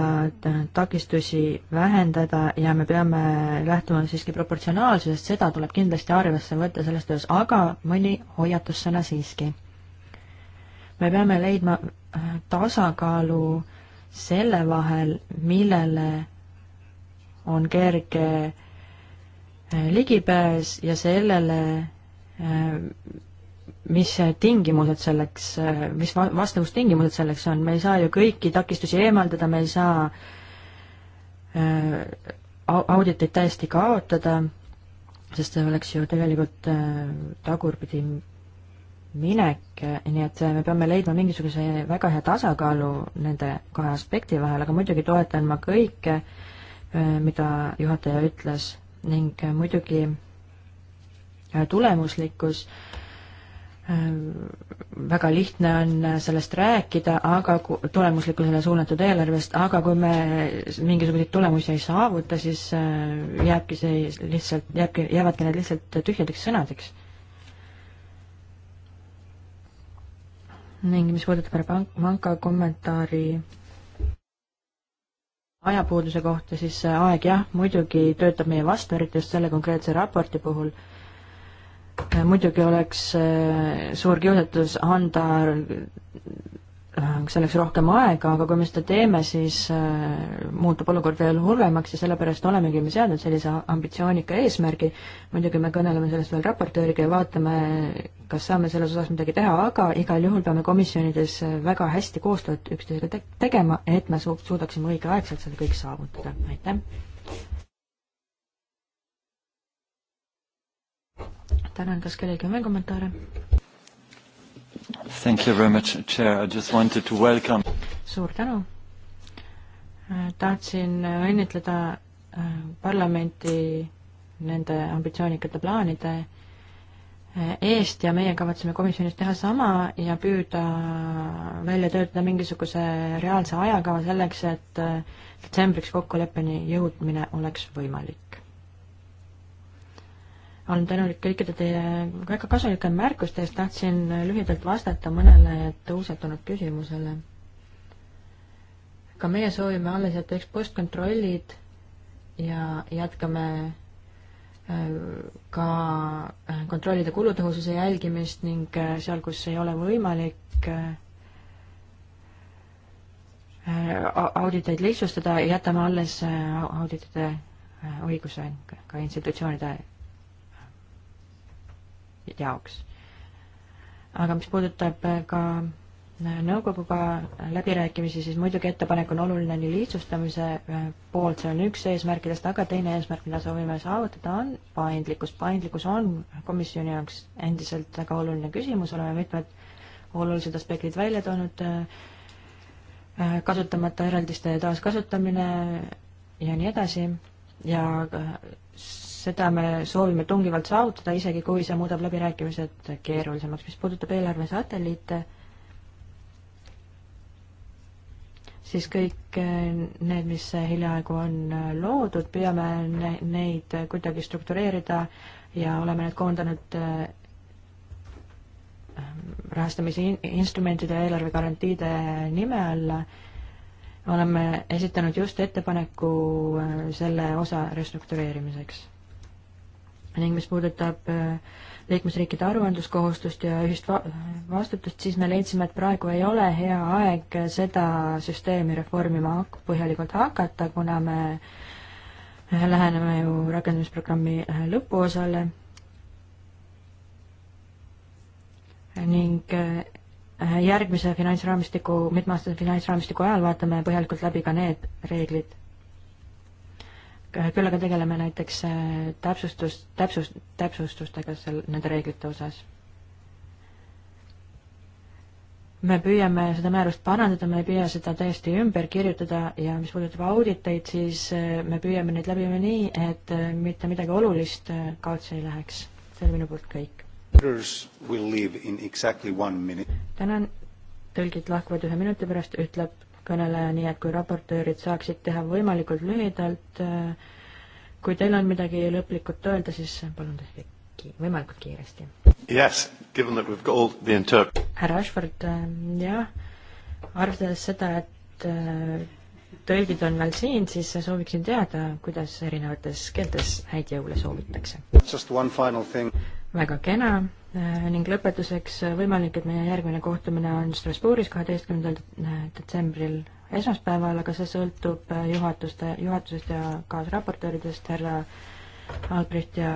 äh, takistusi vähendada ja me peame lähtuma siiski proportsionaalsusest, seda tuleb kindlasti arvesse võtta selles töös, aga mõni hoiatussõna siiski. me peame leidma äh, tasakaalu selle vahel, millele on kerge äh, ligipääs ja sellele, äh, mis tingimused selleks, äh, mis va-, vastavustingimused selleks on, me ei saa ju kõiki takistusi eemaldada, me ei saa auditeid täiesti kaotada, sest see oleks ju tegelikult tagurpidi minek, nii et me peame leidma mingisuguse väga hea tasakaalu nende kahe aspekti vahel, aga muidugi toetan ma kõike äh, Äh, mida juhataja ütles ning äh, muidugi äh, tulemuslikkus väga lihtne on sellest rääkida, aga tulemuslikkusele suunatud eelarvest, aga kui me mingisuguseid tulemusi ei saavuta, siis jääbki see lihtsalt, jääbki, jäävadki need lihtsalt tühjadeks sõnadeks. ning mis puudutab härra Panka kommentaari ajapuuduse kohta, siis see aeg jah, muidugi töötab meie vastu, eriti just selle konkreetse raporti puhul. muidugi oleks äh, suur kiusatus anda Äh, selleks rohkem aega, aga kui me seda teeme, siis äh, muutub olukord veel hullemaks ja sellepärast olemegi me seadnud sellise ambitsioonika eesmärgi. muidugi me kõneleme sellest veel raportööriga ja vaatame, kas saame selles osas midagi teha, aga igal juhul peame komisjonides äh, väga hästi koostööd üksteisega te tegema, et me su suudaksime õigeaegselt seda kõik saavutada, aitäh! tänan, kas kellelgi on veel kommentaare? Thank you very much, Chair. I just wanted to welcome. suur tänu. Äh, tahtsin äh, õnnitleda äh, parlamenti nende ambitsioonikate plaanide eest ja meie kavatseme komisjonis teha sama ja püüda välja töötada mingisuguse reaalse ajakava selleks, et detsembriks kokkuleppeni jõudmine oleks võimalik olen tänulik kõikide teie väga kasulike märkuste eest, tahtsin lühidalt vastata mõnele tõusetunud küsimusele. ka meie soovime alles jätta ekspost kontrollid ja jätkame äh, ka äh, kontrollide kulutõhususe jälgimist ning äh, seal, kus ei ole võimalik auditeid lihtsustada, jätame alles auditite õiguse ka institutsioonide jaoks. aga mis puudutab äh, ka äh, nõukoguga äh, läbirääkimisi, siis muidugi ettepanek on oluline nii lihtsustamise poolt, see on üks eesmärkidest, aga teine eesmärk, mida soovime saavutada, on paindlikkus. paindlikkus on komisjoni jaoks endiselt väga oluline küsimus, oleme mitmed olulised aspektid välja toonud, kasutamata eraldiste taaskasutamine ja nii edasi ja seda me soovime tungivalt saavutada, isegi kui see muudab läbirääkimised keerulisemaks. mis puudutab eelarvesatelliite, siis kõik eh, need, mis hiljaaegu on eh, loodud, püüame ne neid kuidagi struktureerida ja oleme need koondanud eh, rahastamise instrumentide ja eelarvegarantiide nime alla. oleme esitanud just ettepaneku selle osa restruktureerimiseks ning mis puudutab äh, liikmesriikide aruandluskohustust ja ühist va vastutust, siis me leidsime, et praegu ei ole hea aeg seda süsteemi reformima hak-, põhjalikult hakata, kuna me äh, läheneme ju rakendamisprogrammi äh, lõpuosale ning järgmise finantsraamistiku, mitmeaastase finantsraamistiku ajal vaatame põhjalikult läbi ka need reeglid Äh, küll aga tegeleme näiteks äh, täpsustus, täpsus, täpsustustega seal nende reeglite osas. me püüame seda määrust parandada, me ei püüa seda täiesti ümber kirjutada ja mis puudutab auditeid, siis äh, me püüame neid läbi viia nii, et mitte midagi olulist kaotsi ei läheks. see oli minu poolt kõik. Exactly tänan, tõlgid lahkuvad ühe minuti pärast, ütleb kõneleja, nii et kui raportöörid saaksid teha võimalikult lühidalt, äh, kui teil on midagi lõplikut öelda, siis palun tehke võimalikult kiiresti. härra Ashford, äh, jah, arvestades seda, et äh, tõlgid on veel siin, siis sooviksin teada, kuidas erinevates keeltes häid jõule soovitakse. väga kena Äh, ning lõpetuseks äh, võimalik, et meie järgmine kohtumine on Strasbourgis kaheteistkümnendal äh, detsembril esmaspäeval, aga see sõltub juhatuste, juhatusest ja kaasraportööridest, härra Albrecht ja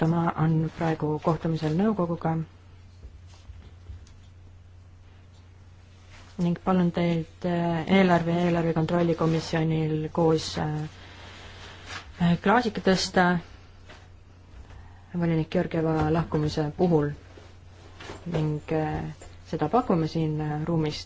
Toma on praegu kohtumisel nõukoguga. ning palun teilt eelarve ja eelarve kontrolli komisjonil koos klaasika tõsta volinik Georgieva lahkumise puhul ning eh, seda pakume siin eh, ruumis